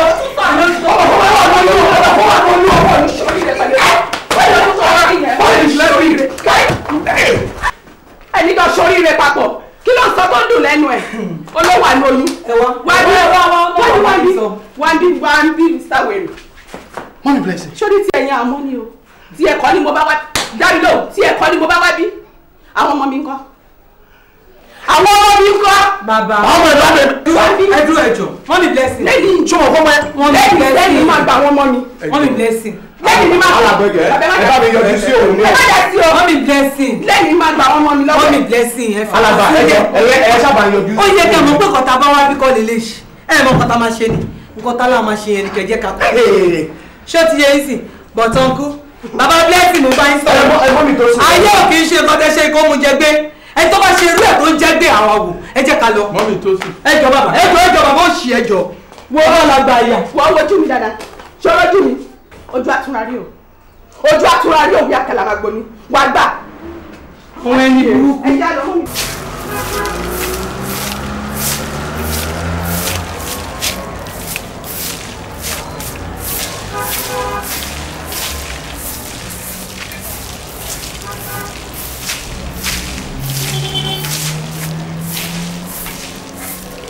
sóríire ẹni jọ sóríire papọ̀ kí ló sọ tó ń dùn lẹ́nu ẹ̀ olówó àná oyún wájú wájú wájú wájú wájú mr wẹ̀rẹ̀. mọ́nì blessing. sórí ti ẹ̀yin àmọ́ ni o tí ẹ̀kọ́ ni mo bá wá dárí lò tí ẹ̀kọ́ ni mo bá wá bí àwọn ọmọ mi ń kọ́ àwọn ọmọ mi ń kọ́. bàbá ọmọ ẹ̀dọ́ abẹ ẹdúró ẹjọ mọ́nì blessing. lẹ́yìn ìjọ ọ̀fọ́mọ ẹ̀ lẹ́yìn lẹ́yìn máa gba àwọn ọmọ mi. mọ́nì blessing lẹ́yìn ní máa lọ ẹ bá mi yọjú sí òun ní blessing. lẹ́yìn máa gba ọmọ mi lọ́wọ́. mọ́mí blessing ẹ fà. alaba ẹ ẹ sábà yọjú. ó yẹ kí ẹ mọ̀ pé kọta bá wá bí kọ́ lè lè ṣe ẹ mọ̀ kọta máa ṣe ni nkọta láà máa ṣe yẹn ni kẹjẹ kakọ. ṣé o ti yẹ yín sìn bọ̀tọ́nkú bàbá blessing mo bá yín sọ̀rọ̀. ayé ò kì í ṣe nǹkan tẹ́ ṣe kó mu jẹ gbé ẹ tó bá ṣe irú ẹ tó ń jẹ gbé àwọn wò ẹ jẹ ká lọ. mọ́mí tó sì. ẹ jọ bàbá ẹ jọ ẹ jọ bàbá ó ṣì ẹ jọ. wo ọlọgbà ìyá wọ́n wojú mi dáadáa ṣọ́rọ́jú mi ojú àtúrà rí o ojú àtúrà rí o bí akẹ́là máa gbóni wàá gbà. àwọn ẹni burúkú. ẹ jẹ́ àlọ́ mú mi.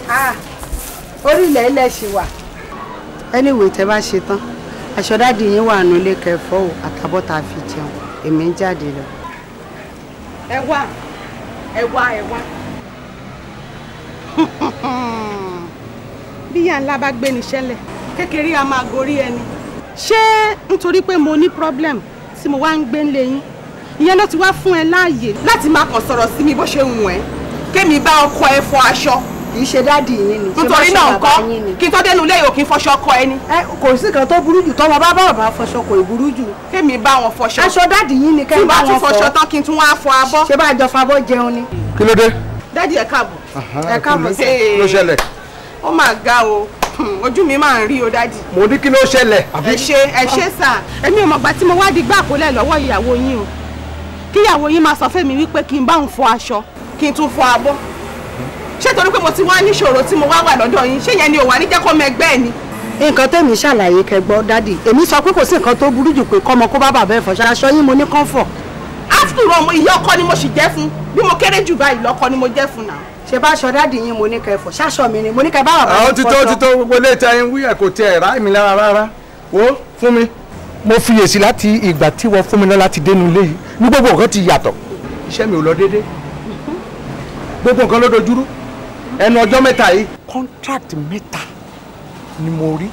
Ah, orí ilẹ̀ ilẹ̀ ṣì wà. anyway tẹ́ bá ṣe tán aṣọ dáàdì yín wà nù ilé kẹfọ́ o àtàbọ̀ tá a fi jẹun èmi ń jáde lọ. ẹ wá ẹ wá ẹ wá [LAUGHS] bí yà ńlá bá gbé ní ṣẹlẹ̀ kékeré a máa gorí ẹni ṣé nítorí pé mo ní problem tí mo wá ń gbé ńlẹ̀ yín ìyẹn ló ti wá fún ẹ láàyè láti máa kàn sọ̀rọ̀ sí mi bó ṣe wù ẹ́ kémi bá ọkọ ẹ fọ aṣọ kì í ṣe dáàdì yín ni nítorí náà ńkọ́ kí n tó dénú ilé yòókì fọṣọ kọ ẹni. ẹ kò sí kan tó burú jù tọmọ bá bá bàbá fọṣọ kò ì burú jù. kémi bá wọn fọṣọ. aṣọ dáàdì yín ni kẹ́mi bá wọn fọ. tí n bá tún fọṣọ tán kí n tún wá fọ abọ́. ṣé bá a jọ fabọ́ jẹun ni. kí ló dé. dáàdì ẹ káàbọ̀. ẹ káàbọ̀ sí i. ló ṣẹlẹ̀. ó mà ga o hmm, ojú mi máa ń rí o dáàdì. mo ní kí ló ṣẹlẹ̀. ẹ ṣe ẹ ṣe sà èmi ò mọ̀gbà tí mo wá di gbà kólẹ̀ kí n tún fọ abọ́ ṣé torí pé mo ti wá níṣòro tí mo wá wà lọ́dọ̀ yín ṣé yẹn ni ò wá ní jẹ́ kọ́ mọ ẹgbẹ́ ẹ̀ ni. nǹkan tẹ̀mí ṣàlàyé kẹgbọ́ dádì èmi sọ pé kò sí nǹkan tó burú jù pé kọ́mọ kó bá bàbá ẹ̀fọ́ ṣaṣọ yín mo ní kọ́ńfọ̀. after all ìyá ọkọ ni mo sì jẹ́ fún bí mo kéré jù báyìí lọ́kọ ni mo jẹ́ fún náà ṣe bá aṣọ dáàdì yín mo ní kẹ fọ ṣáṣọ mi ni mo ní kẹ bá bàbá mi fọṣọ. àwọn títọ́ títọ́ gbogbo wo fún mi. mo fiyèsí láti ìgbà tí wọ́n fún mi náà láti dénú ilé yìí ní gbogbo nǹkan ti yàtọ̀ iṣẹ́ mi ò lọ déédéé gbogbo nǹkan ló dojúrú ẹnu ọjọ́ mẹ́ta yìí contract mẹ́ta ni mo rí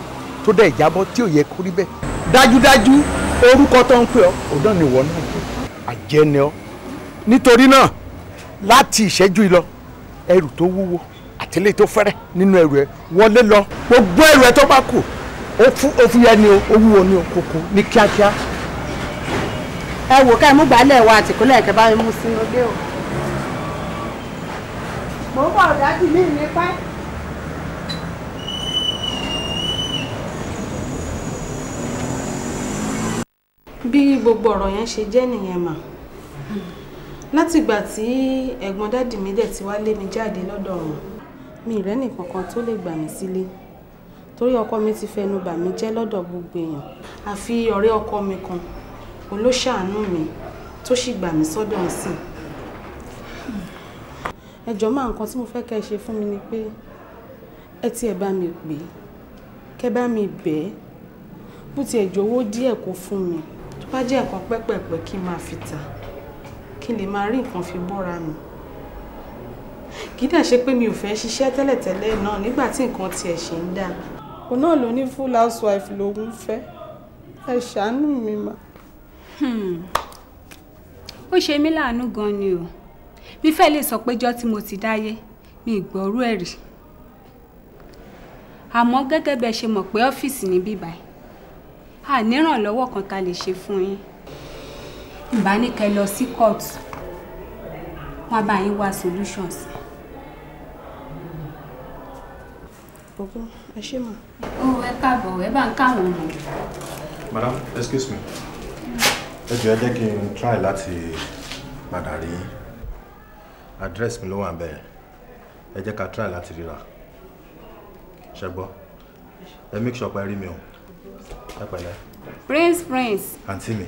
tó dẹ̀ ìjábọ̀ tí ò yẹ kó rí bẹ́ẹ̀ dájúdájú orúkọ tó ń pè ọ́ òdán ni ìwọ náà àjẹni ọ́ nítorí náà láti ìṣẹ́jú ìlọ ẹrù tó wúwo àtẹlẹ tó fẹ́rẹ̀ nínú ẹrù ẹ wọlé lọ gbogbo ẹrù ẹ tó bá kù ó fúyẹ́ ni ó wúwo ni ó kókó ní kíákíá. ẹ wò ká ẹ mú gbálẹ̀ wa àtìkúlẹ̀ kẹ bá mi mú sínú ilé o mò ń bọ̀ dájú mi ní pẹ́. bí gbogbo ọ̀rọ̀ yẹn ṣe jẹ́ nìyẹn mà látìgbà tí ẹ̀gbọ́n dádì mi dẹ̀ ti wá lé mi jáde lọ́dọ̀ ọ̀hún mi ìrẹ́ nìkan kan tó lè gbà mí sílé torí ọkọ mi ti fẹnu bà mí jẹ́ lọ́dọ̀ gbogbo èèyàn àfi ọ̀rẹ́ ọkọ mi kan òun ló mi tó sì gbà mí sọ́dọ̀ ọ̀sìn ẹ jọ̀ọ́ máa nǹkan tí mo fẹ́ kẹ́ ẹ ṣe fún mi ni pé ẹ tiẹ̀ bá mi pè é kẹ́ bá mi bẹ̀ ẹ́ bó tiẹ̀ jọ̀wọ́ díẹ̀ kó fún mi tó bá jẹ́ ẹ̀kan pẹ́pẹ̀pẹ́ kí n máa fi tà kí n lè máa rí nǹkan fi bọ́ra mi kì í dà ṣe pé mi ò fẹ́ ṣiṣẹ́ tẹ́lẹ̀tẹ́lẹ̀ náà nígbà tí nǹkan tiẹ̀ ṣe ń dà òun náà ló ní full housewife lòun fẹ́ ẹ ṣàánú mi mà. Hmm. ó ṣe mí láàánú gan ni o mi fẹ́ lè sọ pé jọ́ tí mo ti dáyé mi ìgbọ́rú ẹ̀ rí àmọ́ gẹ́gẹ́ bẹ́ẹ̀ ṣe mọ̀ pé ọ́fíìsì ní bíbá ẹ̀ a nírànlọ́wọ́ kan tá lè ṣe fún yín ìbá ní kẹ́ lọ sí kóòtù wọ́n bá yín wá solutions. Bọ̀bọ̀ ẹ ṣé mọ̀. Ó ẹ káàbọ̀ ẹ bá ń káwọn ọmọ. Madam, excuse me. Ẹ jọ̀ọ́ ẹ jẹ́ kí n try láti padà rí yín address mi ló wà bẹ́ẹ̀ ẹ jẹ́ ká try láti ríra ṣẹ́gbọ́ ẹ make sure pé rí mi o ẹ pẹ̀lẹ́. prince prince. àǹtí mi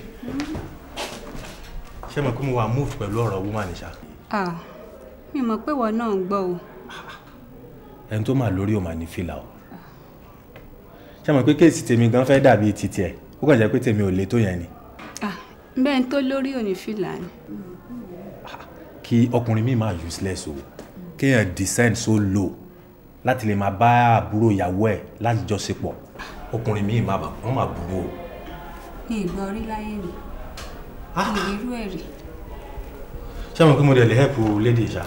ṣé mo kí mo wà move pẹ̀lú ọ̀rọ̀ woman ni ṣá. ah mi mọ̀ pé ìwọ náà ń gbọ́ o. ẹni tó máa lórí ò máa ní fìlà o ṣé mo pé kéèsì tèmi gan fẹ́ dàbí títí ẹ̀ ó kàn jẹ́ pé tèmi ò le tó yẹn ni. ah bẹ́ẹ̀ ni tó lórí ò ní fìlà ni kí ọkùnrin mi máa useless o kéèyàn descend so low láti lè máa bá àbúrò ìyàwó ẹ̀ láti jọ ṣepọ̀ ọkùnrin mi máa wọ́n máa burú o. mi ì gbọ́ rí láyé mi irú ẹ̀ rí. ṣé àwọn kí mo dẹ̀ lè help lady ìṣá.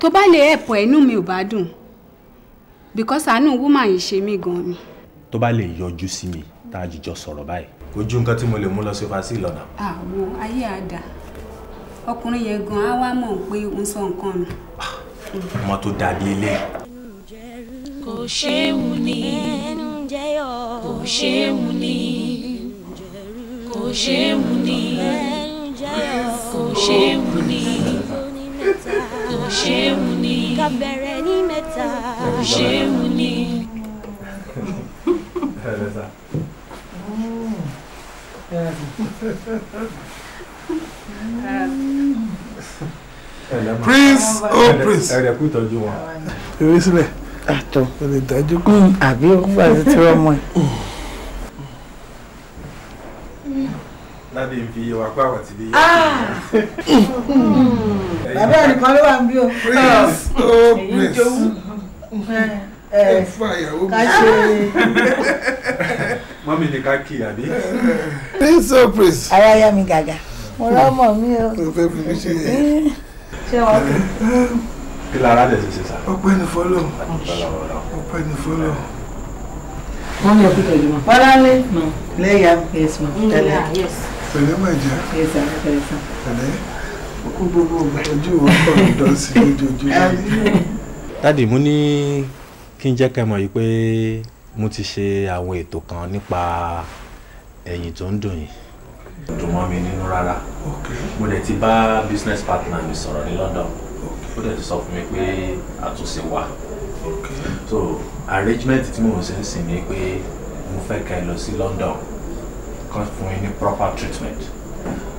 tó bá lè help ẹ̀ inú mi ò bá dùn because àánú woman yìí ṣe mí gan-an ni. tó bá lè yọjú sí mi tá a jìjọ sọ̀rọ̀ báyìí kò ju nǹkan tí mo lè mú lọ sí fásitì lọ́nà. àwọn ayé àdá ọkùnrin yẹn gan á wá mọ̀ pé ó ń sọ nǹkan nù. ọmọ tó dàbí ilé. kò ṣéwu ni kò ṣéwu ni kò ṣéwu ni kò ṣéwu ni kò ṣéwu ni ká bẹ̀rẹ̀ ní mẹ́ta kò ṣéwu ni. Yeah prince oh prince ẹ̀rẹ̀ kú ìtọ́jú wọn. ìwé sílẹ̀ àtọ̀ lè dájú kú. àbí òkúba ti tí wọ́n mọ̀ ẹ́. láti fi iye wa ti di ah! bàbá ẹnìkan ló wà ń bí o. prince oh prince ẹ eh, fún àyàwó mi. ká ṣe. mọ́mí ni ká kí àbí. Eh, eh. prince oh prince. ara yá mi gàgà mo rọ́mọ mi o. mo fẹ́ fi mi ṣe yẹ. ṣé wọn kì í. kí lára lè ṣe sá. ọpẹ́ ní fọlọ ọpẹ́ ní fọlọ. wọ́n ní ọkùnrin ìlú mọ́. bọ́lá ní lẹ́yà yes ma mm, tẹ̀lé. pẹ̀lẹ́ mà jẹ́. yes ma tẹ̀lé. pẹ̀lẹ́ gbogbo ojú wọn kọ̀ ń dán sí lójoojúmọ́. dádì mo ní kí n jẹ́ kẹ́ mọ̀ yìí pé mo ti ṣe àwọn ètò kan nípa ẹ̀yìn tó ń dùn yìí dùn mọ́ mi nínú rárá mo dẹ̀ ti bá business partner mi sọ̀rọ̀ ní London ó dẹ̀ ti sọ fún mi pé àtúnṣe wà so arrangement tí mo ṣe ń sìn ni pé mo fẹ́ kẹ́ ẹ lọ sí London kan fún yín ní proper treatment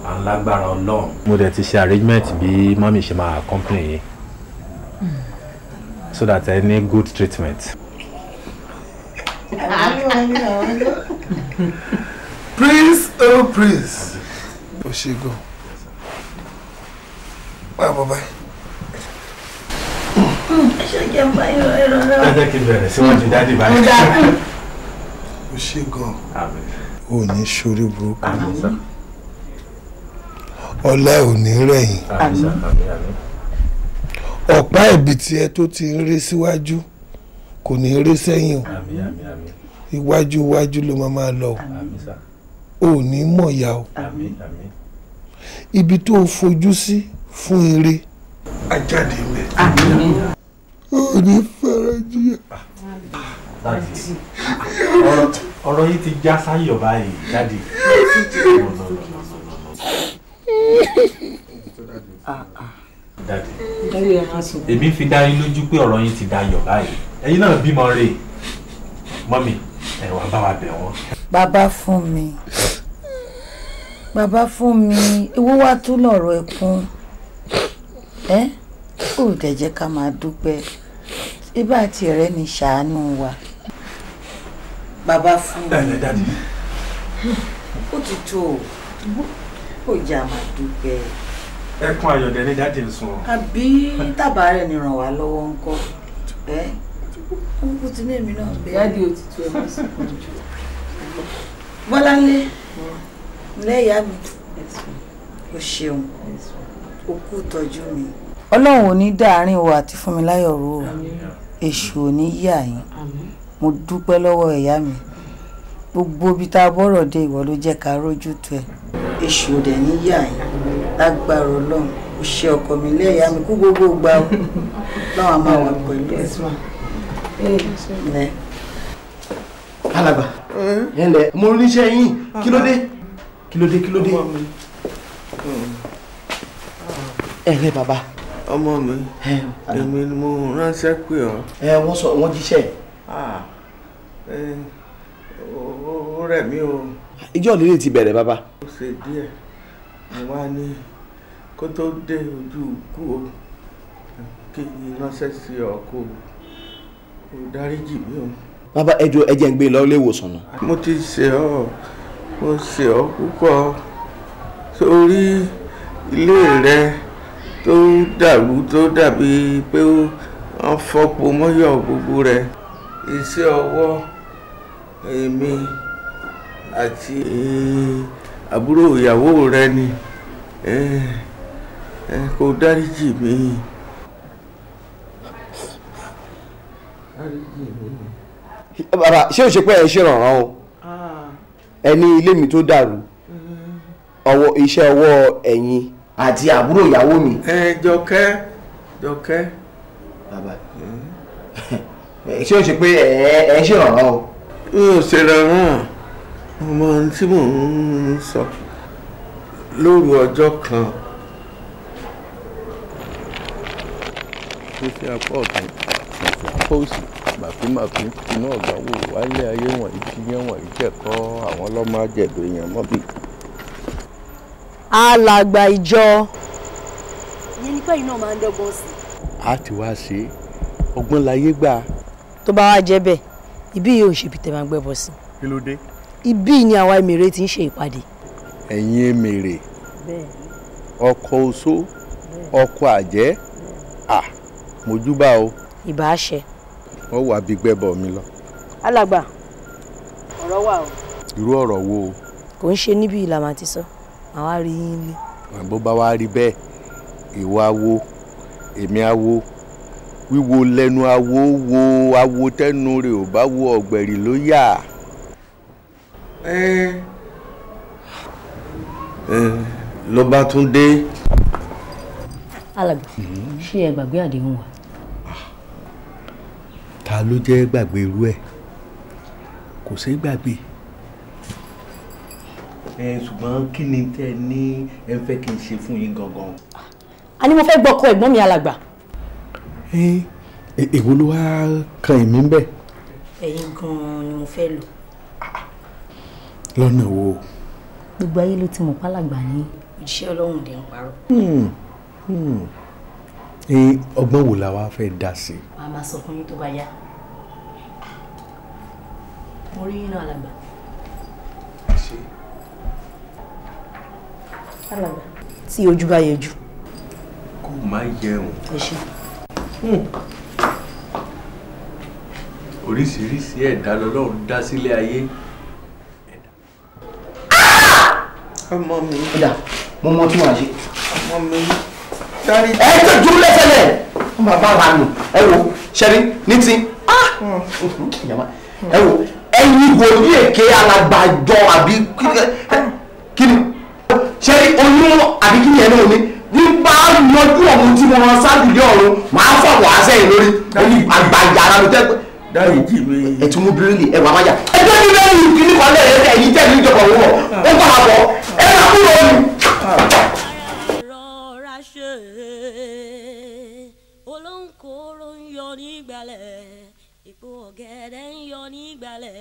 à ń lágbára Ọlọ́run. mo dẹ̀ ti ṣe arrangement bí mọ́mí ṣe máa accompany yín so that ẹ ní good treatment. Prince, oh Prince. O ṣe gan. Báyọ̀ bọ̀ báyìí. Ṣé kí n bá irọ́ irọ́ rẹ̀? Ẹ jẹ́ kí n bẹ̀rẹ̀ síwájú dáàdì báyìí. O ṣe gan. O ní ṣorí burúkú. Ọlá ò ní rẹ̀yìn. Ọ̀pá ẹ̀bì tiẹ̀ tó ti ń rí síwájú kò ní rí sẹ́yìn o. Iwájú iwájú ló máa máa lọ o. Àmín sà o ní mọ̀ ya o ibi tó o fojú sí fún eré ajáde mẹ́ ò ní fara jìyà. ọ̀rọ̀ yìí ti já sáyọ̀ báyìí jáde. èmi fi dá yín lójú pé ọ̀rọ̀ yín ti dayọ̀ báyìí ẹ̀yin náà bímọ rè mọ́mì ẹ wá bá wa bẹ̀ wọ́n bàbá fún mi bàbá fún mi ewu wá tún lọ̀rọ̀ ẹkún ẹ kò dẹ̀jẹ̀ ká máa dúpẹ́ ibà àti ẹ̀rẹ́ ni ṣàánú wa bàbá fún mi ó ti tó o ó jà máa dúpẹ́ ẹkún ayọ̀dẹ ní jáde ń sun ọ. àbí tábà rẹ̀ ni ràn wá lọ́wọ́ ń kọ́ ẹ́ ó ti ní èmi náà bẹ́ẹ̀. ìyáàdì òtítù ẹ̀ mọ̀ sí kùn jù. Bọ́láńlé lẹ́yà mi o ṣeun o kú tọ́jú mi. Ọlọ́run ò ní dáàárín wa àti Fúnmiláyọ̀ rú o èṣù ò ní yà yín mo dúpẹ́ lọ́wọ́ ìyá mi gbogbo ibi tá a bọ̀rọ̀ dé ìwọ ló jẹ́ ká rójú tu ẹ̀. èṣù ò dẹ̀ ní yà yín lágbára Ọlọ́run o ṣe ọkọ mi lẹ́yà mi kú gbogbo gbà o láwọn a máa wà pẹ̀lú ẹ̀. alàgbà yẹn lẹ mo níṣẹ́ yín kí ló dé kí ló dé kí ló dé. ẹ ẹ bàbá. ọmọ mi èmi ni mo ránṣẹ́ pè ọ́. ẹ wọ́n sọ wọ́n jíṣẹ́. ó rẹ̀ mí o. ìjọ lílé ti bẹ̀rẹ̀ bàbá. ó ṣe díẹ̀ mo wá ní kó tó dé ojú kú o kí n ránṣẹ́ sí ọ kó o dáríjì mí o bàbá ẹjọ ẹjẹ ń gbé e lọ ilé ìwòsàn nù. mo ti ṣe ọ mo ṣe ọ púpọ̀ sórí ilé rẹ tó dàrú tó dàbí pé wọ́n fọpo mọ́yọ̀ gbogbo rẹ iṣẹ́ ọwọ́ èmi àti àbúrò ìyàwó rẹ ni kò dáríjì mi. dáríjì mi bàbá ṣé o ṣe pé ẹ ṣèrànràn o ah. ẹni ilé mi tó dàrú mm-hmm. ọwọ́ iṣẹ́ ọwọ́ ẹ̀yin àti àbúrò ìyàwó mi. ẹ jọkẹ́ jọkẹ́. bàbá [LAUGHS] ṣé o ṣe pé ẹ ẹ ṣèrànràn o. mi ò ṣèrànràn ọmọ tí mò ń sọ lóru ọjọ́ kan tó ṣe apá ọ̀tún tó ṣe màkímàkí tinú ọ̀gá wò wálé ayé wọ̀nyí tí yẹn wọ̀nyí jẹ̀kọ́ àwọn ọlọ́mọ àjẹ̀dọ̀ èèyàn mọ́bì. alàgbà ìjọ. ìyẹn ni pẹ́yìn náà máa ń dọ́gbọ́n sí. a ti wá ṣe ọgbọ́n láyé gbà. tó bá wá jẹ́ bẹ́ẹ̀ ibí yìí ò ń ṣe ibi tẹ́ máa gbẹ́bọ sí. kí ló dé. ibí ni àwa èmèrè ti ń ṣe ìpàdé. ẹ̀yin èmèrè ọkọ̀ oṣó ọkọ̀ àjẹ́ à mojúbà o. ìbáṣe wọ́n wà bí gbẹ́bọ̀ mi lọ. alàgbà ọ̀rọ̀ wà o. irú ọ̀rọ̀ wo o. kò ń ṣe níbi ìlànà àti sọ àwa rí yín lé. bó bá wá rí bẹ́ẹ̀ ìwọ awo èmi awo wíwo lẹ́nu awo wo awo tẹ́nu rẹ̀ ò bá wo ọ̀gbẹ̀rì ló yà. ẹ tún dé. alàgbà mm-hmm. ṣé ẹ gbàgbé àdéhùn wa ta ló jẹ́ gbàgbé irú ẹ̀ kò ṣeé gbàgbé. ẹ ṣùgbọ́n kí ni tẹ́ ẹ ní ẹ fẹ́ kí n ṣe fún yín gangan. a ní mo fẹ́ gbọ́kọ ẹ̀gbọ́n mi alàgbà. èwo ló wá kan èmi ń bẹ̀. ẹ̀yin gan-an ni mo fẹ́ lò. lọ́nà wo. gbogbo ayé ló ti mọ̀ pálàgbà ní. òjíṣẹ́ ọlọ́run dẹ̀ ń parọ́. Hmm, hmm. ọgbọ́n wo la wá fẹ́ dá sí. màá máa sọ fún yín tó bá yá mo rí yín náà alàgbà. ojú bá yẹ jù. kó o má yẹun. ẹ ṣe. Hmm. oríṣiríṣi ẹ̀dá lọ́lọ́run dá sílé ayé. Ah! ọmọ mi. ọ̀dà mo mọ tí wọ́n á ṣe. ọmọ mi. dárí. ẹ tó dúró lẹ́sẹ̀lẹ̀. wọ́n máa bá wa nù. ẹ wo ṣẹ́rí ní ti. Ah! Hmm. Hmm, ẹ wo ẹ̀yin wòlíì èké alàgbàjọ àbí kíni ṣé oyún àbí kíni ẹni òní ní bá yanjú ọ̀hún tí mo rán sábìlì ọ̀run máa fọ̀ wá sẹ́yìn lórí ẹni àgbàjà ara mi tẹ́ pé dáríjì mi ẹ tún mú bíríìlì ẹ wà májà ẹ jẹ́ kí bẹ́ẹ̀ ni kíní kan lẹ́yìn ẹ̀yìn tẹ̀lé ìjọba òun wọ̀ ó gbà wọ̀ ẹ máa kú lọ ni. rọra ṣe olóńkóró ń yọ nígbàlẹ̀ ọ̀gẹ̀dẹ̀ ń yọ nígbàlẹ̀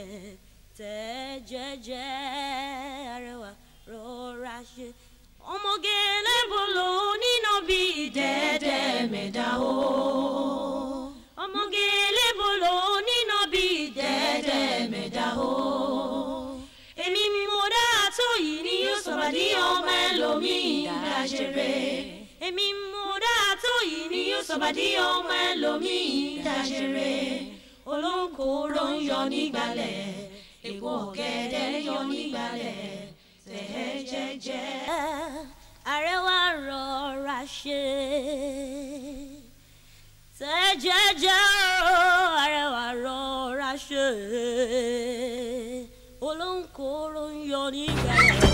tẹ́ jẹ́jẹ́ arẹwà rọra ṣe. ọmọge lẹ́bùn ló nínà bí dẹ́dẹ́ mẹ́ta o. ọmọge lẹ́bùn ló nínà bí dẹ́dẹ́ mẹ́ta o. èmi ni mo dá àtọ yìí ni yóò sọ̀rọ̀ ní ọmọ ẹlòmíì dáṣẹ́rẹ́. èmi mo dá àtọ yìí ni yóò sọ̀rọ̀ ní ọmọ ẹlòmíì dáṣẹ́rẹ́ olóńkòrò ń yọ nígbàlẹ̀ èpo ọ̀gẹ̀dẹ̀ ń yọ nígbàlẹ̀ tẹ̀ẹ́ jẹ́jẹ́. àrẹwà rọra ṣe tẹ̀ẹ́ jẹ́jẹ́ o àrẹwà rọra ṣe olóńkòrò ń yọ nígbàlẹ̀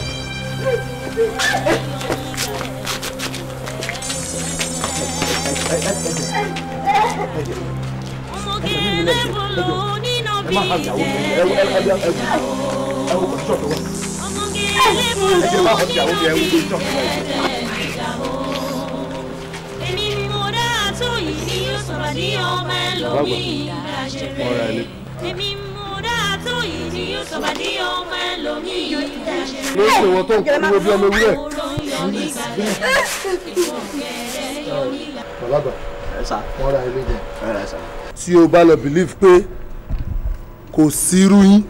Thank you ẹsẹ̀ mi nílẹ̀ ẹjọ́ ẹ má ha ìyàwó mi ẹ ẹ ẹ ẹ ẹ wò ìjọ tó wà ẹ jẹ má ha ìyàwó mi ẹ wò ìjọ tó wà. ọ̀rọ̀ ẹ̀ lé ló ṣe wọ́n tó ń kúrò bí ọmọ ewúrẹ́. bàlágà wọn ra ilé jẹ tí o bá lọ believe pé kò sí irú yín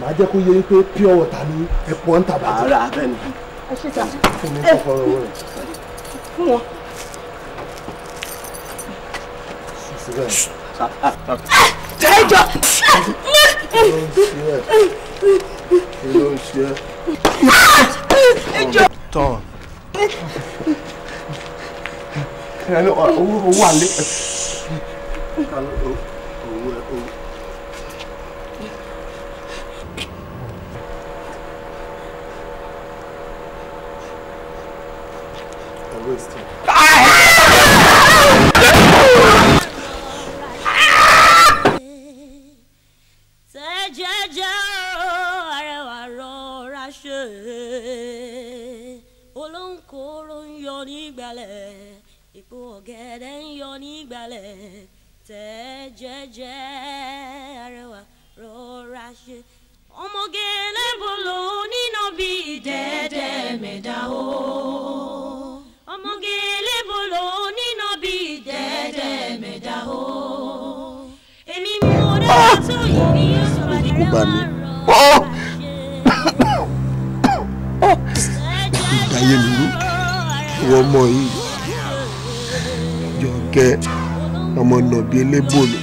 màá jẹ́ kó yé yín pé pure water ni ẹ̀pọ̀ ń tàbá jẹ́. ara bẹ́ẹ̀ ni. ẹ ṣe ta fún mi kọ́ fọ́rọ́ owó rẹ̀. fún wọn. ẹ jọ. kí ló ń ṣe ẹ́. ẹ jọ. tán. owó wà lé. com calor. kò bá mi. ìdáyé mi rú ìwọ ọmọ yìí Jọkẹ́ ọmọ nàbí elébòlò.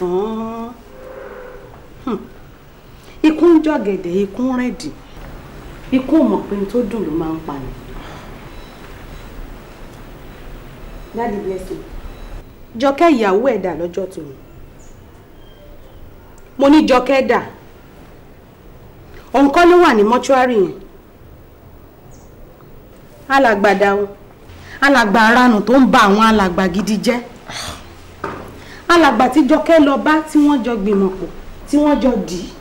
tán hmm. ikú ń jọ̀gẹ̀dẹ̀ ikú ń rẹ̀dì ikú ò mọ̀ pé tó dùn ló máa ń pa ni. Daddy bless you. Jọkẹ́ ìyàwó ẹ̀dà lọ́jọ́ tòun mo ní Jọkẹ́ dà òun ló wà ní mọ́ṣúárì yẹn alàgbà dáhùn alàgbà aránù tó ń ba àwọn alàgbà gidi jẹ́. alàgbà tí jọkẹ́ lọ bá tí wọ́n jọ gbìmọ̀pọ̀ tí wọ́n jọ dì í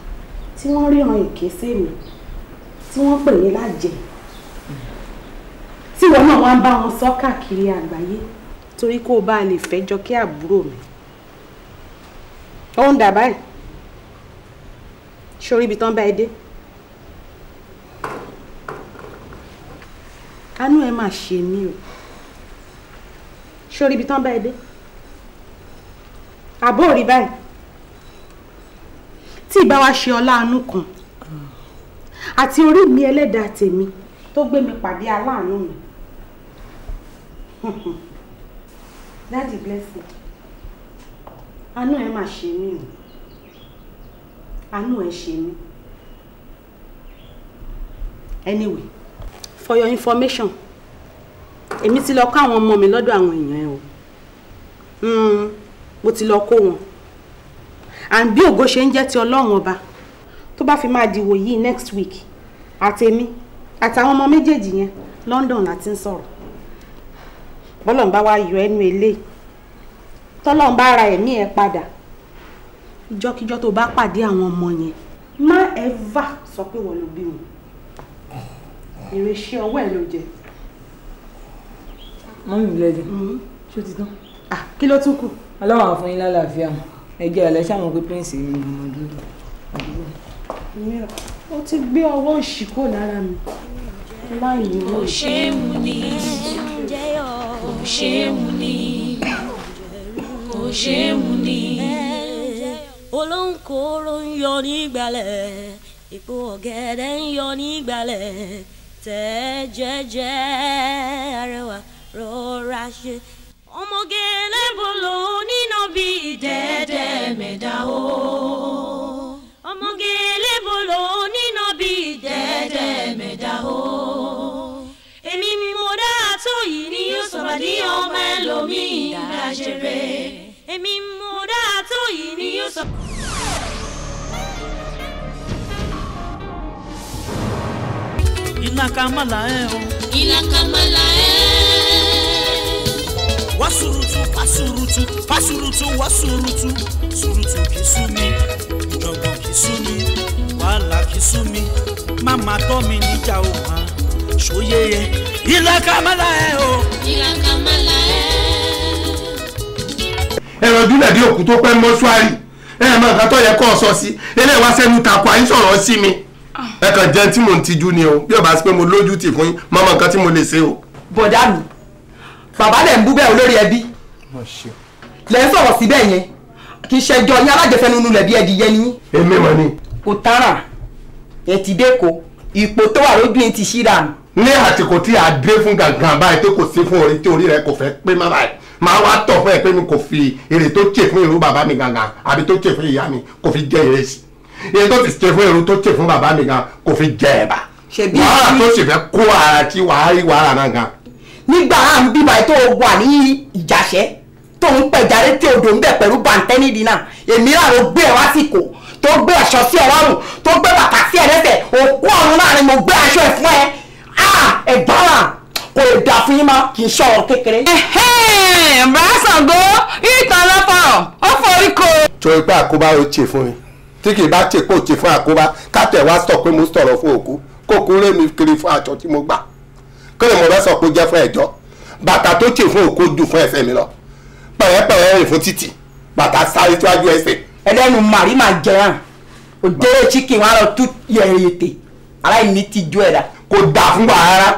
tí wọ́n ríran èké sèmi tí wọ́n pè ní lájẹ tí wọn náà wá ń bá wọn sọ káàkiri àgbáyé torí kó o bá lè fẹ́ jọkẹ́ àbúrò mi ó ń dà báyìí sórí ibi tán bá ẹ dé anú ẹ mà ṣe mí o sórí ibi tán bá ẹ dé àbó rí báyìí tí ìbá wa ṣe ọlá àánú kan àti orí mi ẹlẹ́dàá tèmi tó gbé mi pàdé aláàánú mi [LAUGHS] dáàdì blessing àánú ẹ mà ṣe mí o àánú ẹ ṣe mí anyway for your information èmi ti lọ kọ́ àwọn ọmọ mi lọ́dọ̀ àwọn èèyàn ẹ o. Hmm mo ti lọ kó wọn and bí ògo ṣe ń jẹ́ ti ọlọ́run ọba tó bá fi máa dìwò yìí next week àtèmi àtàwọn ọmọ méjèèjì yẹn London la ti ń sọ̀rọ̀ bọ́lọ̀ ń bá wa yọ ẹnu eléyìí tọ́lọ̀ ń bá ara ẹ̀mí ẹ̀ padà ìjọ́kíjọ́ tó bá pàdé àwọn ọmọ yẹn má ever sọ pé wọ́n ló bí wọn ìrìnsẹ̀ ọwọ́ ẹ̀ ló jẹ. mọ́mí mi lẹ́dí mm-hmm. ṣó ti tán. Ah, kí ló tún kù ọlọ́run àfún yín lálàáfíà ẹgbẹ́ ọ̀lẹ́ sàmọ̀ pé prince mi ni mo dúró. ó ti gbé ọwọ́ òṣì kò lára mi láì ní owó mu ni ṣé mu ni ṣé mu ni olóńkòrò ń yọ nígbàlẹ̀ èpo ọ̀gẹ̀dẹ̀ ń yọ nígbàlẹ̀ tẹ́ jẹ́jẹ́ arẹwà rọra ṣe ọmọge lẹ́bọ̀lọ́ nínà bí dẹ́dẹ́ mẹ́ta o. ọmọge lẹ́bọ̀lọ́ nínà bí dẹ́dẹ́ mẹ́ta o. èmi ni mo dá àtọ́ yìí ni yóò sọ̀rọ̀ ní ọmọ ẹlòmíì dáṣẹ́rẹ́. èmi ni mo dá àtọ́ yìí ni yóò sọ̀rọ̀. ìlàkàmàlà ẹ o. ìlàkàmàlà e ẹ. E wá sùrùtù pa sùrùtù pa sùrùtù wá sùrùtù sùrùtù kì í sú mi ìjọ̀gbọ̀n kì í sú mi wàhálà kì í sú mi má má tọ́ mi níjà ò má ṣòyeye ìlàkàmọ́lá ẹ̀ o. ìlàkàmọ́lá ẹ̀. ẹ̀rọ dúnàdí òkú tó pẹ́ mọ́ṣúárì ẹ̀ mọ̀ nǹkan tó yẹ kó o sọ sí eléyìí wá sẹ́nu takò àyín sọ̀rọ̀ sí mi ah. ẹ kàn jẹun tí mò ń tijú ni o bí ọba sí pé mo lójú tì fún yín mọ nǹkan tí mo lè ṣe o. bọ̀dá mi bàbá lẹ̀ ń bú bẹ́ẹ̀ olórí ẹbí lẹ̀ ń sọ̀rọ̀ síbẹ̀ yẹn kì í ṣẹjọ yín alájẹfẹnunu lẹ̀ bí ẹdìyẹ ni. èmi mọ̀ ni. kò tara ẹ ti dé ko ipò tó wà lójú yín ti ṣíra nù. ní àsìkò tí a dé fún gàngàn báyìí tó kò sí fún orí tí orí rẹ kò fẹ́ pé má báyìí máa wá tọ̀ fún ẹ pé mi kò fi èrè tó tì fún ìlú bàbá mi gàngàn àbí tó tì fún ìyá mi kò fi jẹ èrè sí èrè tó ti tì fún ìlú tó tì fún bàbá mi gan kò fi jẹ ẹ̀bà wàhálà tó sì fẹ́ kó ara tí wàá rí wàhálà náà gan nígbà à ń bíbá tó wà ní ìjàṣẹ́ tó ń pẹ̀já létí odò ń bẹ̀ pẹ̀lú bàǹtẹ́ nídìí náà èmi náà ló gbé ẹ̀ wá sí kò tó gbé aṣọ sí ẹ lọ́rùn tó gbé bàtà sí ẹ lẹ́sẹ̀ òkú ọ̀run náà ni mo gbé aṣọ ẹ̀ fún ẹ ẹ̀ bára kò lè dà fún yín má kì í ṣọ̀rọ̀ kékeré. Bàṣàgó ìtàn lọ́fọ̀rọ̀ ó forí ko. tó ipá àkóbá ó ṣe fún mi tí kì í bá ṣe pé ó ṣe fún àkóbá ká tẹ̀ wá sọ pé mo sọ̀rọ̀ fún òkú kókó rémi kiri fún aṣọ tí mo gbà kí mo bá sọ pé jẹ́ fún ẹ̀jọ́ bàtà tó tì fún òkú jù fún ẹsẹ̀ mi lọ pẹ̀rẹ́pẹ̀rẹ́ rìn fún títì bàtà sáré síwájú ẹsẹ̀. ẹlẹ́nu màrí màá jẹran òjòrò chicken wọn á lọ tú yẹ̀yẹ̀tẹ̀ aláìní ti jó ẹ̀dá. kò dà fún bàbá rárá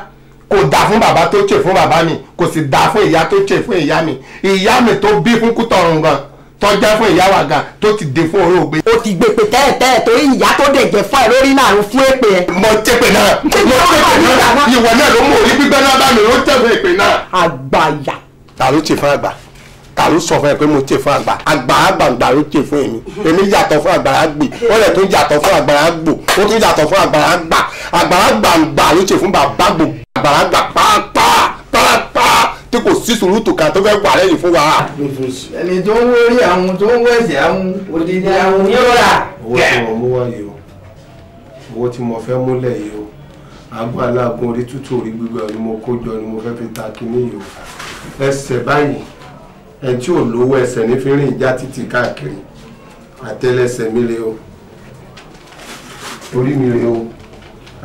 kò dà fún bàbá tó tì fún bàbá mi kò sì dà fún ìyá tó tì fún ìyá mi ìyá mi tó bí fún kútọ̀rùn gan-an tọ́já fún ìyá wa gan tó ti dé fún oróògbé. o ti gbèpè tẹ́ẹ̀tẹ́ẹ̀ torí ìyá tó dẹ̀ jẹ́ fún ẹ lórí náà ló fún èpè ẹ. mo tẹpẹ náà mo tẹpẹ náà ìwọ náà ló mú orí gbígbẹ́ náà bá mi ló tẹpẹ èpè náà. àgbàyà. ta ló ti fún àgbà ta sọ fún ẹ pé mo tẹ fún àgbà àgbà àgbàǹgbà ló tẹ fún èmi èmi yàtọ̀ fún àgbà àgbè wọ́n lẹ̀ tún yàtọ̀ fún àgbà àgbò ó tún yàtọ̀ fún àgbà àgbà àgbà àgbàǹgbà ló tẹ fún bàbá àgbò àgbà àgbà kò sí sùúrù tó kan tó fẹ́ wà lẹ́yìn fún wa. Ah, ẹni tó ń wórí àwọn tó ń wẹ̀sẹ̀ àwọn òdìdí àwọn yóòrà. owó tí mo fẹ́ múlẹ̀ yìí o àgọ́ aláàgùn orí tútù orí gbígbà ni mo kó jọ ni mo fẹ́ fi ta kíní yìí o ẹsẹ̀ báyìí ẹ tí ò lówó ẹsẹ̀ ní fi rìn ìjà títì káàkiri àtẹ́lẹsẹ̀ mi rè o orí mi rè o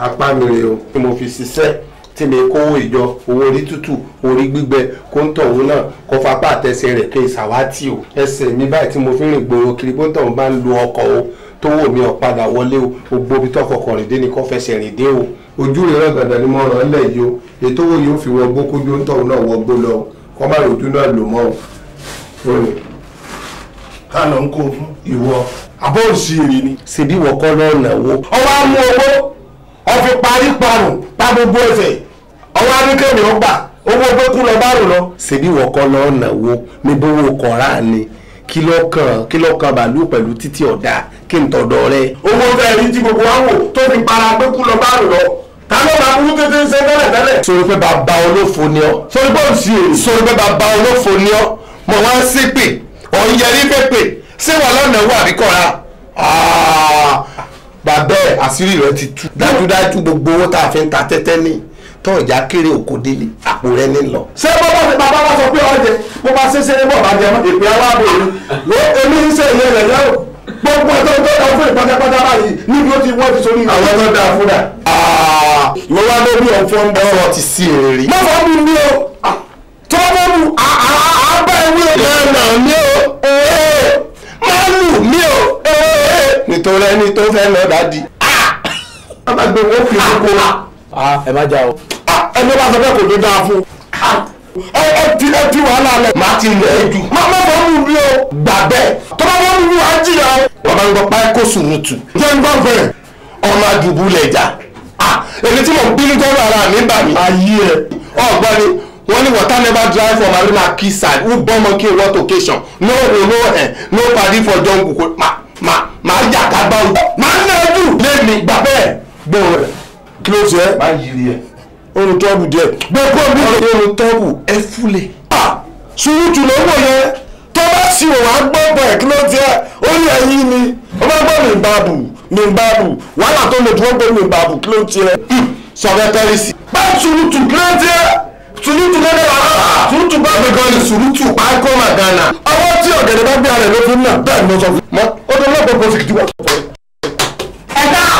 apá mi rè o. mo fi ṣiṣẹ́ tí mi kó owó ìjọ owó orí tútù orí gbígbẹ kó ń tọ̀hún náà kó fapá àtẹsẹ̀ rẹ̀ kí n ṣàwátì o ẹsẹ̀ mi báyìí tí mo fi rìn gbòòrò kiri bó ń tọ̀hún bá ń lo ọkọ̀ o tó wò mí ọ̀padà wọlé o gbogbo ibi tó kọkàn rìn dé ni kó fẹsẹ̀ rìn dé o ojú rẹ̀ rẹ̀ gàdà ni mo ràn án lẹ̀ yìí o ètò owó yìí ó fi wọ gbókójú ń tọ̀hún náà wọ gbó lọ kó má rojú náà lò mọ́ o ká lọ ń kó fún ìwọ àbọ̀ òṣèré ni. ṣèbí wọ́kọ́ náà náwó. parí parùn pa gbogbo ẹsẹ̀ ọwọ́ adúkẹ́mi ó gbà owó pé kú lọ bárò lọ ṣèbí wọ́kọ́ lọ nàwó mi bówó kọ̀ọ̀rá ni kí ló kàn kí ló kàn bàálù pẹ̀lú títí ọ̀dà kí n tọ̀dọ̀ rẹ. owó fẹ́ rí tí gbogbo wa wò tó fi para pé kú lọ bárò lọ ta ló máa burú tètè ń ṣe tẹ́lẹ̀ tẹ́lẹ̀. sori pé ba olófo ni ọ. sori pé òsì èrè. sori pé ba olófo ni ọ mo wá ń ṣépè ọ̀nyẹrí pépè ṣé wà lọ́nà owó àbíkọ́ra bàbá ẹ̀ àṣírí rẹ ti tú. dájúdájú gbogbo owó tá a fi ń ta tẹ́tẹ́ ni tó ìjà kéré òkò délé àpò rẹ nílọ. ṣé bọ́lá ti bàbá wa sọ pé ọ̀jẹ̀ bó bá ṣe ṣe ní bọ̀ọ̀bá jẹ ìpè aláàbò mi èmi ń ṣe ìyẹn rẹ̀ lẹ́wọ̀ gbogbo ẹ̀tọ́ tó dáa fún ìpátápátá báyìí níbi ó ti wọ́n ti sórí àwọn tó dáa fún dà. Ah. ìwọ wá lórí ọ̀fọ́ ń bọ̀ ọ̀rọ̀ ti sí èrè. má fọ́ mi ní o ah. tó bá mu àbá ewé. lẹ́nà mi o eh, eh. má lù mí o eh, nítorí ẹni tó fẹ́ lọ́ọ́ dá di. a ah. máa gbé owó fi kókó. Ah, ẹ má jà o. Ah, ẹ ló bá sọ bẹ́ẹ̀ kò tó dáa fún ah, ẹ ẹ ti ẹ ti wàhálà lẹ. màá ti lẹ̀ ẹ́ jù. má má fọ́ mú o. gbà bẹ́ẹ̀ tó bá fọ́ mú mi jìyà o. bàbá ń gbọ́ páẹ́ kó sùn nùtù. jẹ́ ń gbọ́ bẹ́ẹ̀ ọmọ àdùbù lẹ̀ jà. èmi tí mo bínú tọ́lú ara mi bà mí. ayé ẹ ọgbọ́n ni wọ́n ní water never dry for marina side, who born monkey what occasion no no no eh, no padi for jungle ma ma ma yàtà gbà wù. màá ń lẹ́jù lé mi gbà bẹ́ẹ̀ gbòòrò rẹ̀ kí ló ṣe. má yiri ẹ. oorun tọ́ọ̀bù díẹ̀ gbogbo mi ò oorun tọ́ọ̀bù ẹ fúlẹ̀. sùúrùtù ló wọ̀ yẹn tó bá sì wà gbọ́ bọ̀ ẹ̀ kí ló ṣe ó ní ẹyin ni ó bá gbọ́ mi bá bù mi bá bù wàhálà tó lè dúró gbé mi bá bù kí ló ṣe. sọ̀rọ̀ tẹ́lifísì. bá sùúrùtù kí ló ṣe sùúrùtù lẹ́nu àárọ̀ sùúrùtù bá mi gan ni sùúrùtù pákó màgànà. ọwọ́ tí ọ̀gẹ̀dẹ̀ bá gbé ara ẹ̀ ló fi ń nà bẹ́ẹ̀ ni mo sọ fún mi. ó dé lọ́gbọ̀n bó fi kìdí wá. ẹ̀dá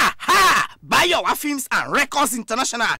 Ayowa Films and Records International